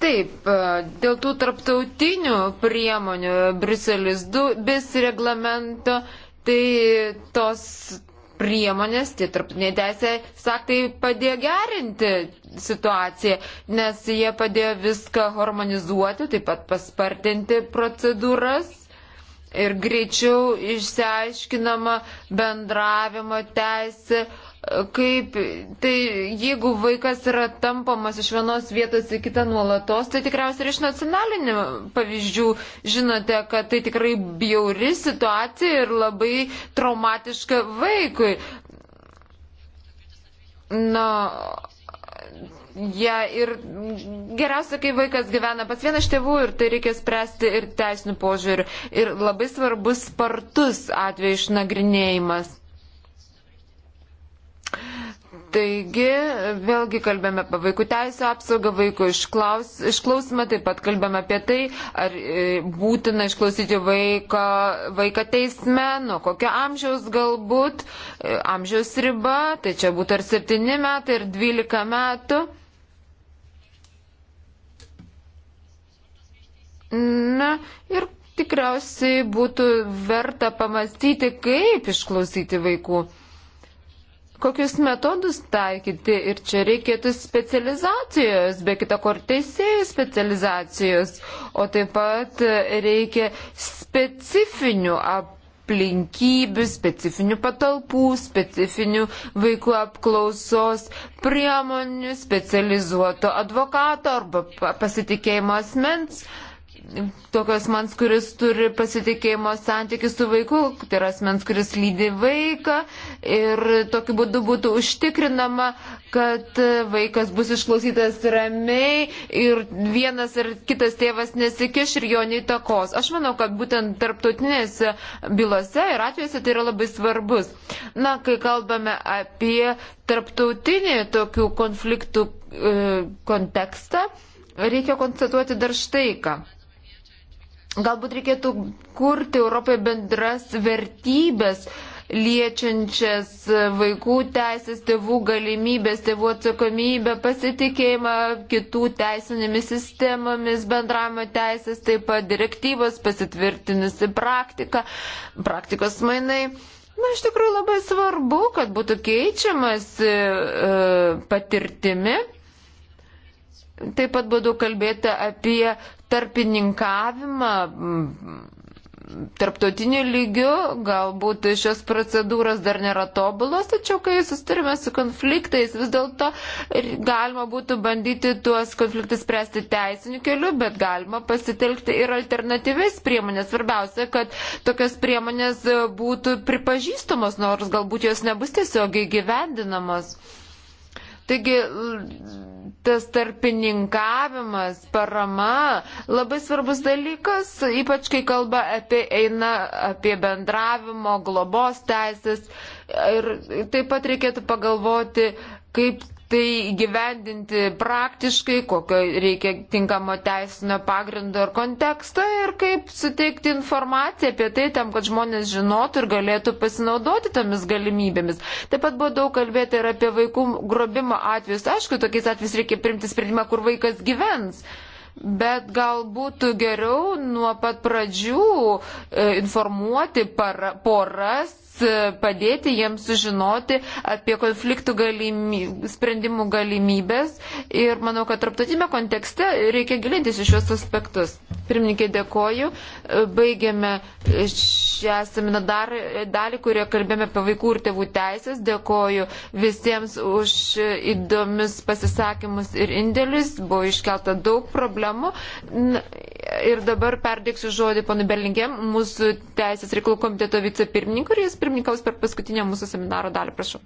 Taip, e, dėl tų tarptautinių priemonių Briselis 2 besreglamento, tai tos priemonės, tie tarptautiniai teisės aktai padėjo gerinti situaciją, nes jie padėjo viską harmonizuoti, taip pat paspartinti procedūras ir greičiau išsiaiškinama bendravimo teisė, kaip, tai jeigu vaikas yra tampamas iš vienos vietos į kitą nuolatos, tai tikriausiai ir iš nacionalinių pavyzdžių žinote, kad tai tikrai bjauri situacija ir labai traumatiška vaikui. Na, jie ir geriausia, kai vaikas gyvena pas vieną iš tėvų ir tai reikia spręsti ir teisinių požiūrių. Ir labai svarbus spartus atveju išnagrinėjimas. Taigi, vėlgi kalbame apie vaikų teisę apsaugą, vaikų išklaus, išklausimą, taip pat kalbame apie tai, ar e, būtina išklausyti vaiką, vaiką teisme, nuo kokio amžiaus galbūt, e, amžiaus riba, tai čia būtų ar 7 metai, ar 12 metų. Na ir tikriausiai būtų verta pamastyti, kaip išklausyti vaikų kokius metodus taikyti ir čia reikėtų specializacijos, be kita ko teisėjų specializacijos, o taip pat reikia specifinių aplinkybių, specifinių patalpų, specifinių vaikų apklausos priemonių, specializuoto advokato arba pasitikėjimo asmens. Uh, tokios mans, kuris turi pasitikėjimo santykių su vaiku, tai yra asmens, kuris lydi vaiką ir tokiu būdu būtų užtikrinama, kad vaikas bus išklausytas ramiai ir vienas ar kitas tėvas nesikeš ir jo neįtakos. Aš manau, kad būtent tarptautinėse bylose ir atvejuose tai yra labai svarbus. Na, kai kalbame apie tarptautinį tokių konfliktų e, kontekstą, reikia konstatuoti dar štai ką. Galbūt reikėtų kurti Europoje bendras vertybės, liečiančias vaikų teisės, tėvų galimybės, tėvų atsakomybę, pasitikėjimą kitų teisinėmis sistemomis, bendravimo teisės, taip pat direktyvos pasitvirtinusi praktika, praktikos mainai. Na, iš tikrųjų labai svarbu, kad būtų keičiamas e, patirtimi. Taip pat būtų kalbėta apie tarpininkavimą tarptautiniu lygiu, galbūt šios procedūros dar nėra tobulos, tačiau kai sustarime su konfliktais, vis dėlto galima būtų bandyti tuos konfliktus spręsti teisiniu keliu, bet galima pasitelkti ir alternatyviais priemonės. Svarbiausia, kad tokios priemonės būtų pripažįstamos, nors galbūt jos nebus tiesiogiai gyvendinamos. Taigi tas tarpininkavimas, parama labai svarbus dalykas, ypač kai kalba apie eina, apie bendravimo, globos teisės. Ir taip pat reikėtų pagalvoti, kaip tai gyvendinti praktiškai, kokio reikia tinkamo teisinio pagrindo ir konteksto ir kaip suteikti informaciją apie tai tam, kad žmonės žinotų ir galėtų pasinaudoti tomis galimybėmis. Taip pat buvo daug kalbėti ir apie vaikų grobimo atvejus. Aišku, tokiais atvejais reikia primti sprendimą, kur vaikas gyvens. Bet gal būtų geriau nuo pat pradžių e, informuoti para, poras padėti jiems sužinoti apie konfliktų galimy, sprendimų galimybės ir manau, kad tarptautinėme kontekste reikia gilintis į šios aspektus. Pirmininkė, dėkoju. Baigėme šią seminarą dalį, kurioje kalbėjome apie vaikų ir tėvų teisės. Dėkoju visiems už įdomius pasisakymus ir indėlius. Buvo iškelta daug problemų. Ir dabar perdėksiu žodį ponu Berlingėm, mūsų teisės reikalų komiteto vicepirmininkui, kuris pirmininkė pirmininkaus per paskutinę mūsų seminaro dalį. Prašau.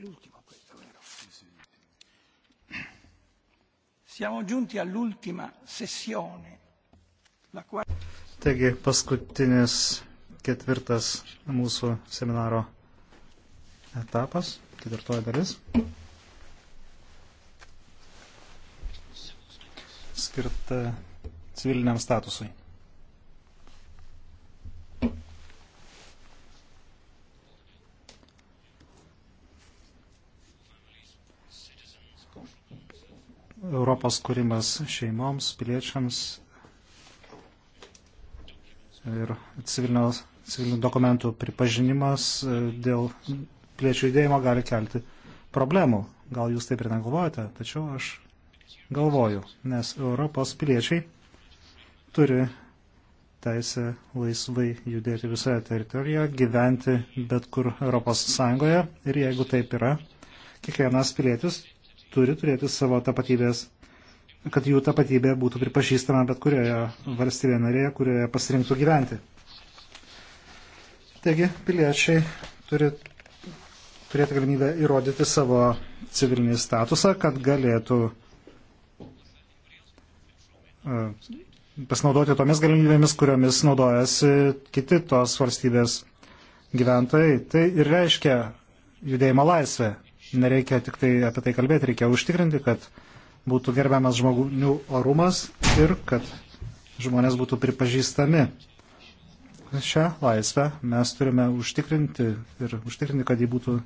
l'ultimo questo, vero? Sì, sì. Siamo giunti all'ultima sessione. La quale... Taigi, paskutinis ketvirtas mūsų seminaro etapas, ketvirtoji dalis. Skirta civiliniam statusui. Europos kūrimas šeimoms, piliečiams ir civilinio, civilinių dokumentų pripažinimas e, dėl piliečių judėjimo gali kelti problemų. Gal jūs taip ir negalvojate, tačiau aš galvoju, nes Europos piliečiai turi teisę laisvai judėti visoje teritorijoje, gyventi bet kur Europos Sąjungoje ir jeigu taip yra, kiekvienas pilietis turi turėti savo tapatybės kad jų tapatybė būtų pripažįstama bet kurioje valstybėje narėje, kurioje pasirinktų gyventi. Taigi, piliečiai turi turėti galimybę įrodyti savo civilinį statusą, kad galėtų e, pasinaudoti tomis galimybėmis, kuriomis naudojasi kiti tos valstybės gyventojai. Tai ir reiškia judėjimo laisvę. Nereikia tik tai apie tai kalbėti, reikia užtikrinti, kad uh, būtų gerbiamas žmonių orumas ir kad žmonės būtų pripažįstami. Šią laisvę mes turime užtikrinti ir užtikrinti, kad ji būtų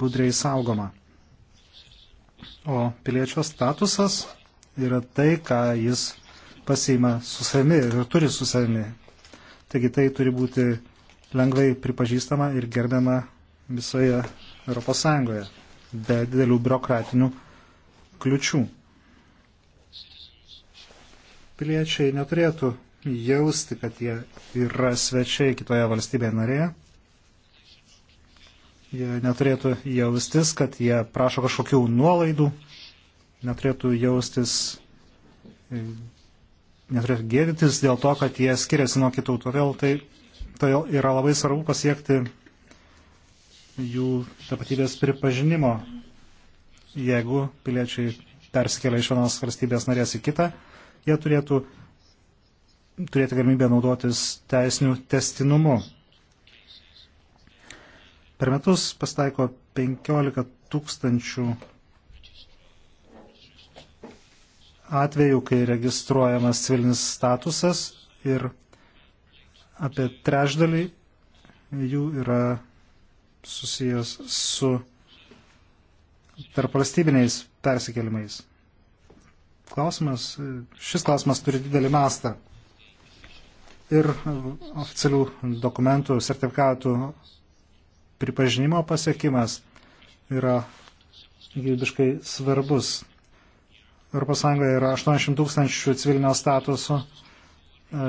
budriai saugoma. O piliečio statusas yra tai, ką jis pasiima su savimi ir turi su savimi. Taigi tai turi būti lengvai pripažįstama ir gerbiama visoje ES be didelių biurokratinių kliučių. Piliečiai neturėtų jausti, kad jie yra svečiai kitoje valstybėje narėje. Jie neturėtų jaustis, kad jie prašo kažkokių nuolaidų, neturėtų jaustis, e, neturėtų gėdytis dėl to, kad jie skiriasi nuo kitų. Todėl tai todėl yra labai svarbu pasiekti jų tapatybės pripažinimo jeigu piliečiai persikelia iš vienos valstybės narės į kitą, jie turėtų turėti galimybę naudotis teisinių testinumu. Per metus pasitaiko 15 tūkstančių atvejų, kai registruojamas civilinis statusas ir apie trečdalį jų yra susijęs su tarp valstybiniais persikelimais. Klausimas, šis klausimas turi didelį mastą. Ir e, oficialių dokumentų, sertifikatų pripažinimo pasiekimas yra gyvybiškai svarbus. ES yra 80 tūkstančių civilinio statuso e,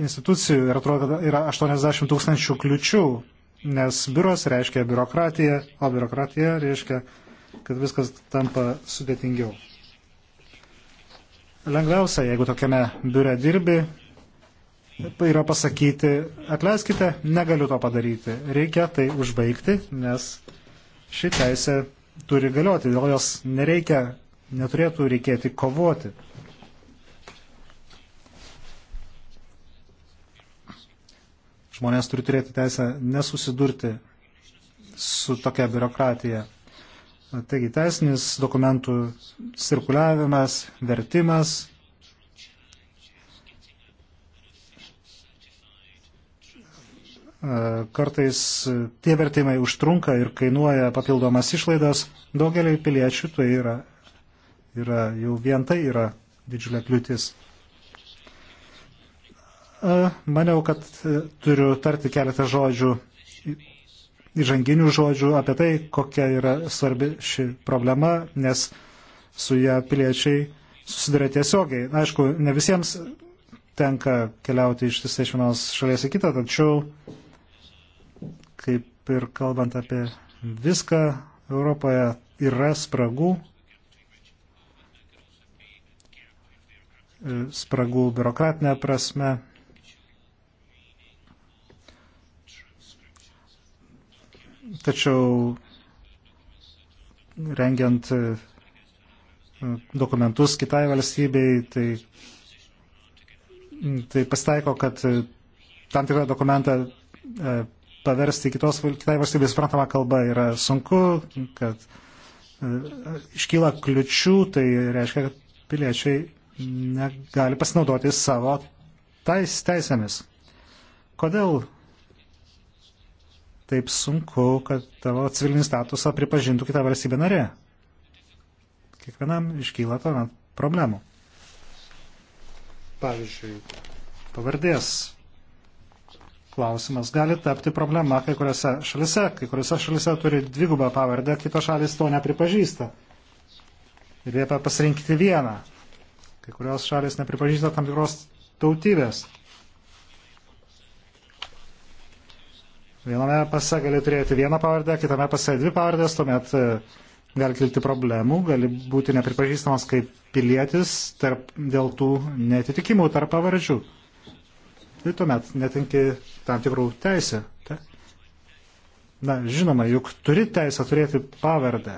institucijų ir atrodo, kad yra 80 tūkstančių kliučių, nes biuros reiškia biurokratiją, o biurokratija reiškia kad viskas tampa sudėtingiau. Lengviausia, jeigu tokiame biure dirbi, yra pasakyti, atleiskite, negaliu to padaryti. Reikia tai užbaigti, nes ši teisė turi galioti, dėl jos nereikia, neturėtų reikėti kovoti. Žmonės turi turėti teisę nesusidurti su tokia biurokratija. Taigi teisinis dokumentų cirkuliavimas, vertimas. Kartais tie vertimai užtrunka ir kainuoja papildomas išlaidas. Daugeliai piliečių tai yra, yra jau vien tai yra didžiulė kliūtis. Maniau, kad turiu tarti keletą žodžių įžanginių žodžių apie tai, kokia yra svarbi ši problema, nes su ją piliečiai susiduria tiesiogiai. Aišku, ne visiems tenka keliauti iš tiesiai iš vienos šalies į kitą, tačiau kaip ir kalbant apie viską Europoje yra spragų, spragų biurokratinė prasme Tačiau rengiant e, dokumentus kitai valstybei, tai, tai pasitaiko, kad e, tam tikrą dokumentą e, paversti kitos, kitai valstybei suprantama kalba yra sunku, kad iškyla kliučių, tai reiškia, kad piliečiai negali pasinaudoti savo tais, teisėmis. Kodėl taip sunku, kad tavo civilinį statusą pripažintų kita valstybė narė. Kiekvienam iškyla tuomet problemų. Pavyzdžiui, pavardės klausimas gali tapti problema kai kuriuose šalise. Kai kuriuose šalise turi dvigubą pavardę, kitos šalis to nepripažįsta. Ir liepia pasirinkti vieną. Kai kurios šalis nepripažįsta tam tikros tautybės. Viename pase gali turėti vieną pavardę, kitame pase dvi pavardės, tuomet e, gali kilti problemų, gali būti nepripažįstamas kaip pilietis tarp, dėl tų netitikimų tarp pavardžių. Tai tuomet netinki tam tikrų teisę. Ta? Na, žinoma, juk turi teisę turėti pavardę.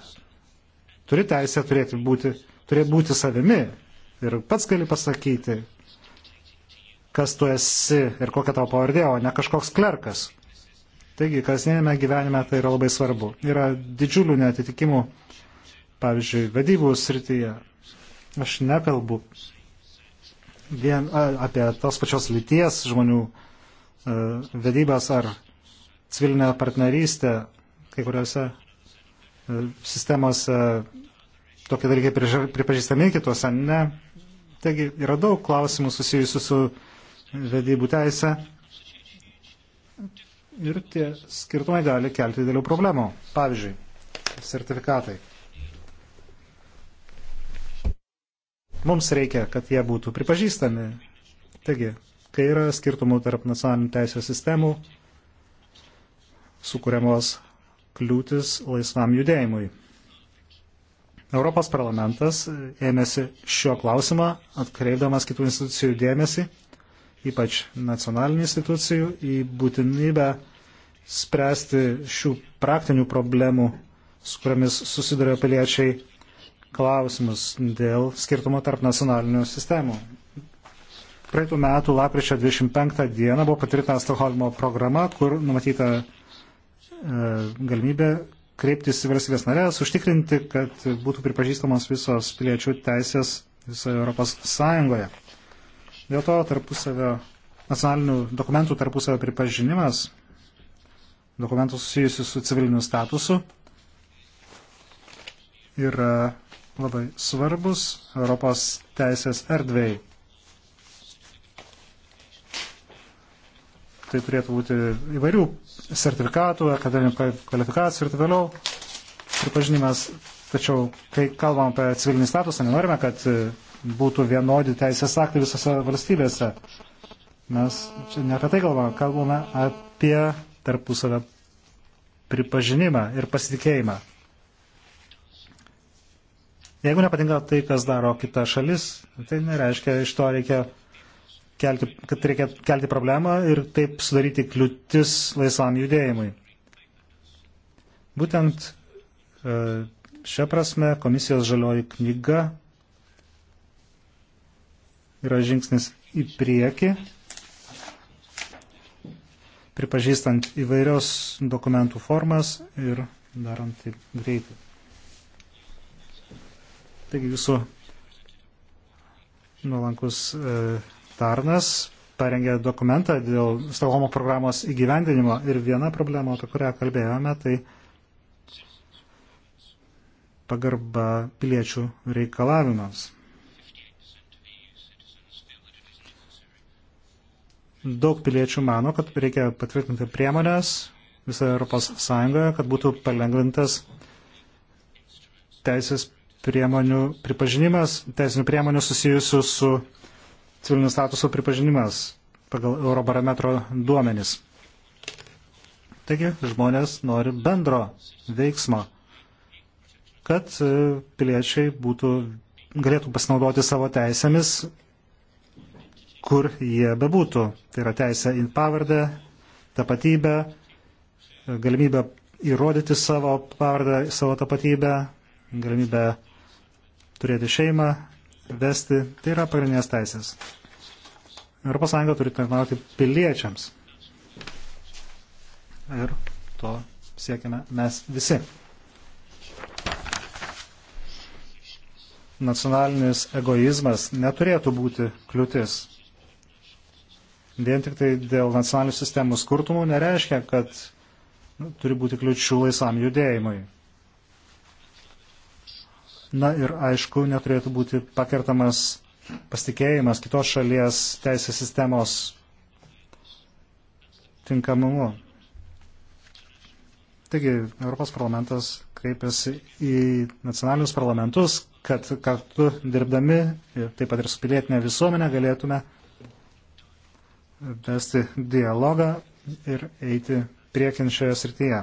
Turi teisę turėti būti, turėti būti savimi. Ir pats gali pasakyti, kas tu esi ir kokia tavo pavardė, o ne kažkoks klerkas. Taigi, kasdienėme gyvenime tai yra labai svarbu. Yra didžiulių netitikimų, pavyzdžiui, vedybų srityje. Aš nekalbu vien apie tos pačios lyties žmonių e, vedybas ar civilinę partnerystę kai kuriuose e, sistemose tokie dalykai pripažįstami, kitose ne. Taigi yra daug klausimų susijusių su vedybų teise ir tie skirtumai gali kelti didelių problemų. Pavyzdžiui, sertifikatai. Mums reikia, kad jie būtų pripažįstami. Taigi, kai yra skirtumų tarp nacionalinių teisės sistemų, sukūriamos kliūtis laisvam judėjimui. Europos parlamentas ėmėsi šio klausimą, atkreipdamas kitų institucijų dėmesį ypač nacionalinių institucijų, į būtinybę spręsti šių praktinių problemų, su kuriamis susiduria piliečiai, klausimus dėl skirtumo tarp nacionalinių sistemų. Praeitų metų lapkričio 25 dieną buvo patvirtinta Stokholmo programa, kur numatyta e, galimybė kreiptis į valstybės narės, užtikrinti, kad būtų pripažįstamos visos piliečių teisės visoje Europos Sąjungoje. Dėl to tarpusavio, nacionalinių dokumentų tarpusavio pripažinimas, dokumentų susijusių su civiliniu statusu, yra labai svarbus Europos teisės erdvėjai. Tai turėtų būti įvairių sertifikatų, akademinių kvalifikacijų ir taip toliau pripažinimas. Tačiau, kai kalbam apie civilinį statusą, nenorime, kad būtų vienodi teisės aktai visose valstybėse. Mes čia ne apie tai kalbame, kalbame apie tarpusavę pripažinimą ir pasitikėjimą. Jeigu nepatinka tai, kas daro kita šalis, tai nereiškia, iš to reikia kelti, kad reikia kelti problemą ir taip sudaryti kliūtis laisvam judėjimui. Būtent e, šią prasme komisijos žalioji knyga yra žingsnis į priekį, pripažįstant įvairios dokumentų formas ir darant taip greitai. Taigi jūsų nuolankus e, tarnas parengė dokumentą dėl Stokholmo programos įgyvendinimo ir viena problema, apie kurią kalbėjome, tai pagarba piliečių reikalavimams. Daug piliečių mano, kad reikia patvirtinti priemonės visoje Europos Sąjungoje, kad būtų palengvintas teisės priemonių pripažinimas, teisinių priemonių susijusių su civiliniu statusu pripažinimas pagal Eurobarometro duomenis. Taigi žmonės nori bendro veiksmo, kad piliečiai būtų, galėtų pasinaudoti savo teisėmis kur jie bebūtų. Tai yra teisė į pavardę, tapatybę, galimybę įrodyti savo pavardę, savo tapatybę, galimybę turėti šeimą, vesti. Tai yra pagrindinės teisės. ES turi tarnauti piliečiams. Ir to siekiame mes visi. Nacionalinis egoizmas neturėtų būti kliūtis vien tik tai dėl nacionalinių sistemų skirtumų nereiškia, kad nu, turi būti kliučių laisvam judėjimui. Na ir aišku, neturėtų būti pakertamas pasitikėjimas kitos šalies teisės sistemos tinkamumu. Taigi, Europos parlamentas kreipiasi į nacionalinius parlamentus, kad kartu dirbdami ir taip pat ir su pilietinė visuomenė galėtume uh, vesti dialogą ir eiti priekin šioje srityje.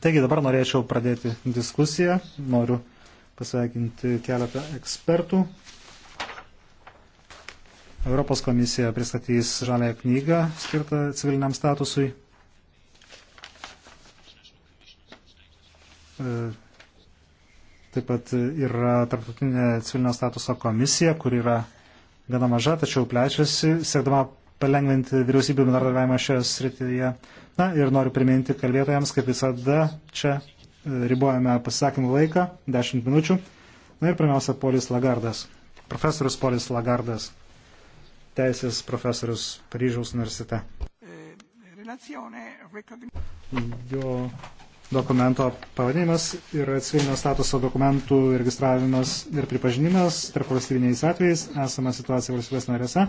Taigi dabar norėčiau pradėti diskusiją. Noriu pasveikinti keletą ekspertų. Europos komisija pristatys žalę knygą skirtą civiliniam statusui. E, taip pat yra Tarptautinė civilinio statuso komisija, kur yra gana maža, tačiau plečiasi, siekdama palengventi vyriausybių bendradarbiavimą šioje srityje. Na ir noriu priminti kalbėtojams, kaip visada, čia e, ribojame pasisakymų laiką - 10 minučių. Na ir pirmiausia, Polis Lagardas. Profesorius Polis Lagardas, teisės profesorius Paryžiaus universitete. E, jo Dokumento pavadinimas yra civilinio statuso dokumentų registravimas ir pripažinimas tarp valstybiniais atvejais, esama situacija valstybės narėse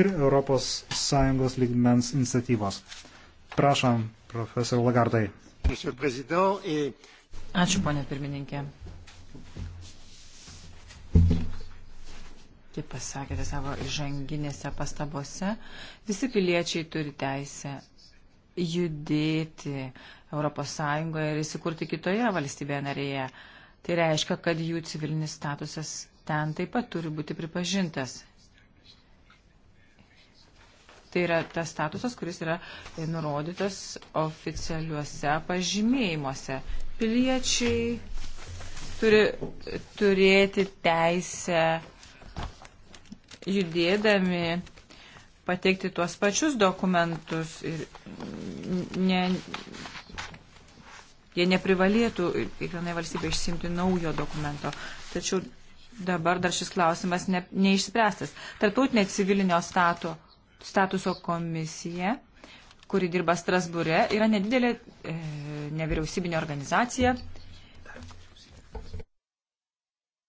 ir ES lygmens iniciatyvos. Prašom, profesoriu Lagardai. Ačiū, ponė pirmininkė. Kaip pasakėte savo žanginėse pastabose, visi piliečiai turi teisę judėti, ES ir įsikurti kitoje valstybėje narėje. Tai reiškia, kad jų civilinis statusas ten taip pat turi būti pripažintas. Tai yra tas statusas, kuris yra nurodytas oficialiuose pažymėjimuose. Piliečiai turi turėti teisę judėdami pateikti tuos pačius dokumentus ir ne, Jie neprivalėtų kiekvienai valstybė išsimti naujo dokumento. Tačiau dabar dar šis klausimas ne, neišspręstas. Tartautinė civilinio stato, statuso komisija, kuri dirba Strasbūre, yra nedidelė e, nevyriausybinė organizacija,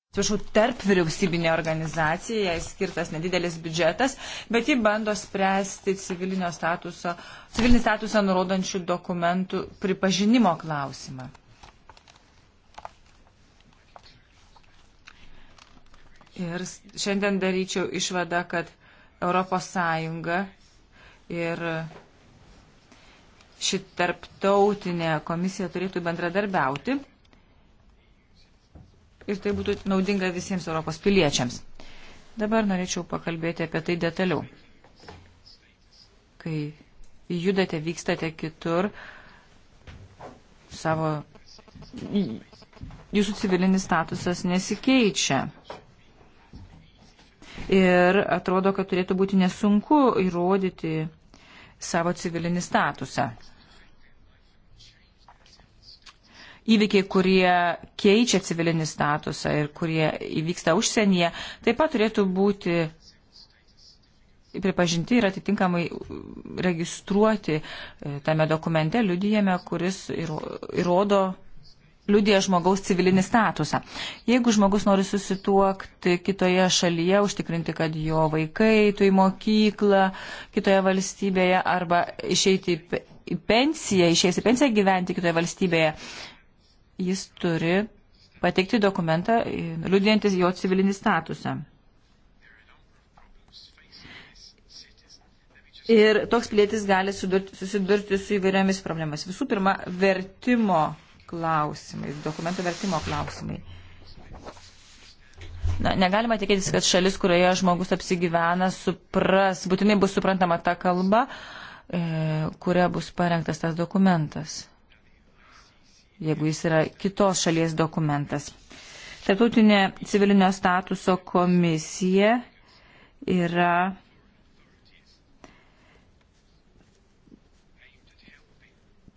atsiprašau, tarp vyriausybinė organizacija, jai skirtas nedidelis biudžetas, bet ji bando spręsti civilinio statuso, civilinį statusą nurodančių dokumentų pripažinimo klausimą. Ir šiandien daryčiau išvadą, kad ES ir ši tarptautinė komisija turėtų bendradarbiauti ir tai būtų naudinga visiems Europos piliečiams. Dabar norėčiau pakalbėti apie tai detaliau. Kai judate, vykstate kitur, savo, jūsų civilinis statusas nesikeičia. Ir atrodo, kad turėtų būti nesunku įrodyti savo civilinį statusą. įvykiai, kurie keičia civilinį statusą ir kurie įvyksta užsienyje, taip pat turėtų būti pripažinti ir atitinkamai registruoti e, tame dokumente liudijame, kuris įrodo liudija žmogaus civilinį statusą. Jeigu žmogus nori susituokti kitoje šalyje, užtikrinti, kad jo vaikai eitų į mokyklą kitoje valstybėje arba išeiti į pensiją, išėjęs į pensiją gyventi kitoje valstybėje, jis turi pateikti dokumentą, e, liudijantis jo civilinį statusą. Ir toks pilietis gali susidurti su įvairiomis problemas. Visų pirma, vertimo klausimai, dokumento vertimo klausimai. Na, negalima tikėtis, kad šalis, kurioje žmogus apsigyvena, supras, būtinai bus suprantama ta kalba, e, kuria bus parengtas tas dokumentas jeigu jis yra kitos šalies dokumentas. Tarptautinė civilinio statuso komisija yra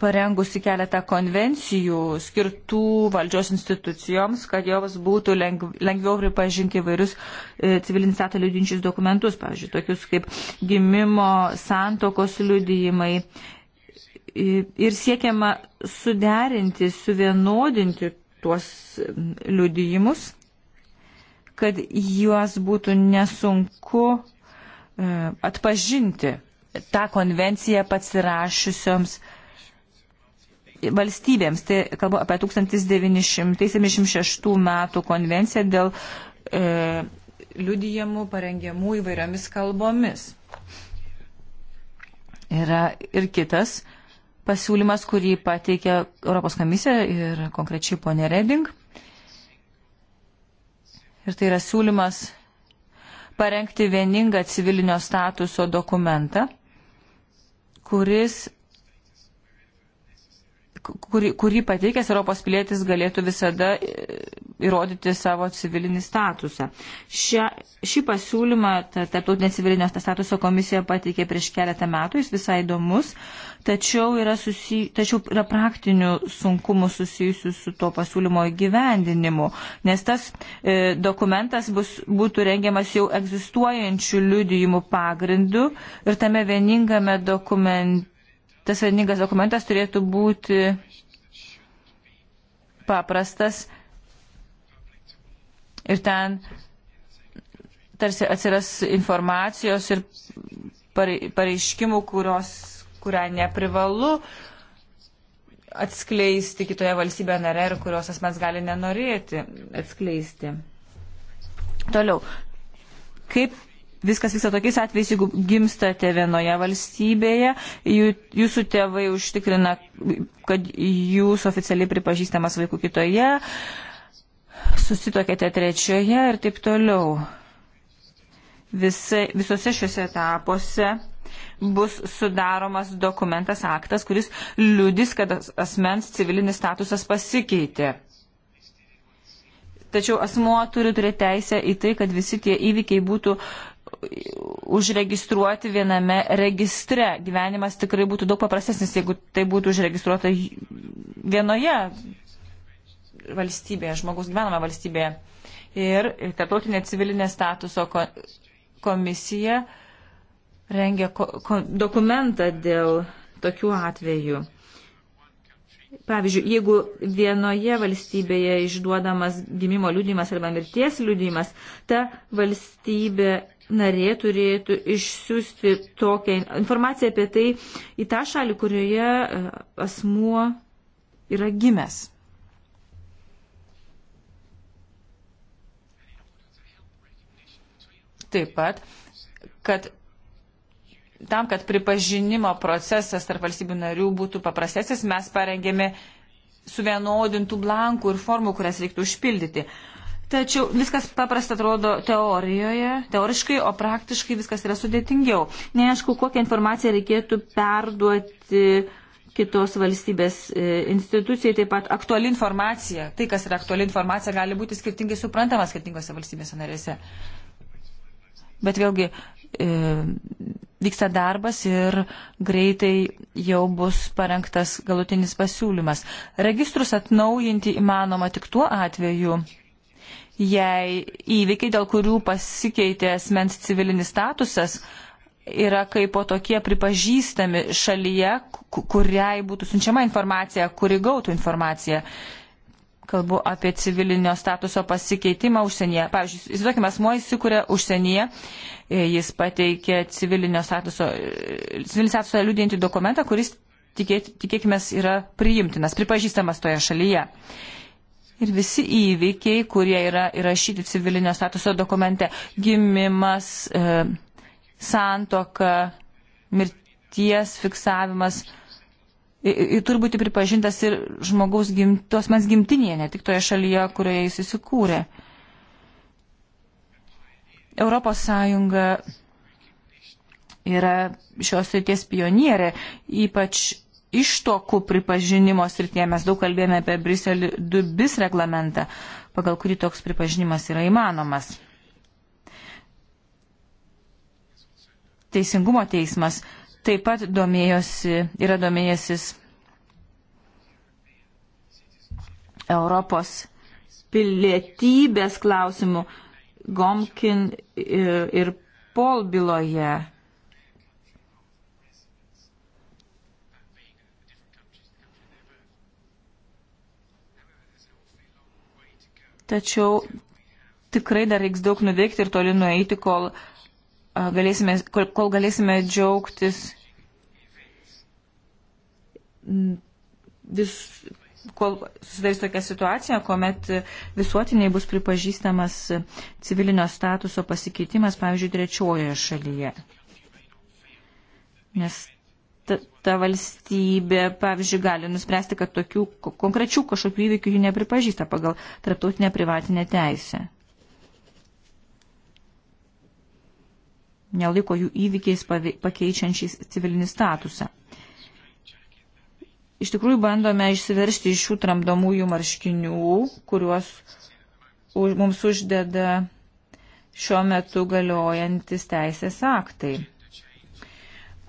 parengusi keletą konvencijų skirtų valdžios institucijoms, kad jos būtų lengv, lengviau pripažinti įvairius e, civilinį statą liudinčius dokumentus, pavyzdžiui, tokius kaip gimimo, santokos liudijimai, ir siekiama suderinti, suvienodinti tuos liudijimus, kad juos būtų nesunku e, atpažinti tą konvenciją pasirašiusioms valstybėms. Tai kalbu apie 1976 metų konvenciją dėl e, liudijimų parengiamų įvairiomis kalbomis. Yra ir kitas e, pasiūlymas, kurį pateikė Europos komisija ir konkrečiai ponė Reding. Ir tai yra siūlymas parengti vieningą civilinio statuso dokumentą, kuris, kurį, kurį pateikęs Europos pilietis galėtų visada e, įrodyti savo civilinį statusą. Šia, šį pasiūlymą Tarptautinė civilinio statuso komisija pateikė prieš keletą metų, jis visai įdomus. Uh, tačiau yra, susi, tačiau yra praktinių sunkumų susijusių su to pasiūlymo įgyvendinimu, nes tas e, dokumentas bus, būtų rengiamas jau egzistuojančių liudijimų pagrindų ir tame vieningame dokumente, tas vieningas dokumentas turėtų būti paprastas ir ten tarsi atsiras informacijos ir pareiškimų, kurios kurią neprivalu atskleisti kitoje valstybėje nare ir kurios asmens gali nenorėti atskleisti. Toliau, kaip viskas vyksta tokiais atvejais, jeigu gimstate vienoje valstybėje, jūsų tėvai užtikrina, kad jūs oficialiai pripažįstamas vaikų kitoje, susitokėte trečioje ir taip toliau. Visa, visose šiuose etapuose bus sudaromas dokumentas, aktas, kuris liudys, kad asmens civilinis statusas pasikeitė. Tačiau asmuo turi turėti teisę į tai, kad visi tie įvykiai būtų užregistruoti viename registre. Gyvenimas tikrai būtų daug paprastesnis, jeigu tai būtų užregistruota vienoje valstybėje, žmogus gyvenama valstybėje. Ir tarptautinė civilinė statuso komisija uh, rengia dokumentą dėl tokių atvejų. Pavyzdžiui, jeigu vienoje valstybėje išduodamas gimimo liudymas arba mirties liudymas, ta valstybė narė turėtų išsiųsti tokią informaciją apie tai į tą šalį, kurioje e, asmuo yra gimęs. Taip pat, kad tam, kad pripažinimo procesas tarp valstybių narių būtų paprastesnis, mes parengėme suvienodintų blankų ir formų, kurias reiktų užpildyti. Tačiau viskas paprasta atrodo teorijoje, teoriškai, o praktiškai viskas yra sudėtingiau. Neaišku, kokią informaciją reikėtų perduoti kitos valstybės e, institucijai, taip pat aktuali informacija. Tai, kas yra aktuali informacija, gali būti skirtingai suprantama skirtingose valstybėse narėse. Bet vėlgi, E, vyksta darbas ir greitai jau bus parengtas galutinis pasiūlymas. Registrus atnaujinti įmanoma tik tuo atveju, jei įvykiai, dėl kurių pasikeitė asmens civilinis statusas, yra kaip po tokie pripažįstami šalyje, kuriai būtų siunčiama informacija, kuri gautų informaciją kalbu apie civilinio statuso pasikeitimą užsienyje. Pavyzdžiui, įsivaizduokime, asmuo įsikūrė užsienyje, e, jis pateikė civilinio statuso, e, civilinio statuso liūdinti dokumentą, kuris, tikėt, tikėkime, yra priimtinas, pripažįstamas toje šalyje. Ir visi įvykiai, kurie yra įrašyti civilinio statuso dokumente - gimimas, e, santoka, mirties fiksavimas turi būti pripažintas ir žmogaus gimtos mens gimtinėje, ne tik toje šalyje, kurioje jis įsikūrė. Europos Sąjunga yra šios ryties pionierė, ypač ištokų pripažinimo srityje. Mes daug kalbėjome apie Briselį 2 bis reglamentą, pagal kurį toks pripažinimas yra įmanomas. Teisingumo teismas taip pat domėjosi, yra domėjęsis Europos pilietybės klausimų Gomkin ir, ir Pol byloje. Tačiau tikrai dar reiks daug nuveikti ir toli nueiti, kol uh, galėsime, kol galėsime džiaugtis vis, kol susidarys tokia situacija, kuomet visuotiniai bus pripažįstamas civilinio statuso pasikeitimas, pavyzdžiui, trečiojoje šalyje. Nes ta, ta valstybė, pavyzdžiui, gali nuspręsti, kad tokių konkrečių kažkokių įvykių ji nepripažįsta pagal tarptautinę privatinę teisę. nelaiko jų įvykiais pakeičiančiais civilinį statusą. Iš tikrųjų bandome išsiveršti iš šių tramdomųjų marškinių, kuriuos už, mums uždeda šiuo metu galiojantis teisės aktai.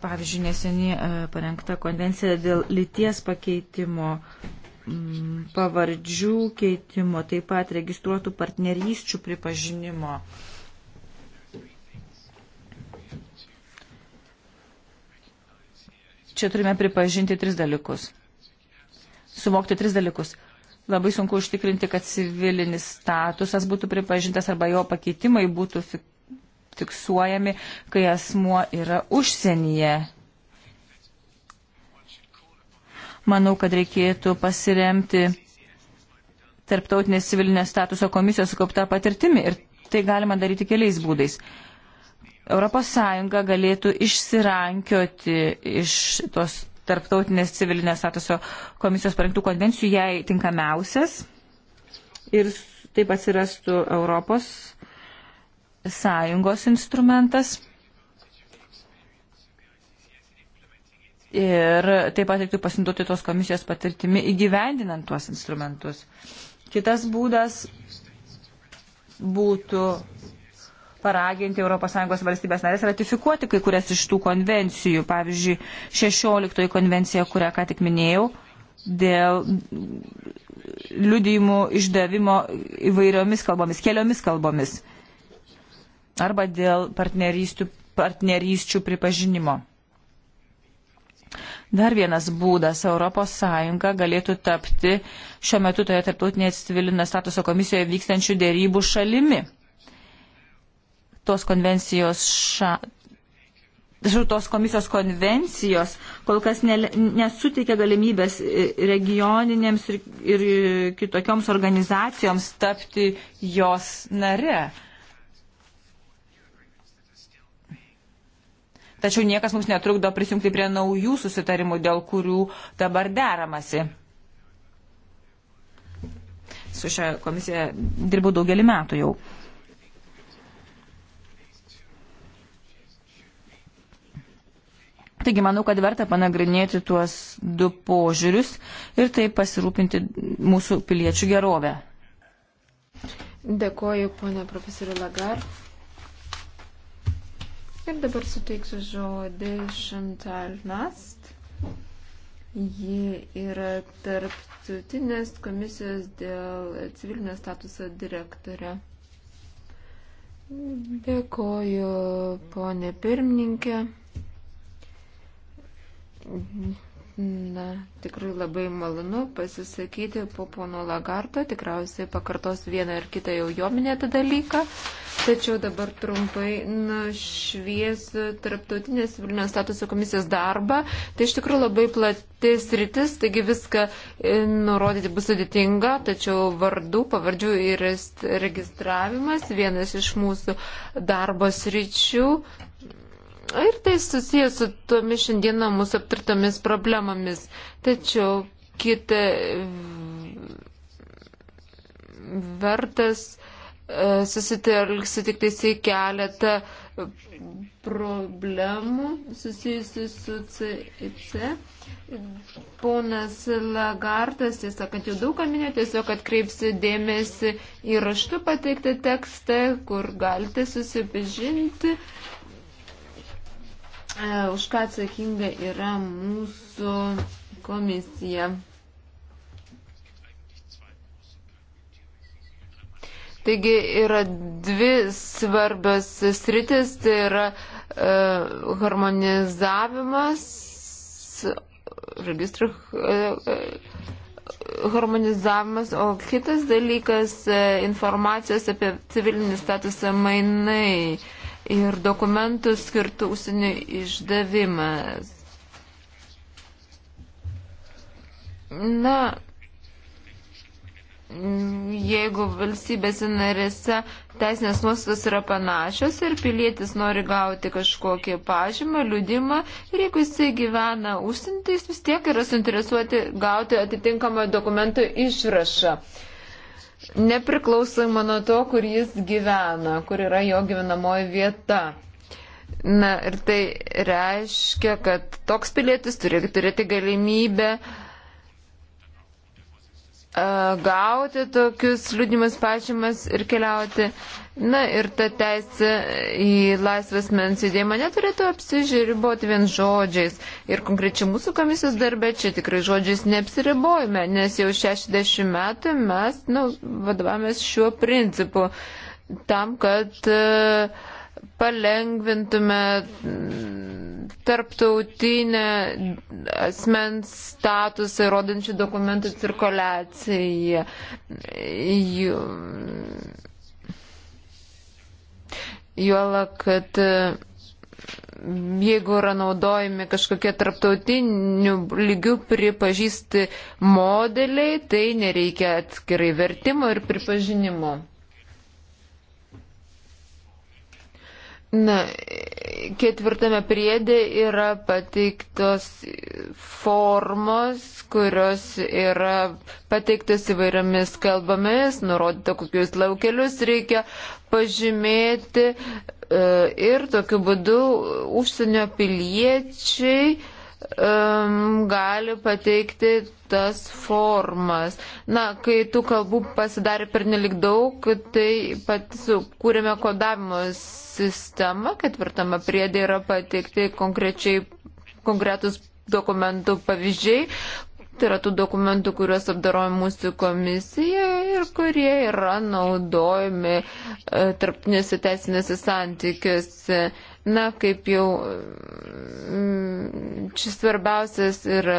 Pavyzdžiui, neseniai e, parengta konvencija dėl lyties pakeitimo, pavardžių keitimo, taip pat registruotų partnerysčių pripažinimo. Čia turime pripažinti tris dalykus. Suvokti tris dalykus. Labai sunku užtikrinti, kad civilinis statusas būtų pripažintas arba jo pakeitimai būtų fiksuojami, kai asmuo yra užsienyje. Manau, kad reikėtų pasiremti Tarptautinės civilinės statuso komisijos sukaupta patirtimi ir tai galima daryti keliais būdais. ES galėtų išsirankioti iš tos tarptautinės civilinės statuso komisijos parengtų konvencijų jai tinkamiausias ir taip atsirastų Europos sąjungos instrumentas. Ir taip pat reiktų pasinduoti tos komisijos patirtimi įgyvendinant tuos instrumentus. Kitas būdas būtų paraginti ES valstybės narės ratifikuoti kai kurias iš tų konvencijų, pavyzdžiui, 16 konvencija, kurią ką tik minėjau, dėl liudijimų išdavimo įvairiomis kalbomis, keliomis kalbomis arba dėl partnerysčių pripažinimo. Dar vienas būdas ES galėtų tapti šiuo metu toje tarptautinėje civilinio statuso komisijoje vykstančių dėrybų šalimi tos konvencijos ša, tos komisijos konvencijos kol kas ne, nesuteikia galimybės e, regioninėms ir, ir kitokioms organizacijoms tapti jos nare. Tačiau niekas mums netrukdo prisijungti prie naujų susitarimų, dėl kurių dabar deramasi. Su šia komisija dirbau daugelį metų jau. Taigi manau, kad verta panagrinėti tuos du požiūrius ir taip pasirūpinti mūsų piliečių gerovę. Dėkoju, ponė profesorių Lagar. Ir dabar suteiksiu žodį Šantal Nast. Ji yra tarptautinės komisijos dėl civilinio statuso direktorė. Dėkoju, ponė pirmininkė. Na, tikrai labai malonu pasisakyti po pono Lagarto, tikriausiai pakartos vieną ar kitą jau jo minėtą dalyką, tačiau dabar trumpai nušviesiu tarptautinės Vilnių statuso komisijos darbą. Tai iš tikrųjų labai platis rytis, taigi viską e, nurodyti bus sudėtinga, tačiau vardų, pavardžių ir registravimas vienas iš mūsų darbos ryčių. Ir tai susijęs su tomis šiandieną mūsų aptartomis problemomis. Tačiau kita vertas e, susitelksiu tik tais į keletą problemų susijusių su CIC. Ponas Lagartas, jis sakant, jau daug minėjo, tiesiog atkreipsiu dėmesį į raštų pateiktą tekstą, kur galite susipažinti E, už ką atsakinga yra mūsų komisija. Taigi yra dvi svarbios sritis, tai yra e, harmonizavimas, registrų e, e harmonizavimas, o kitas dalykas e, informacijos apie civilinį statusą mainai. E, ir dokumentų skirtų užsienio išdavimas. Na, jeigu valstybėse narėse teisinės nuostatos yra panašios ir pilietis nori gauti kažkokį pažymą, liudimą ir jeigu jisai gyvena užsienį, tai jis vis tiek yra suinteresuoti gauti atitinkamą dokumentų išrašą. Uh, nepriklausomai nuo to, kur jis gyvena, kur yra jo gyvenamoji vieta. Na ir tai reiškia, kad toks pilietis turi turėti galimybę uh, gauti tokius liūdimus pažymas ir keliauti. Na ir ta teisė į laisvės mens judėjimą neturėtų apsižiriboti vien žodžiais. Ir konkrečiai mūsų komisijos darbė čia tikrai žodžiais neapsiribojame, nes jau 60 metų mes nu, vadovavomės šiuo principu tam, kad uh, palengvintume tarptautinę asmens statusą įrodančių dokumentų cirkuliaciją. Juola, kad mm, jeigu yra naudojami kažkokie tarptautinių lygių pripažįsti modeliai, tai nereikia atskirai vertimo ir pripažinimo. Na, ketvirtame priedė yra pateiktos formos, kurios yra pateiktos įvairiomis kalbomis, nurodyta, kokius laukelius reikia pažymėti e, ir tokiu būdu užsienio piliečiai um, gali pateikti tas formas. Na, kai tų kalbų pasidarė per nelik daug, tai pat sukūrėme kodavimo sistemą, ketvirtame priedė yra pateikti konkrečiai konkretus dokumentų pavyzdžiai. Tai yra tų dokumentų, kuriuos apdaroja mūsų komisija ir kurie yra naudojami e, tarptinėse teisinėse santykiuose. Na, kaip jau šis mm, svarbiausias e, yra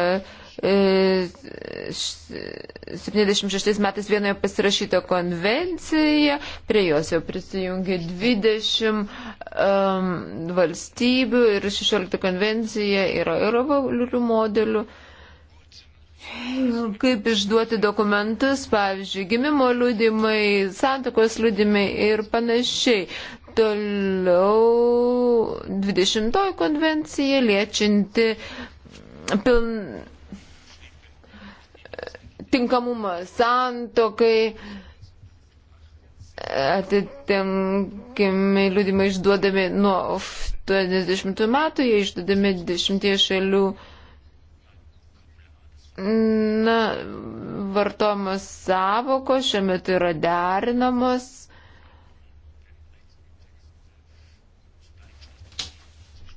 76 metais vienoje pasirašyta konvencija, prie jos jau prisijungė 20 um, valstybių ir 16 konvencija yra euro valiutų modelių. Kaip išduoti dokumentus, pavyzdžiui, gimimo liūdimai, santokos liūdimai ir panašiai. Toliau 20 konvencija liečianti piln... tinkamumą santokai, atitinkami liūdimai išduodami nuo 80 metų, jie išduodami 20 šalių. Na, vartomos savokos šiuo metu yra derinamos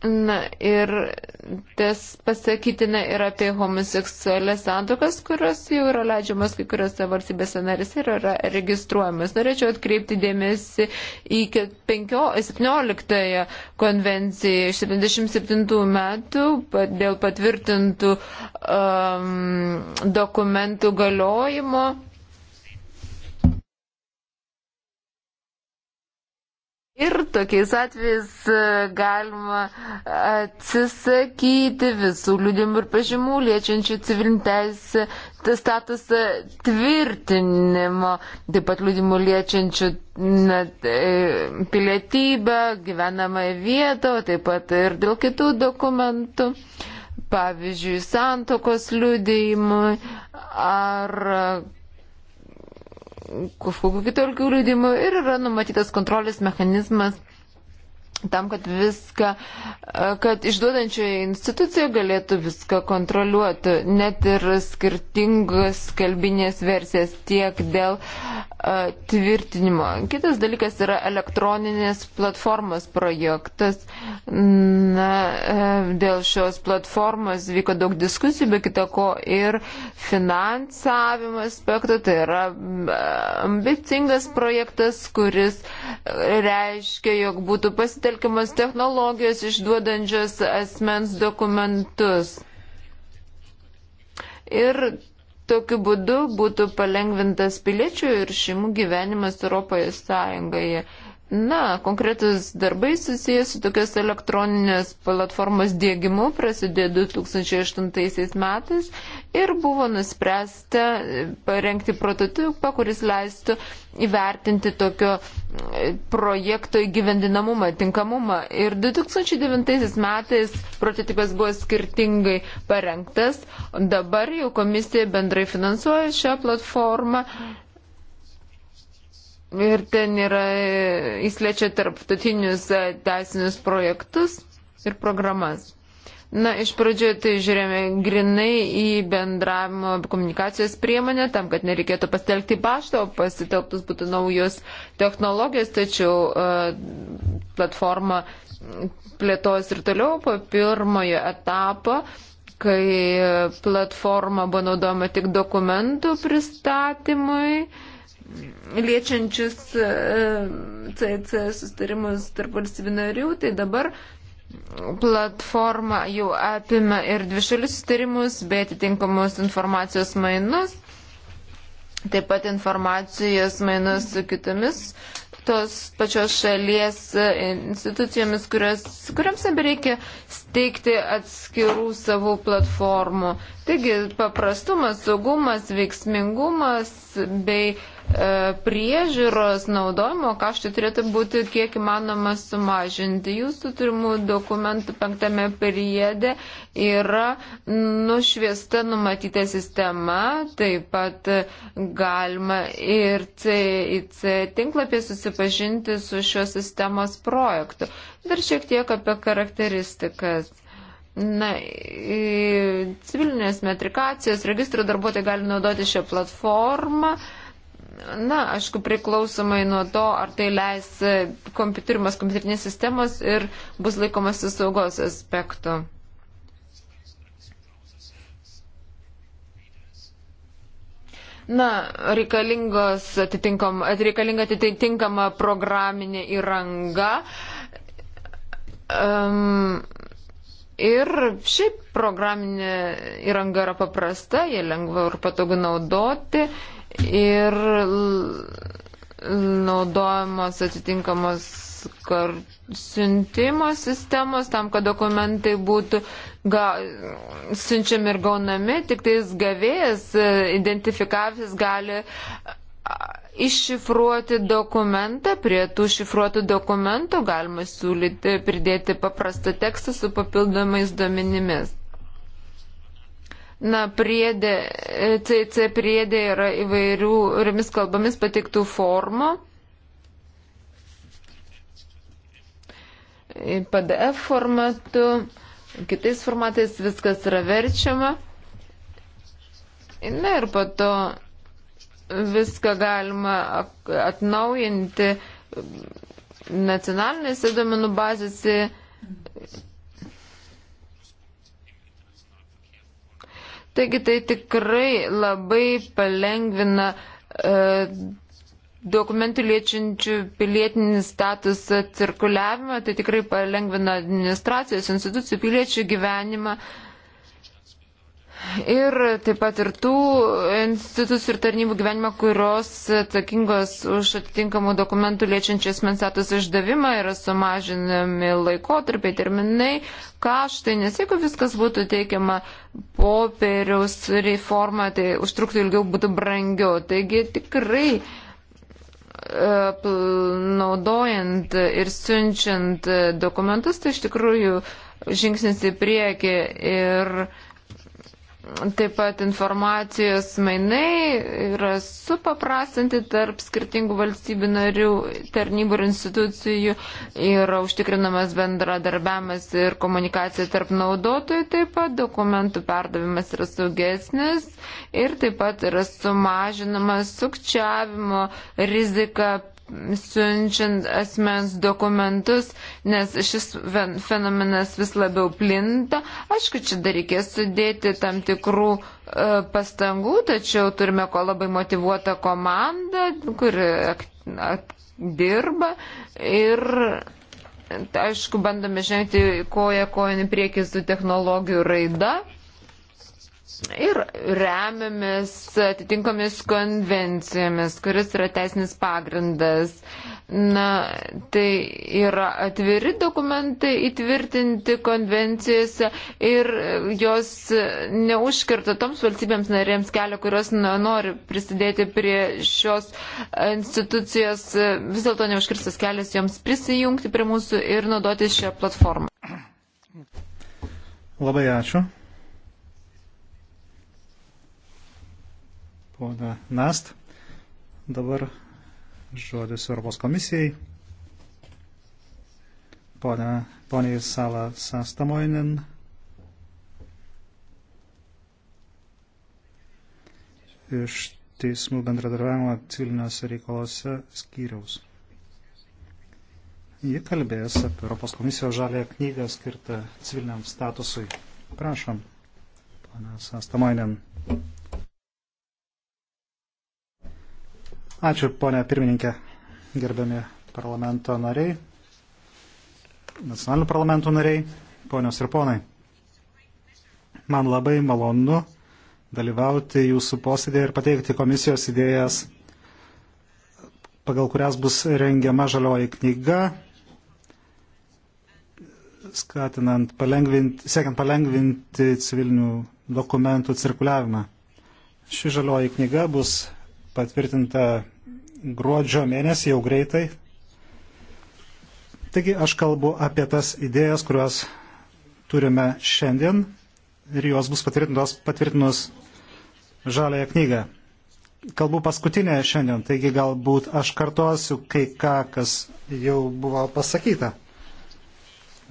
Na ir tas pasakytina ir apie homoseksualias santokas, kurios jau yra leidžiamas kai kuriuose valstybėse narėse ir yra registruojamas. Norėčiau atkreipti dėmesį į 17 konvenciją iš 77 metų dėl patvirtintų um, dokumentų galiojimo. Ir tokiais atvejais e, galima atsisakyti visų liūdimų ir pažymų liečiančių civilinį teisę statusą tvirtinimo, taip pat liūdimų liečiančių na, e, pilietybę, gyvenamąją vietą, taip pat ir dėl kitų dokumentų, pavyzdžiui, santokos liūdėjimui ar kažkokiu kitokiu liūdimu ir yra numatytas kontrolės mechanizmas tam, kad viską, kad išduodančioji institucija galėtų viską kontroliuoti, net ir skirtingas kalbinės versijas tiek dėl uh, tvirtinimo. Kitas dalykas yra elektroninės platformos projektas. Na, dėl šios platformos vyko daug diskusijų, be kita ko ir finansavimo aspektų. Tai yra ambicingas projektas, kuris reiškia, jog būtų pasitelktas pasitelkimas technologijos išduodančios asmens dokumentus. Ir tokiu būdu būtų palengvintas piliečių ir šeimų gyvenimas Europoje sąjungoje. Na, konkretus darbai susijęs su tokios elektroninės platformos dėgymu prasidėjo 2008 metais ir buvo nuspręsta parengti prototipą, kuris leistų įvertinti tokio e, projekto įgyvendinamumą, tinkamumą. Ir 2009 metais prototipas buvo skirtingai parengtas, dabar jau komisija bendrai finansuoja šią platformą. Ir ten yra, jis lečia tarptautinius teisinius projektus ir programas. Na, iš pradžio tai žiūrėjome grinai į bendravimo komunikacijos priemonę, tam, kad nereikėtų pastelgti pašto, pasitelktus būtų naujos technologijos, tačiau uh, platforma plėtos ir toliau po pirmojo etapo, kai platforma buvo naudojama tik dokumentų pristatymui. Uh, liečiančius CC e, sustarimus tarp valstybių narių, tai dabar platforma jau apima ir dvišalius sustarimus, bei atitinkamus informacijos mainus, taip pat informacijos mainus su kitomis tos pačios šalies institucijomis, kurios, kuriams nebereikia steigti atskirų savų platformų. Taigi paprastumas, saugumas, veiksmingumas bei e, priežiūros naudojimo kaštai turėtų būti kiek įmanoma sumažinti. Jūsų turimų dokumentų penktame periode yra nušviesta numatyta sistema, taip pat galima ir CIC tinklapį susipažinti su šios sistemos projektu. Dar šiek tiek apie charakteristikas. Na, civilinės metrikacijos registro darbuotojai gali naudoti šią platformą. Na, aišku, priklausomai nuo to, ar tai leis e, kompiuterimas kompiuterinės sistemos ir bus laikomasi saugos aspektų. Na, reikalingos atitinkama, reikalinga atitinkama programinė įranga. Uh, Um, ir šiaip programinė įranga yra paprasta, jie lengva ir patogu naudoti ir naudojamos atitinkamos siuntimo sistemos tam, kad dokumentai būtų ga, siunčiami ir gaunami, tik tais gavėjas identifikavęs gali iššifruoti dokumentą, prie tų šifruotų dokumentų galima siūlyti pridėti paprastą tekstą su papildomais duomenimis. Na, priedė, CC priedė yra įvairių rimis kalbomis patiktų formų. PDF formatu, kitais formatais viskas yra verčiama. Na ir po to viską galima atnaujinti nacionalinėse domenų bazėse. Taigi tai tikrai labai palengvina uh, dokumentų liečiančių pilietinį statusą cirkuliavimą, tai tikrai palengvina administracijos institucijų piliečių gyvenimą. Uh, Ir taip pat ir tų institucijų ir tarnybų gyvenimą, kurios atsakingos už atitinkamų dokumentų liečiančių asmens statusą išdavimą yra sumažinami laikotarpiai, terminai, kaštai, nes jeigu viskas būtų teikiama popieriaus reforma, tai užtruktų ilgiau būtų brangiau. Taigi tikrai e, naudojant ir siunčiant dokumentus, tai iš tikrųjų žingsnis į priekį ir Taip pat informacijos mainai yra supaprastinti tarp skirtingų valstybių narių, tarnybų ir institucijų, yra užtikrinamas bendradarbiavimas ir komunikacija tarp naudotojų, taip pat dokumentų perdavimas yra saugesnis ir taip pat yra sumažinama sukčiavimo rizika siunčiant asmens dokumentus, nes šis fenomenas vis labiau plinta. Aišku, čia dar reikės sudėti tam tikrų e, pastangų, tačiau turime ko labai motivuotą komandą, kuri ak, ak, dirba ir, aišku, bandome žengti koja kojon į priekį su technologijų raida ir remiamės atitinkomis konvencijomis, kuris yra teisinis pagrindas. Na, tai yra atviri dokumentai įtvirtinti konvencijose ir jos neužkirta toms valstybėms narėms kelio, kurios na, nori prisidėti prie šios institucijos. Vis dėlto neužkirstas kelias joms prisijungti prie mūsų ir naudoti šią platformą. Labai ačiū. pona Nast. Dabar žodis Europos komisijai. Pone, poniai Sala Sastamoinen. Iš teismų bendradarbiavimo civiliniuose reikaluose skyriaus. Ji kalbės apie Europos komisijos žalę knygą skirtą civiliniam statusui. Prašom, pana Sastamoinen. Ačiū, ponia pirmininkė, gerbiami parlamento nariai, nacionalinių parlamentų nariai, ponios ir ponai. Man labai malonu dalyvauti jūsų posėdėje ir pateikti komisijos idėjas, pagal kurias bus rengiama žalioji knyga, skatinant palengvinti, siekiant palengvinti civilinių dokumentų cirkuliavimą. Ši žalioji knyga bus patvirtinta gruodžio mėnesį jau greitai. Taigi aš kalbu apie tas idėjas, kuriuos turime šiandien ir jos bus patvirtintos patvirtinus žaląją knygą. Kalbu paskutinę šiandien, taigi galbūt aš kartuosiu kai ką, kas jau buvo pasakyta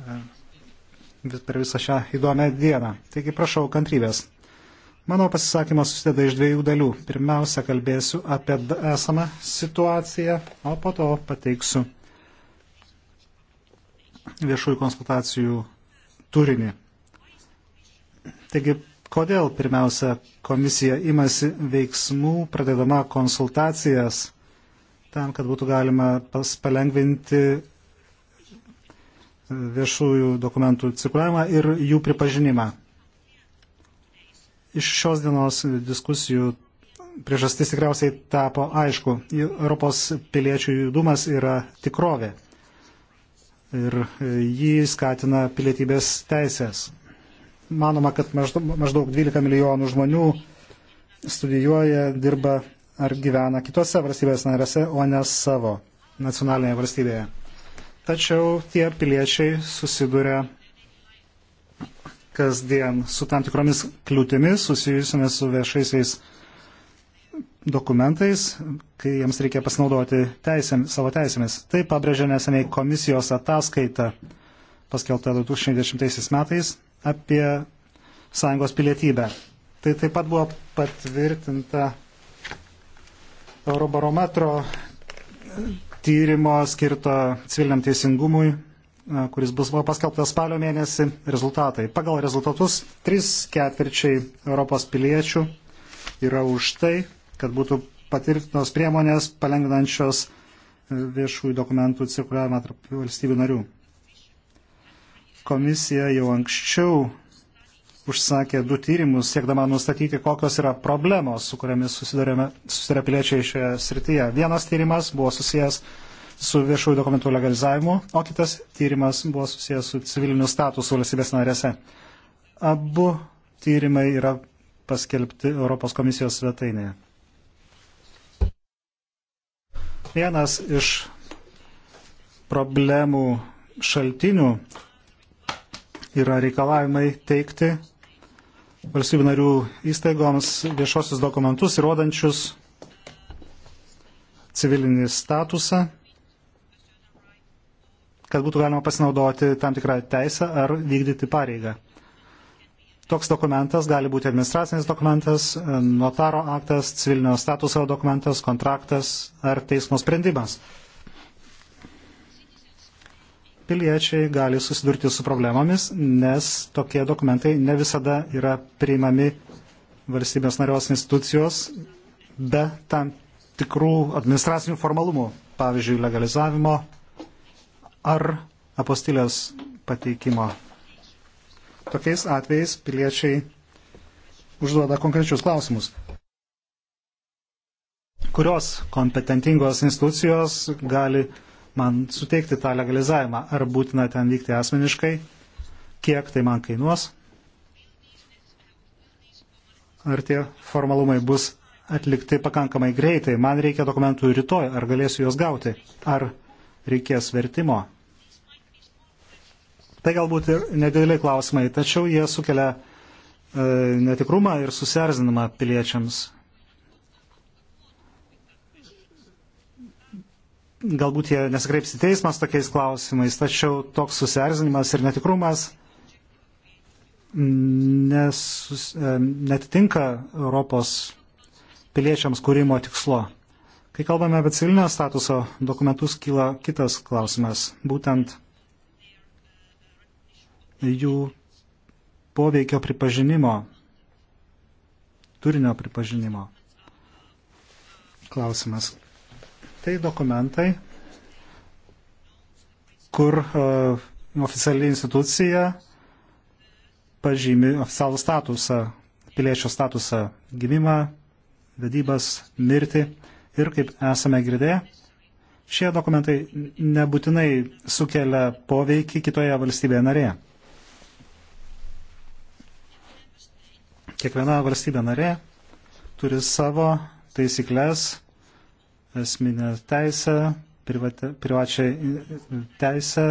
e, per visą šią įdomią dieną. Taigi prašau kantrybės. Mano pasisakymas susideda iš dviejų dalių. Pirmiausia, kalbėsiu apie esamą situaciją, o po to pateiksiu viešųjų konsultacijų turinį. Taigi, kodėl pirmiausia komisija imasi veiksmų, pradedama konsultacijas, tam, kad būtų galima palengvinti viešųjų dokumentų cirkuliavimą ir jų pripažinimą. Iš šios dienos diskusijų priežastis tikriausiai tapo aišku. Europos piliečių judumas yra tikrovė ir e, jį skatina pilietybės teisės. Manoma, kad maždaug 12 milijonų žmonių studijuoja, dirba ar gyvena kitose valstybės narėse, o ne savo nacionalinėje valstybėje. Tačiau tie piliečiai susiduria kasdien su tam tikromis kliūtimis susijusiamis su viešaisiais dokumentais, kai jiems reikia pasinaudoti teisėm, savo teisėmis. Tai pabrėžė neseniai komisijos ataskaita paskelbta 2010 metais apie sąjungos pilietybę. Tai taip pat buvo patvirtinta Eurobarometro tyrimo skirto civiliniam teisingumui E, kuris bus buvo paskelbtas spalio mėnesį, rezultatai. Pagal rezultatus, trys ketvirčiai Europos piliečių yra už tai, kad būtų patvirtinos priemonės palengvinančios e, viešųjų dokumentų cirkuliavimą tarp valstybių narių. Komisija jau anksčiau užsakė du tyrimus, siekdama nustatyti, kokios yra problemos, su kuriamis susiduria piliečiai šioje srityje. Vienas tyrimas buvo susijęs su viešųjų dokumentų legalizavimu, o kitas tyrimas buvo susijęs su civiliniu statusu valstybės narėse. Abu tyrimai yra paskelbti Europos komisijos svetainėje. Vienas iš problemų šaltinių yra reikalavimai teikti valstybių narių įstaigoms viešosius dokumentus įrodančius civilinį statusą kad būtų galima pasinaudoti tam tikrą teisę ar vykdyti pareigą. Toks dokumentas gali būti administracinis dokumentas, notaro aktas, civilinio statuso dokumentas, kontraktas ar teismo sprendimas. Piliečiai gali susidurti su problemomis, nes tokie dokumentai ne visada yra priimami valstybės narios institucijos be tam tikrų administracinių formalumų, pavyzdžiui, legalizavimo ar apostilės pateikimo. Tokiais atvejais piliečiai užduoda konkrečius klausimus. Kurios kompetentingos institucijos gali man suteikti tą legalizavimą? Ar būtina ten vykti asmeniškai? Kiek tai man kainuos? Ar tie formalumai bus atlikti pakankamai greitai? Man reikia dokumentų rytoj, ar galėsiu juos gauti? Ar reikės vertimo? Tai galbūt ir nedideliai klausimai, tačiau jie sukelia e, netikrumą ir susierzinimą piliečiams. Galbūt jie nesikreips į teismas tokiais klausimais, tačiau toks susierzinimas ir netikrumas nesus, e, netitinka Europos piliečiams kūrimo tikslo. Kai kalbame apie civilinio statuso dokumentus, kyla kitas klausimas. Būtent jų poveikio pripažinimo, turinio pripažinimo klausimas. Tai dokumentai, kur uh, oficiali institucija pažymi oficialų statusą, piliečio statusą gimimą, vedybas, mirtį ir kaip esame girdėję, šie dokumentai nebūtinai sukelia poveikį kitoje valstybėje narėje. kiekviena valstybė narė turi savo taisyklės, esminę teisę, privačią e, teisę,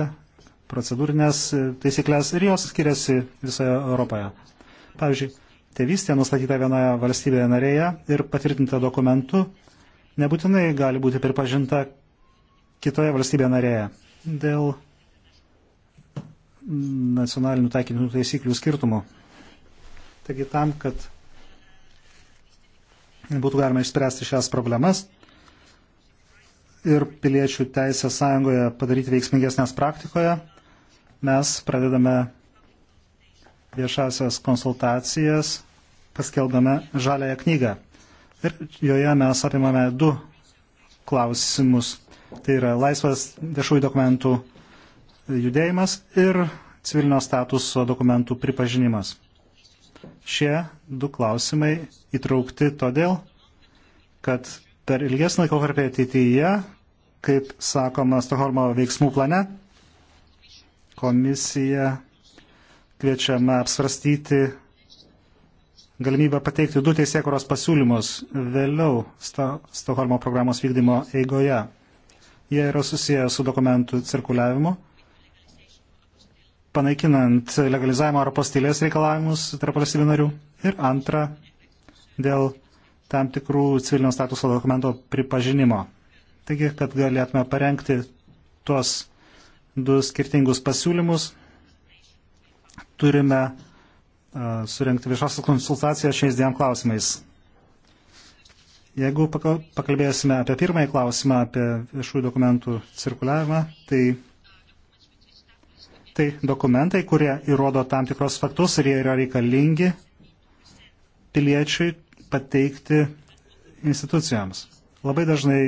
procedūrinės e, taisyklės ir jos skiriasi visoje Europoje. Pavyzdžiui, tėvystė nustatyta vienoje valstybėje narėje ir patvirtinta dokumentu nebūtinai gali būti pripažinta kitoje valstybėje narėje dėl nacionalinių taikinių taisyklių skirtumų. Taigi tam, kad būtų galima išspręsti šias problemas ir piliečių teisės sąjungoje padaryti veiksmingesnės praktikoje, mes pradedame viešasias konsultacijas, paskelbdame žalėją knygą. Ir joje mes apimame du klausimus. Tai yra laisvas viešųjų dokumentų judėjimas ir civilinio statuso dokumentų pripažinimas. Šie du klausimai įtraukti todėl, kad per ilgesnį laikotarpį ateityje, kaip sakoma Stokholmo veiksmų plane, komisija kviečiama apsvarstyti galimybę pateikti du teisėkuros pasiūlymus vėliau Stokholmo programos vykdymo eigoje. Jie yra susiję su dokumentų cirkuliavimu panaikinant legalizavimo ar postilės reikalavimus tarp valstybių narių. Ir antra, dėl tam tikrų civilinio statuso dokumento pripažinimo. Taigi, kad galėtume parengti tuos du skirtingus pasiūlymus, turime uh, surinkti viešasias konsultacijas šiais dviem klausimais. Jeigu pakalbėsime apie pirmąjį klausimą, apie viešųjų dokumentų cirkuliavimą, tai tai dokumentai, kurie įrodo tam tikros faktus ir jie yra reikalingi piliečiui pateikti institucijoms. Labai dažnai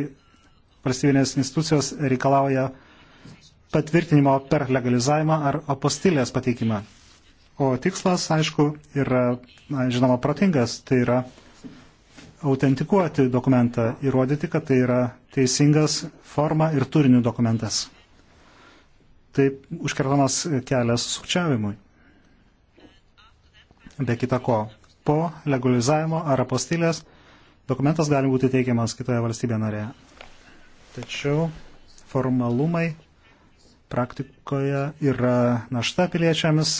valstybinės institucijos reikalauja patvirtinimo per legalizavimą ar apostilės pateikimą. O tikslas, aišku, yra, na, žinoma, protingas, tai yra autentikuoti dokumentą, įrodyti, kad tai yra teisingas forma ir turinių dokumentas taip užkertamas kelias sukčiavimui. Be kita ko, po legalizavimo ar apostilės dokumentas gali būti teikiamas kitoje valstybėje narėje. Tačiau formalumai praktikoje yra našta piliečiams,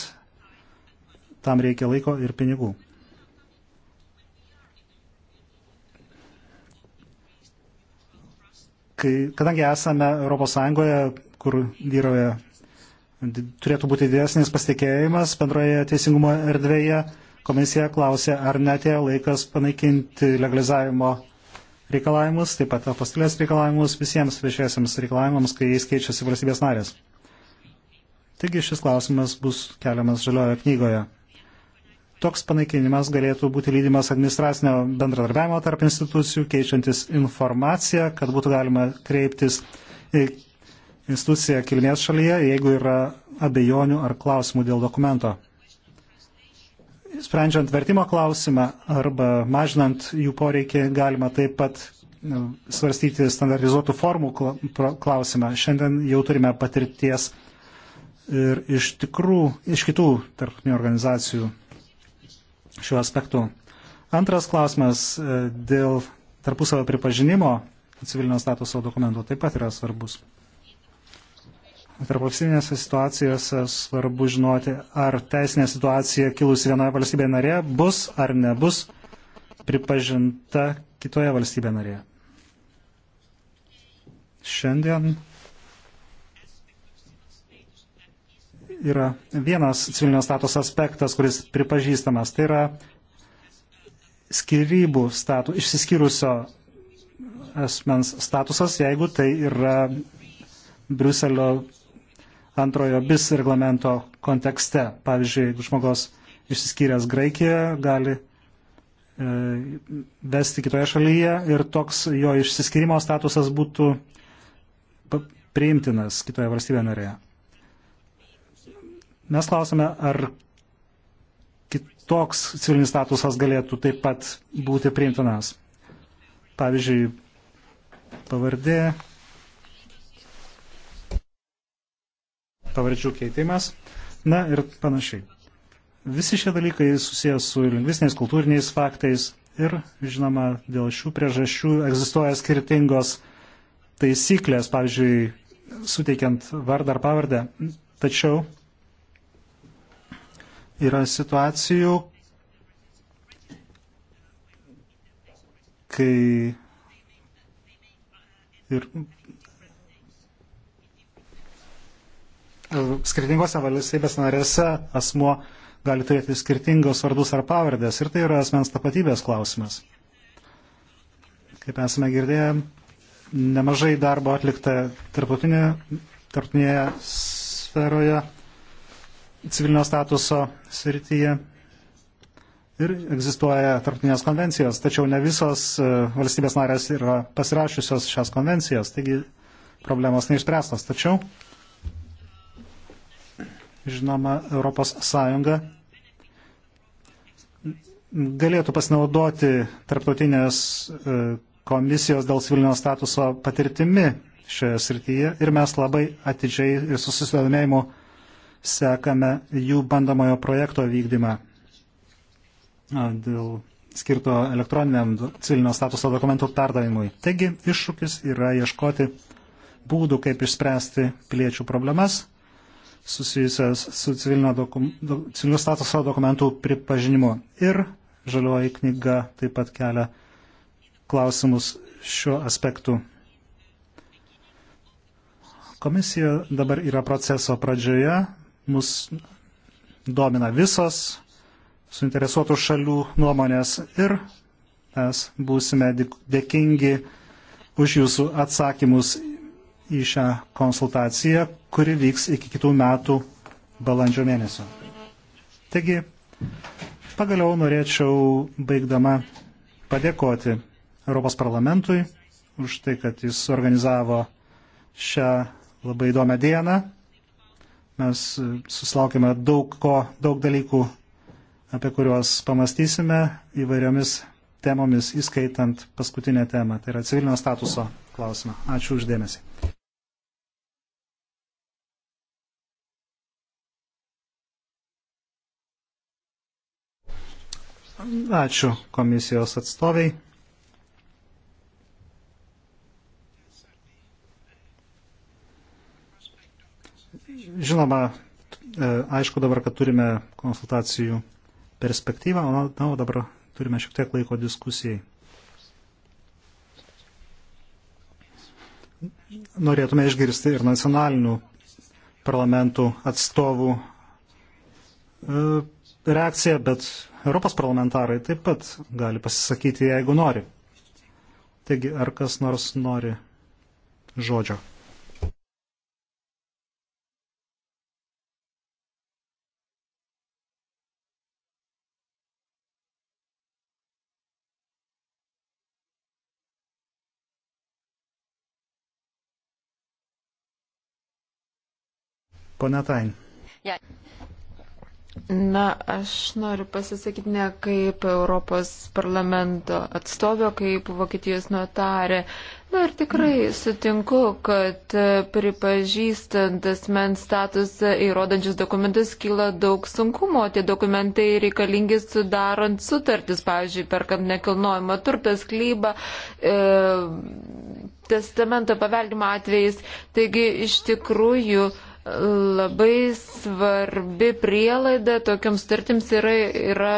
tam reikia laiko ir pinigų. Kai, kadangi esame ES, kur vyroja turėtų būti didesnis pasitikėjimas bendroje teisingumo erdvėje. Komisija klausė, ar netėjo laikas panaikinti legalizavimo reikalavimus, taip pat apostilės reikalavimus visiems viešiesiams reikalavimams, kai jais keičiasi valstybės narės. Taigi šis klausimas bus keliamas žaliojo knygoje. Toks panaikinimas galėtų būti lydimas administracinio bendradarbiavimo tarp institucijų, keičiantis informaciją, kad būtų galima kreiptis instituciją kilmės šalyje, jeigu yra abejonių ar klausimų dėl dokumento. Sprendžiant vertimo klausimą arba mažinant jų poreikį, galima taip pat e, svarstyti standartizuotų formų klausimą. Šiandien jau turime patirties ir iš, tikrų, iš kitų tarptautinių organizacijų šiuo aspektu. Antras klausimas e, dėl tarpusavio pripažinimo civilinio statuso dokumento taip pat yra svarbus tarpvalstybinėse situacijose svarbu žinoti, ar teisinė situacija kilusi vienoje valstybėje narėje bus ar nebus pripažinta kitoje valstybėje narėje. Šiandien yra vienas civilinio statuso aspektas, kuris pripažįstamas. Tai yra skirybų status, išsiskyrusio asmens statusas, jeigu tai yra Briuselio antrojo bis reglamento kontekste. Pavyzdžiui, jeigu žmogus išsiskyręs Graikijoje, gali e, vesti kitoje šalyje ir toks jo išsiskyrimo statusas būtų priimtinas kitoje valstybėje narėje. Mes klausome, ar kitoks civilinis statusas galėtų taip pat būti priimtinas. Pavyzdžiui, pavardė, pavardžių keitimas, na ir panašiai. Visi šie dalykai susijęs su lingvisniais, kultūriniais faktais ir, žinoma, dėl šių priežasčių egzistuoja skirtingos taisyklės, pavyzdžiui, suteikiant vardą ar pavardę. Tačiau yra situacijų, kai ir skirtingose valstybės narėse asmuo gali turėti skirtingos vardus ar pavardės ir tai yra asmens tapatybės klausimas. Kaip esame girdėję, nemažai darbo atlikta tarptautinėje sferoje, civilinio statuso srityje ir egzistuoja tarptautinės konvencijos, tačiau ne visos e, valstybės narės yra pasirašiusios šias konvencijas, taigi problemos neišspręstos. Tačiau žinoma, ES galėtų pasinaudoti tarptautinės e, komisijos dėl civilinio statuso patirtimi šioje srityje ir mes labai atidžiai ir susidomėjimu sekame jų bandomojo projekto vykdymą dėl skirto elektroniniam civilinio statuso dokumentų perdavimui. Taigi iššūkis yra ieškoti būdų, kaip išspręsti piliečių problemas susijusias su civilinio, dokum, civilinio statuso dokumentų pripažinimu. Ir žalioji knyga taip pat kelia klausimus šiuo aspektu. Komisija dabar yra proceso pradžioje, mus domina visos suinteresuotų šalių nuomonės ir mes būsime dėkingi už jūsų atsakymus į šią konsultaciją, kuri vyks iki kitų metų balandžio mėnesio. Taigi, pagaliau norėčiau baigdama padėkoti Europos parlamentui už tai, kad jis organizavo šią labai įdomią dieną. Mes susilaukime daug ko, daug dalykų, apie kuriuos pamastysime įvairiomis temomis, įskaitant paskutinę temą, tai yra civilinio statuso klausimą. Ačiū uždėmesį. Ačiū komisijos atstoviai. Žinoma, e, aišku dabar, kad turime konsultacijų perspektyvą, o na, dabar turime šiek tiek laiko diskusijai. Norėtume išgirsti ir nacionalinių parlamentų atstovų e, reakciją, bet Europos parlamentarai taip pat gali pasisakyti, jeigu nori. Taigi, ar kas nors nori žodžio? Pone Tain. Na, aš noriu pasisakyti ne kaip Europos parlamento atstovio, kaip Vokietijos notarė. Na ir tikrai sutinku, kad pripažįstant asmens statusą įrodančius dokumentus kyla daug sunkumo. Tie dokumentai reikalingi sudarant sutartis, pavyzdžiui, perkant nekilnojimą turtą, sklybą, e, testamento paveldimo atvejais. Taigi iš tikrųjų. E, labai svarbi prielaida tokiams tartims yra, yra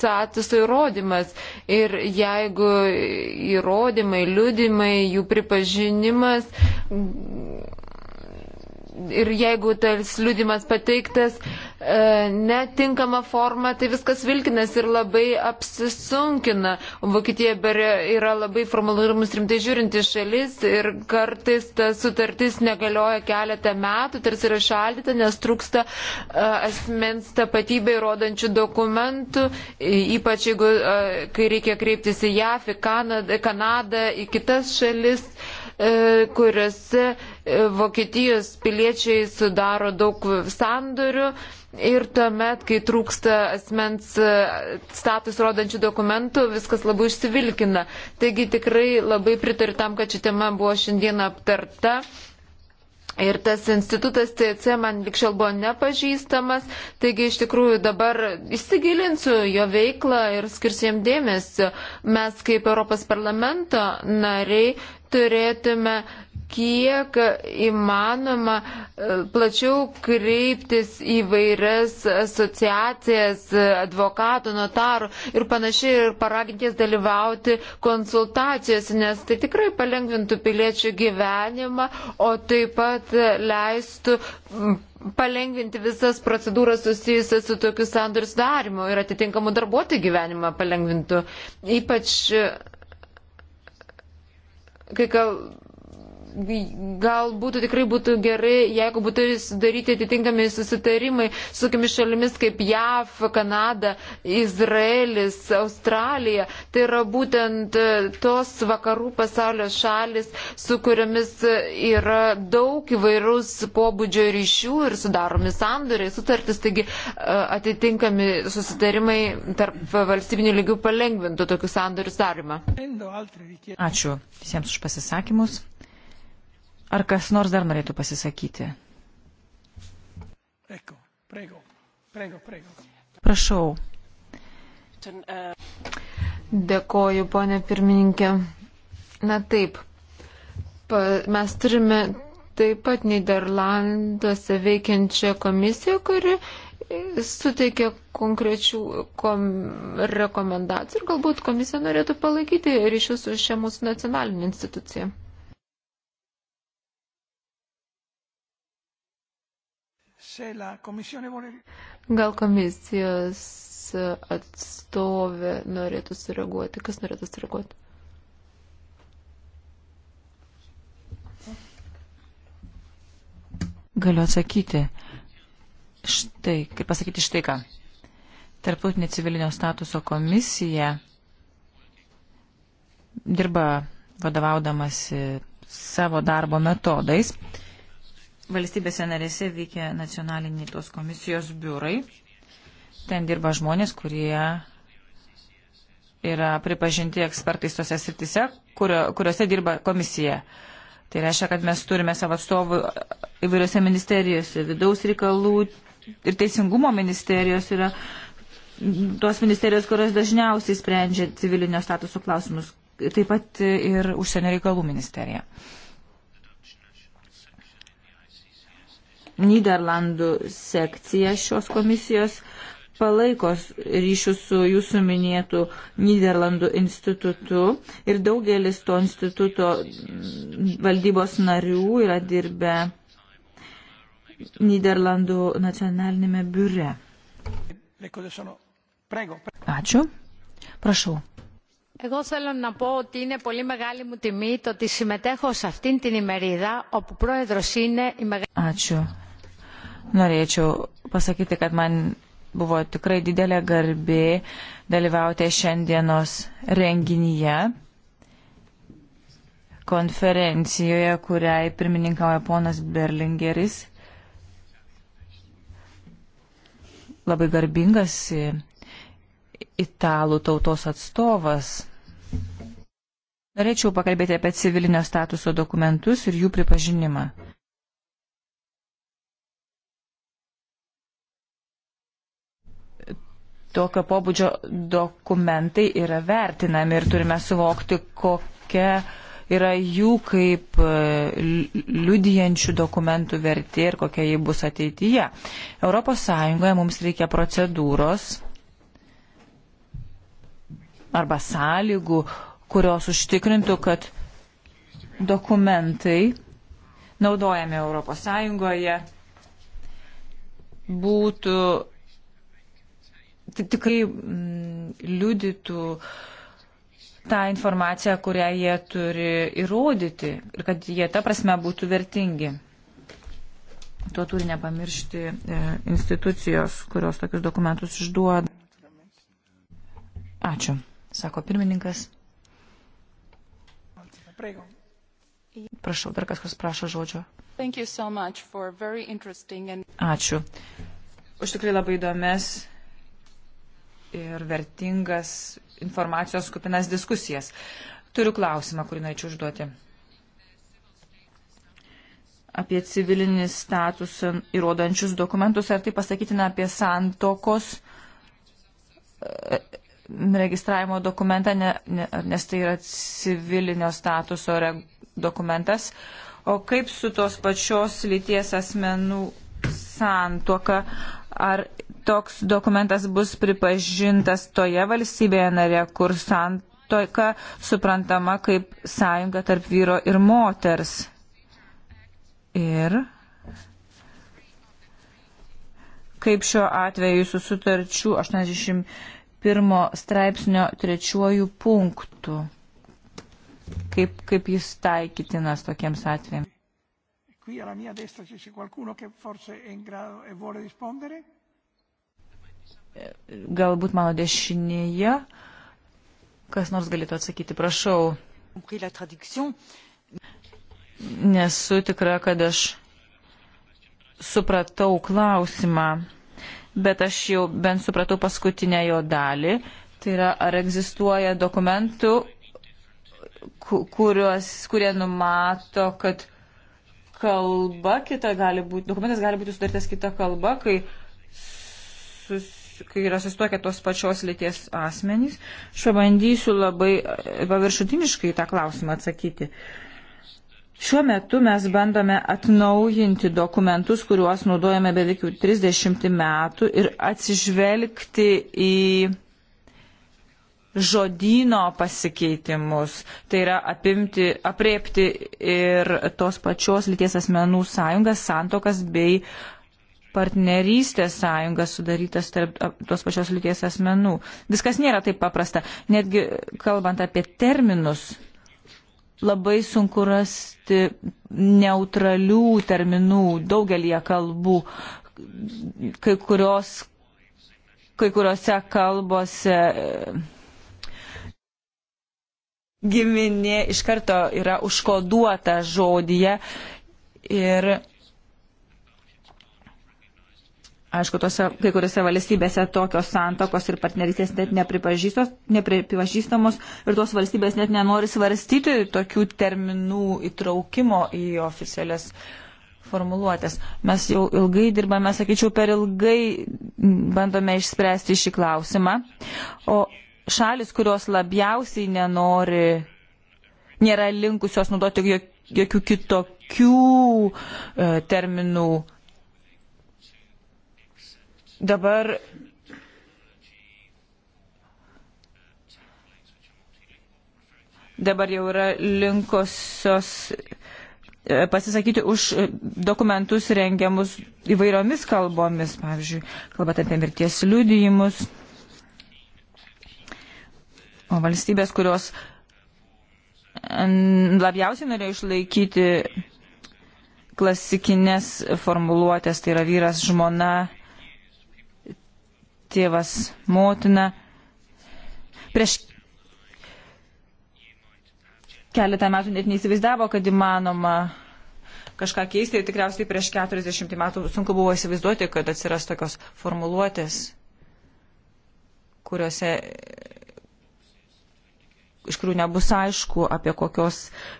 statuso įrodymas. Ir jeigu įrodymai, liudimai, jų pripažinimas ir jeigu tas liūdimas pateiktas e, netinkama forma, tai viskas vilkinas ir labai apsisunkina. Vokietija yra labai formalumus rimtai žiūrinti šalis ir kartais ta sutartis negalioja keletą metų, tarsi yra šaldyta, nes trūksta e, asmens tapatybę įrodančių dokumentų, ypač jeigu, e, kai reikia kreiptis į JAF, į Kanadą, Kanadą į kitas šalis. E, E, kuriuose e, Vokietijos piliečiai sudaro daug sandorių ir tuomet, kai trūksta asmens e, status rodančių dokumentų, viskas labai išsivilkina. Taigi tikrai labai pritariu tam, kad ši tema buvo šiandien aptarta. Ir tas institutas TC man likščiau buvo nepažįstamas, taigi iš tikrųjų dabar įsigilinsiu jo veiklą ir skirsiu jam dėmesio. Mes kaip Europos parlamento nariai turėtume kiek įmanoma e, plačiau kreiptis į vairias asociacijas, e, advokatų, notarų ir panašiai ir paraginties dalyvauti konsultacijose, nes tai tikrai palengvintų piliečių gyvenimą, o taip pat leistų palengvinti visas procedūras susijusias su tokiu sandoriu sudarimu ir atitinkamu darbuotojų gyvenimą palengvintų. Ypač e, kai kalbame gal būtų tikrai būtų gerai, jeigu būtų sudaryti atitinkami susitarimai su tokiamis šalimis kaip JAV, Kanada, Izraelis, Australija. Tai yra būtent e, tos vakarų pasaulio šalis, su kuriamis e, yra daug įvairūs pobūdžio ryšių ir sudaromi sandoriai, sutartis, taigi e, atitinkami susitarimai tarp valstybinių lygių palengvintų tokių sandorių sudarimą. Ačiū visiems už pasisakymus. Ar kas nors dar norėtų pasisakyti? Prego, prego, prego, prego. Prašau. Dėkoju, ponė pirmininkė. Na taip, pa, mes turime taip pat Niderlanduose veikiančią komisiją, kuri suteikia konkrečių kom rekomendacijų ir galbūt komisija norėtų palaikyti ryšius su šia mūsų nacionalinė institucija. Gal komisijos atstovė norėtų sureaguoti? Kas norėtų sureaguoti? Galiu atsakyti. Štai, kaip pasakyti štai ką. Tarptautinė civilinio statuso komisija dirba vadovaudamasi savo darbo metodais valstybėse narėse veikia nacionaliniai tos komisijos biurai. Ten dirba žmonės, kurie yra pripažinti ekspertais tose sritise, kurio, kuriuose dirba komisija. Tai reiškia, kad mes turime savo atstovų įvairiose ministerijose, vidaus reikalų ir teisingumo ministerijos yra tos ministerijos, kurios dažniausiai sprendžia civilinio statuso klausimus, taip pat ir užsienio reikalų ministerija. Uh, Niderlandų sekcija šios komisijos palaiko ryšius su jūsų minėtų Niderlandų institutu ir daugelis to instituto valdybos narių yra dirbę Niderlandų nacionalinėme biure. Ačiū. Prašau. Εγώ θέλω να πω ότι είναι πολύ μεγάλη μου τιμή το ότι συμμετέχω σε αυτήν την ημερίδα όπου πρόεδρος είναι η μεγάλη... Ačiū. Norėčiau pasakyti, kad man buvo tikrai didelė garbė dalyvauti šiandienos renginyje, konferencijoje, kuriai pirmininkavoja ponas Berlingeris. Labai garbingas italų tautos atstovas. Norėčiau pakalbėti apie civilinio statuso dokumentus ir jų pripažinimą. tokio pobūdžio dokumentai yra vertinami ir turime suvokti, kokia yra jų kaip e, liudijančių dokumentų vertė ir kokia jį bus ateityje. ES mums reikia procedūros arba sąlygų, kurios užtikrintų, kad dokumentai naudojami ES būtų tikrai mm, liudytų tą informaciją, kurią jie turi įrodyti ir kad jie ta prasme būtų vertingi. Tuo turi nepamiršti e, institucijos, kurios tokius dokumentus išduoda. Ačiū, sako pirmininkas. Prašau, dar kas kas prašo žodžio. So and... Ačiū. Už tikrai labai įdomias ir vertingas informacijos kupinas diskusijas. Turiu klausimą, kurį norėčiau užduoti. Apie civilinį statusą įrodančius dokumentus, ar tai pasakytina apie santokos e, registravimo dokumentą, ne, ne, nes tai yra civilinio statuso re, dokumentas. O kaip su tos pačios lyties asmenų santoka? Uh, ar toks dokumentas bus pripažintas toje valstybėje narė, kur santoika suprantama kaip sąjunga tarp vyro ir moters. Ir kaip šiuo atveju su sutarčių 81 straipsnio trečiuoju punktu. Kaip, kaip jis taikytinas tokiems atvejams? qui alla mia destra ci c'è qualcuno che forse è in grado e vuole rispondere? Eh, galbūt mano dešinėje kas nors galėtų atsakyti, prašau. Nesu tikra, kad aš supratau klausimą, bet aš jau bent supratau paskutinę jo dalį. Tai yra, ar egzistuoja dokumentų, kuriuos, kurie numato, kad kalba, kita gali būti, dokumentas gali būti sudarytas kita kalba, kai, sus, kai yra susituokę tos pačios lyties asmenys. Aš bandysiu labai e, paviršutiniškai tą klausimą atsakyti. Šiuo metu mes bandome atnaujinti dokumentus, kuriuos naudojame beveik 30 metų ir atsižvelgti į žodyno pasikeitimus, tai yra apimti, apriepti ir tos pačios lyties asmenų sąjungas, santokas bei partnerystės sąjungas sudarytas tarp tos pačios lyties asmenų. Viskas nėra taip paprasta. Netgi kalbant apie terminus, labai sunku rasti neutralių terminų daugelie kalbų. Kai, kurios, kai kuriuose kalbose giminė iš karto yra užkoduota žodyje ir Aišku, tose, kai kuriuose valstybėse tokios santokos ir partnerystės net nepripažįstamos ir tos valstybės net nenori svarstyti tokių terminų įtraukimo į oficialias formuluotės. Mes jau ilgai dirbame, sakyčiau, per ilgai bandome išspręsti šį klausimą. O šalis, kurios labiausiai nenori, nėra linkusios naudoti jokių kitokių e, terminų. Dabar dabar jau yra linkusios e, pasisakyti už e, dokumentus rengiamus įvairiomis kalbomis, pavyzdžiui, kalbant apie mirties liudijimus. O valstybės, kurios labiausiai norėjo išlaikyti klasikinės formuluotės, tai yra vyras, žmona, tėvas, motina. Prieš keletą metų net neįsivaizdavo, kad įmanoma kažką keisti ir tikriausiai prieš 40 metų sunku buvo įsivaizduoti, kad atsiras tokios formuluotės, kuriuose iš kurių nebus aišku, apie kokios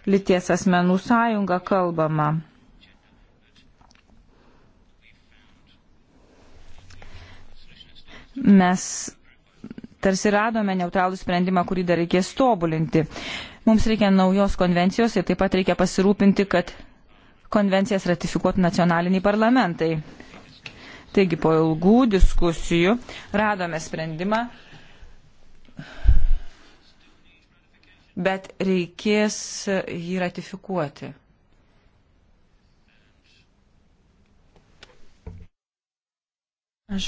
lities asmenų sąjungą kalbama. Mes tarsi radome neutralų sprendimą, kurį dar reikės tobulinti. Mums reikia naujos konvencijos ir taip pat reikia pasirūpinti, kad konvencijas ratifikuotų nacionaliniai parlamentai. Taigi po ilgų diskusijų radome sprendimą bet reikės jį ratifikuoti. Aš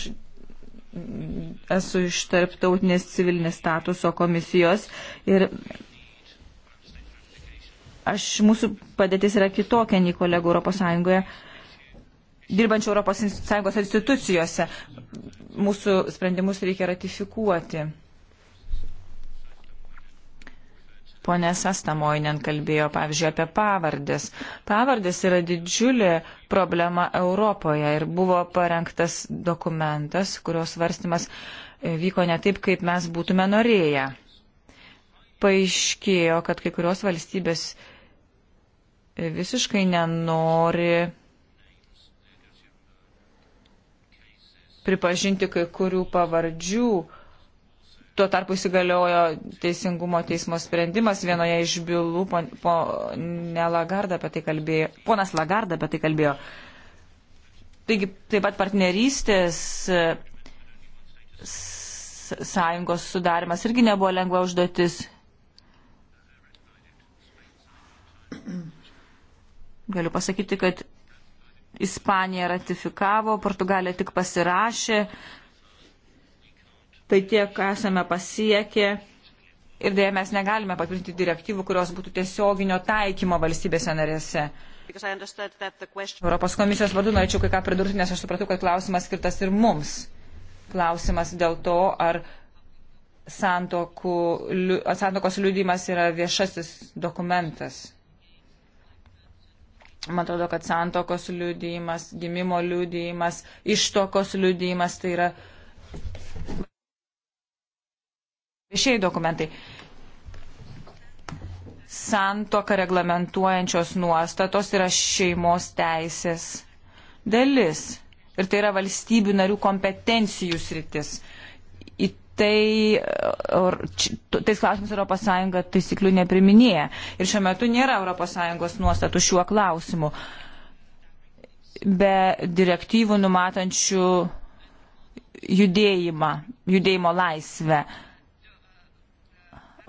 esu iš tarptautinės civilinės statuso komisijos ir aš, mūsų padėtis yra kitokia nei kolegų ES, dirbančių ES institucijose. Mūsų sprendimus reikia ratifikuoti. ponė Sastamoinen kalbėjo, pavyzdžiui, apie pavardės. Pavardės yra didžiulė problema Europoje ir buvo parengtas dokumentas, kurios svarstymas e, vyko ne taip, kaip mes būtume norėję. Paaiškėjo, kad kai kurios valstybės e, visiškai nenori pripažinti kai kurių pavardžių, Tuo tarpu įsigaliojo teisingumo teismo sprendimas vienoje iš bylų, pon, pon, Lagarda apie tai kalbėjo, ponas Lagarda apie tai kalbėjo. Taigi taip pat partnerystės e, sąjungos sudarimas irgi nebuvo lengva užduotis. Galiu pasakyti, kad Ispanija ratifikavo, Portugalija tik pasirašė, Tai tiek esame pasiekę ir dėja mes negalime patvirtinti direktyvų, kurios būtų tiesioginio taikymo valstybėse narėse. Europos komisijos vardu norėčiau kai ką pridurti, nes aš supratau, kad klausimas skirtas ir mums. Klausimas dėl to, ar santokų, santokos liudymas yra viešasis dokumentas. Man atrodo, kad santokos liudymas, gimimo liudymas, ištokos liudymas tai yra Viešiai dokumentai. Santoka reglamentuojančios nuostatos yra šeimos teisės dalis. Ir tai yra valstybių narių kompetencijų sritis. Į tai, e, or, či, tais klausimus ES taisyklių nepriminėja. Ir šiuo metu nėra ES nuostatų šiuo klausimu. Be direktyvų numatančių judėjimą, judėjimo laisvę. Uh,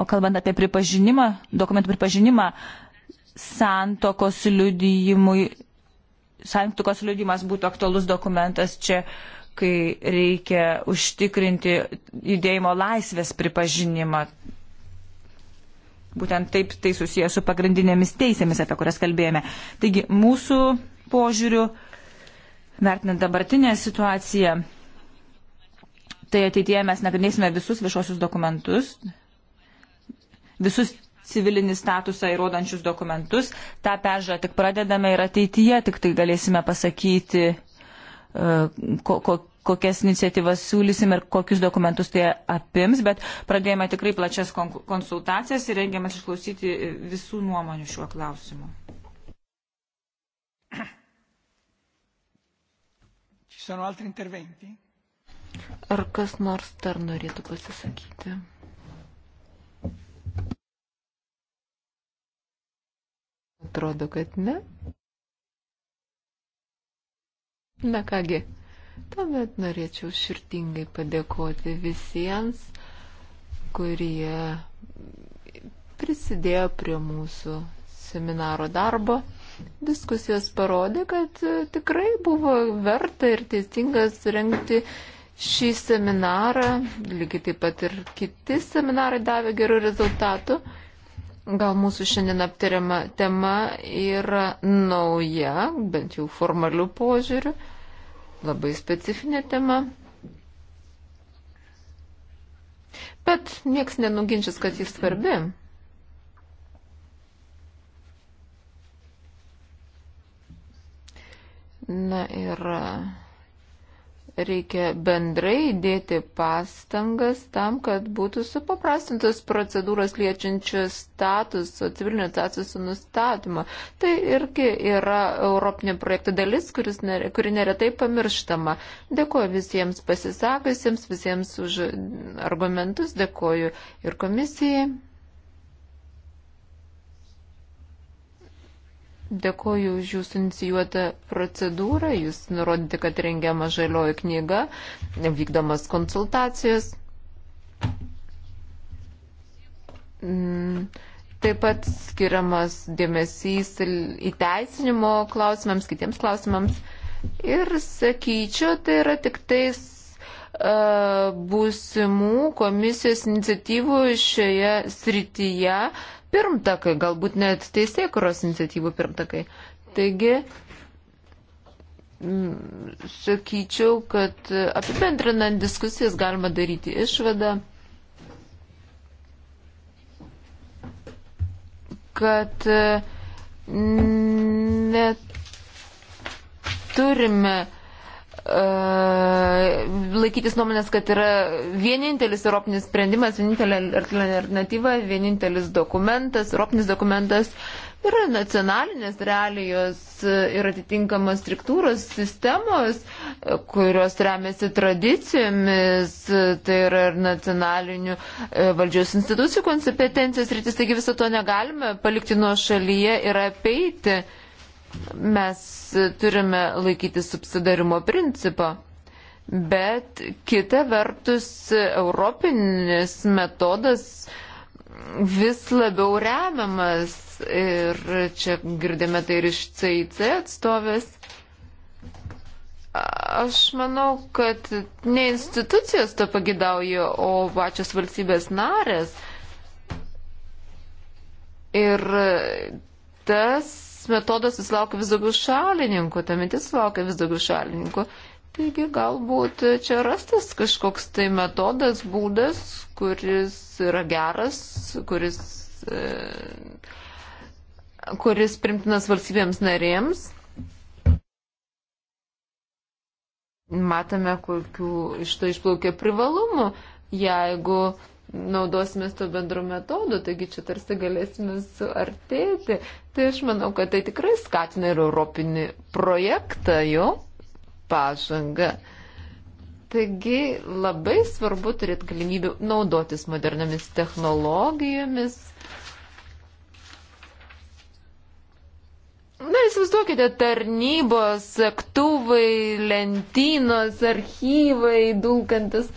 O kalbant apie pripažinimą, dokumentų pripažinimą, santokos liudijimui, santokos liudijimas būtų aktualus dokumentas čia, kai reikia užtikrinti judėjimo laisvės pripažinimą. Būtent taip tai susijęs su pagrindinėmis teisėmis, apie kurias kalbėjome. Taigi, mūsų požiūrių, vertinant dabartinę situaciją, tai ateityje mes nagrinėsime visus viešosius dokumentus, visus civilinį statusą įrodančius dokumentus. Ta pežą tik pradedame ir ateityje tik tai galėsime pasakyti, e, ko, ko, kokias iniciatyvas siūlysim ir kokius dokumentus tai apims, bet pradėjome tikrai plačias konsultacijas ir rengiamės išklausyti visų nuomonių šiuo klausimu. Ar kas nors dar norėtų pasisakyti? Atrodo, kad ne. Na kągi, tuomet norėčiau širtingai padėkoti visiems, kurie prisidėjo prie mūsų seminaro darbo. Diskusijos parodė, kad tikrai buvo verta ir teisinga surenkti šį seminarą, lygiai taip pat ir kiti seminarai davė gerų rezultatų. Gal mūsų šiandien aptariama tema yra nauja, bent jau formalių požiūrių, labai specifinė tema. Bet nieks nenuginčys, kad jis svarbi. Na ir. Yra reikia bendrai dėti pastangas tam, kad būtų supaprastintos procedūros liečiančios statuso, civilinio statuso nustatymą. Tai irgi yra Europinio projekto dalis, kuris, nere, kuri neretai pamirštama. Dėkuoju visiems pasisakusiems, visiems už argumentus, dėkuoju ir komisijai. Dėkoju už jūsų inicijuotą procedūrą. Jūs nurodėte, kad rengiama žalioji knyga, vykdomas konsultacijos. Mm, taip pat skiriamas dėmesys įteisinimo klausimams, kitiems klausimams. Ir sakyčiau, tai yra tik tais e, būsimų komisijos iniciatyvų šioje srityje pirmtakai, galbūt net teisėkuros iniciatyvų pirmtakai. Taigi, sakyčiau, kad apibendrinant diskusijas galima daryti išvadą, kad neturime E, laikytis nuomonės, kad yra vienintelis europinis sprendimas, vienintelė alternatyva, vienintelis dokumentas, europinis dokumentas yra nacionalinės realijos ir atitinkamos struktūros, sistemos, kurios remiasi tradicijomis, tai yra ir nacionalinių e, valdžios institucijų kompetencijos rytis, taigi viso to negalime palikti nuo šalyje ir apeiti. Mes turime laikyti subsidarimo principą, bet kita vertus europinis metodas vis labiau remiamas ir čia girdėme tai ir iš CIC atstovės. Aš manau, kad ne institucijos to pagidauja, o pačios valstybės narės. Ir tas metodas vis laukia vis daugiau šalininkų, ta mintis laukia vis daugiau šalininkų. Taigi galbūt čia rastas kažkoks tai metodas, būdas, kuris yra geras, kuris, e, kuris primtinas valstybėms narėms. Matome, kokiu iš to išplaukia privalumų, jeigu naudosime to bendro metodo, taigi čia tarsi galėsime suartėti. Tai aš manau, kad tai tikrai skatina ir europinį projektą jo pažangą. Taigi labai svarbu turėti galimybę naudotis moderniamis technologijomis. Na, įsivaizduokite, tarnybos, sektuvai, lentynos, archyvai, dulkantis.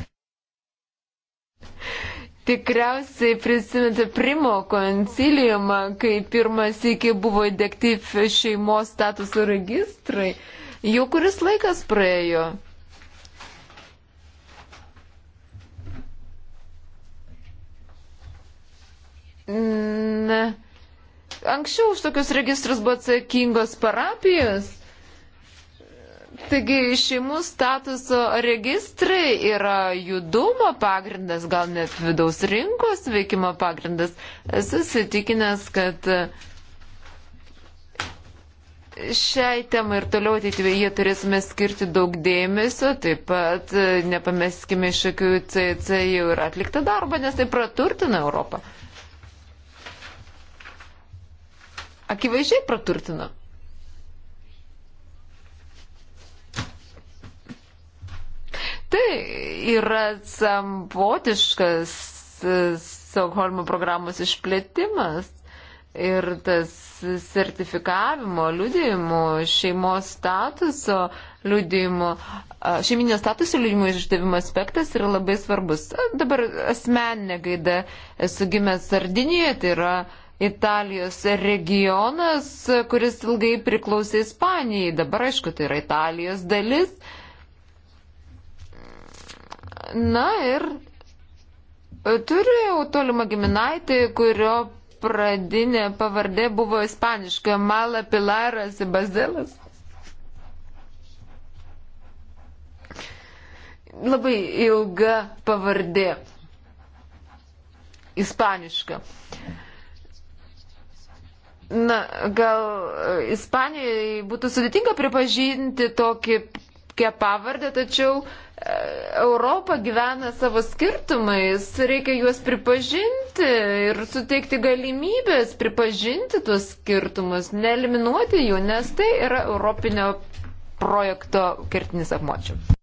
Tikriausiai prisiminti Primo konciliumą, kai pirmas iki buvo įdėkti šeimos statusų registrai. Jau kuris laikas praėjo. Na, anksčiau už tokius registrus buvo atsakingos parapijos. Taigi šeimų statuso registrai yra judumo pagrindas, gal net vidaus rinkos veikimo pagrindas. Esu sitikinęs, kad šiai temai ir toliau ateityje turėsime skirti daug dėmesio, taip pat nepameskime iš akių CC jau ir atliktą darbą, nes tai praturtina Europą. Akivaizdžiai praturtina. Tai yra sambotiškas e, Stokholmo programos išplėtimas ir tas sertifikavimo, liudėjimo, šeimos statuso liudėjimo, šeiminio statuso liudėjimo išdavimo aspektas yra labai svarbus. Dabar asmeninė gaida esu gimęs Sardinijoje, tai yra Italijos regionas, kuris ilgai priklausė Ispanijai. Dabar, aišku, tai yra Italijos dalis. Na ir e, turėjau tolimą giminaitį, kurio pradinė pavardė buvo ispaniška - Mala Pilaras Bazelas. Labai ilga pavardė. Ispaniška. Na, gal e, Ispanijai būtų sudėtinga pripažinti tokį pavardę, tačiau uh, Europa gyvena savo skirtumais, reikia juos pripažinti ir suteikti galimybės pripažinti tuos skirtumus, neeliminuoti jų, nes tai yra Europinio projekto kertinis apmočių.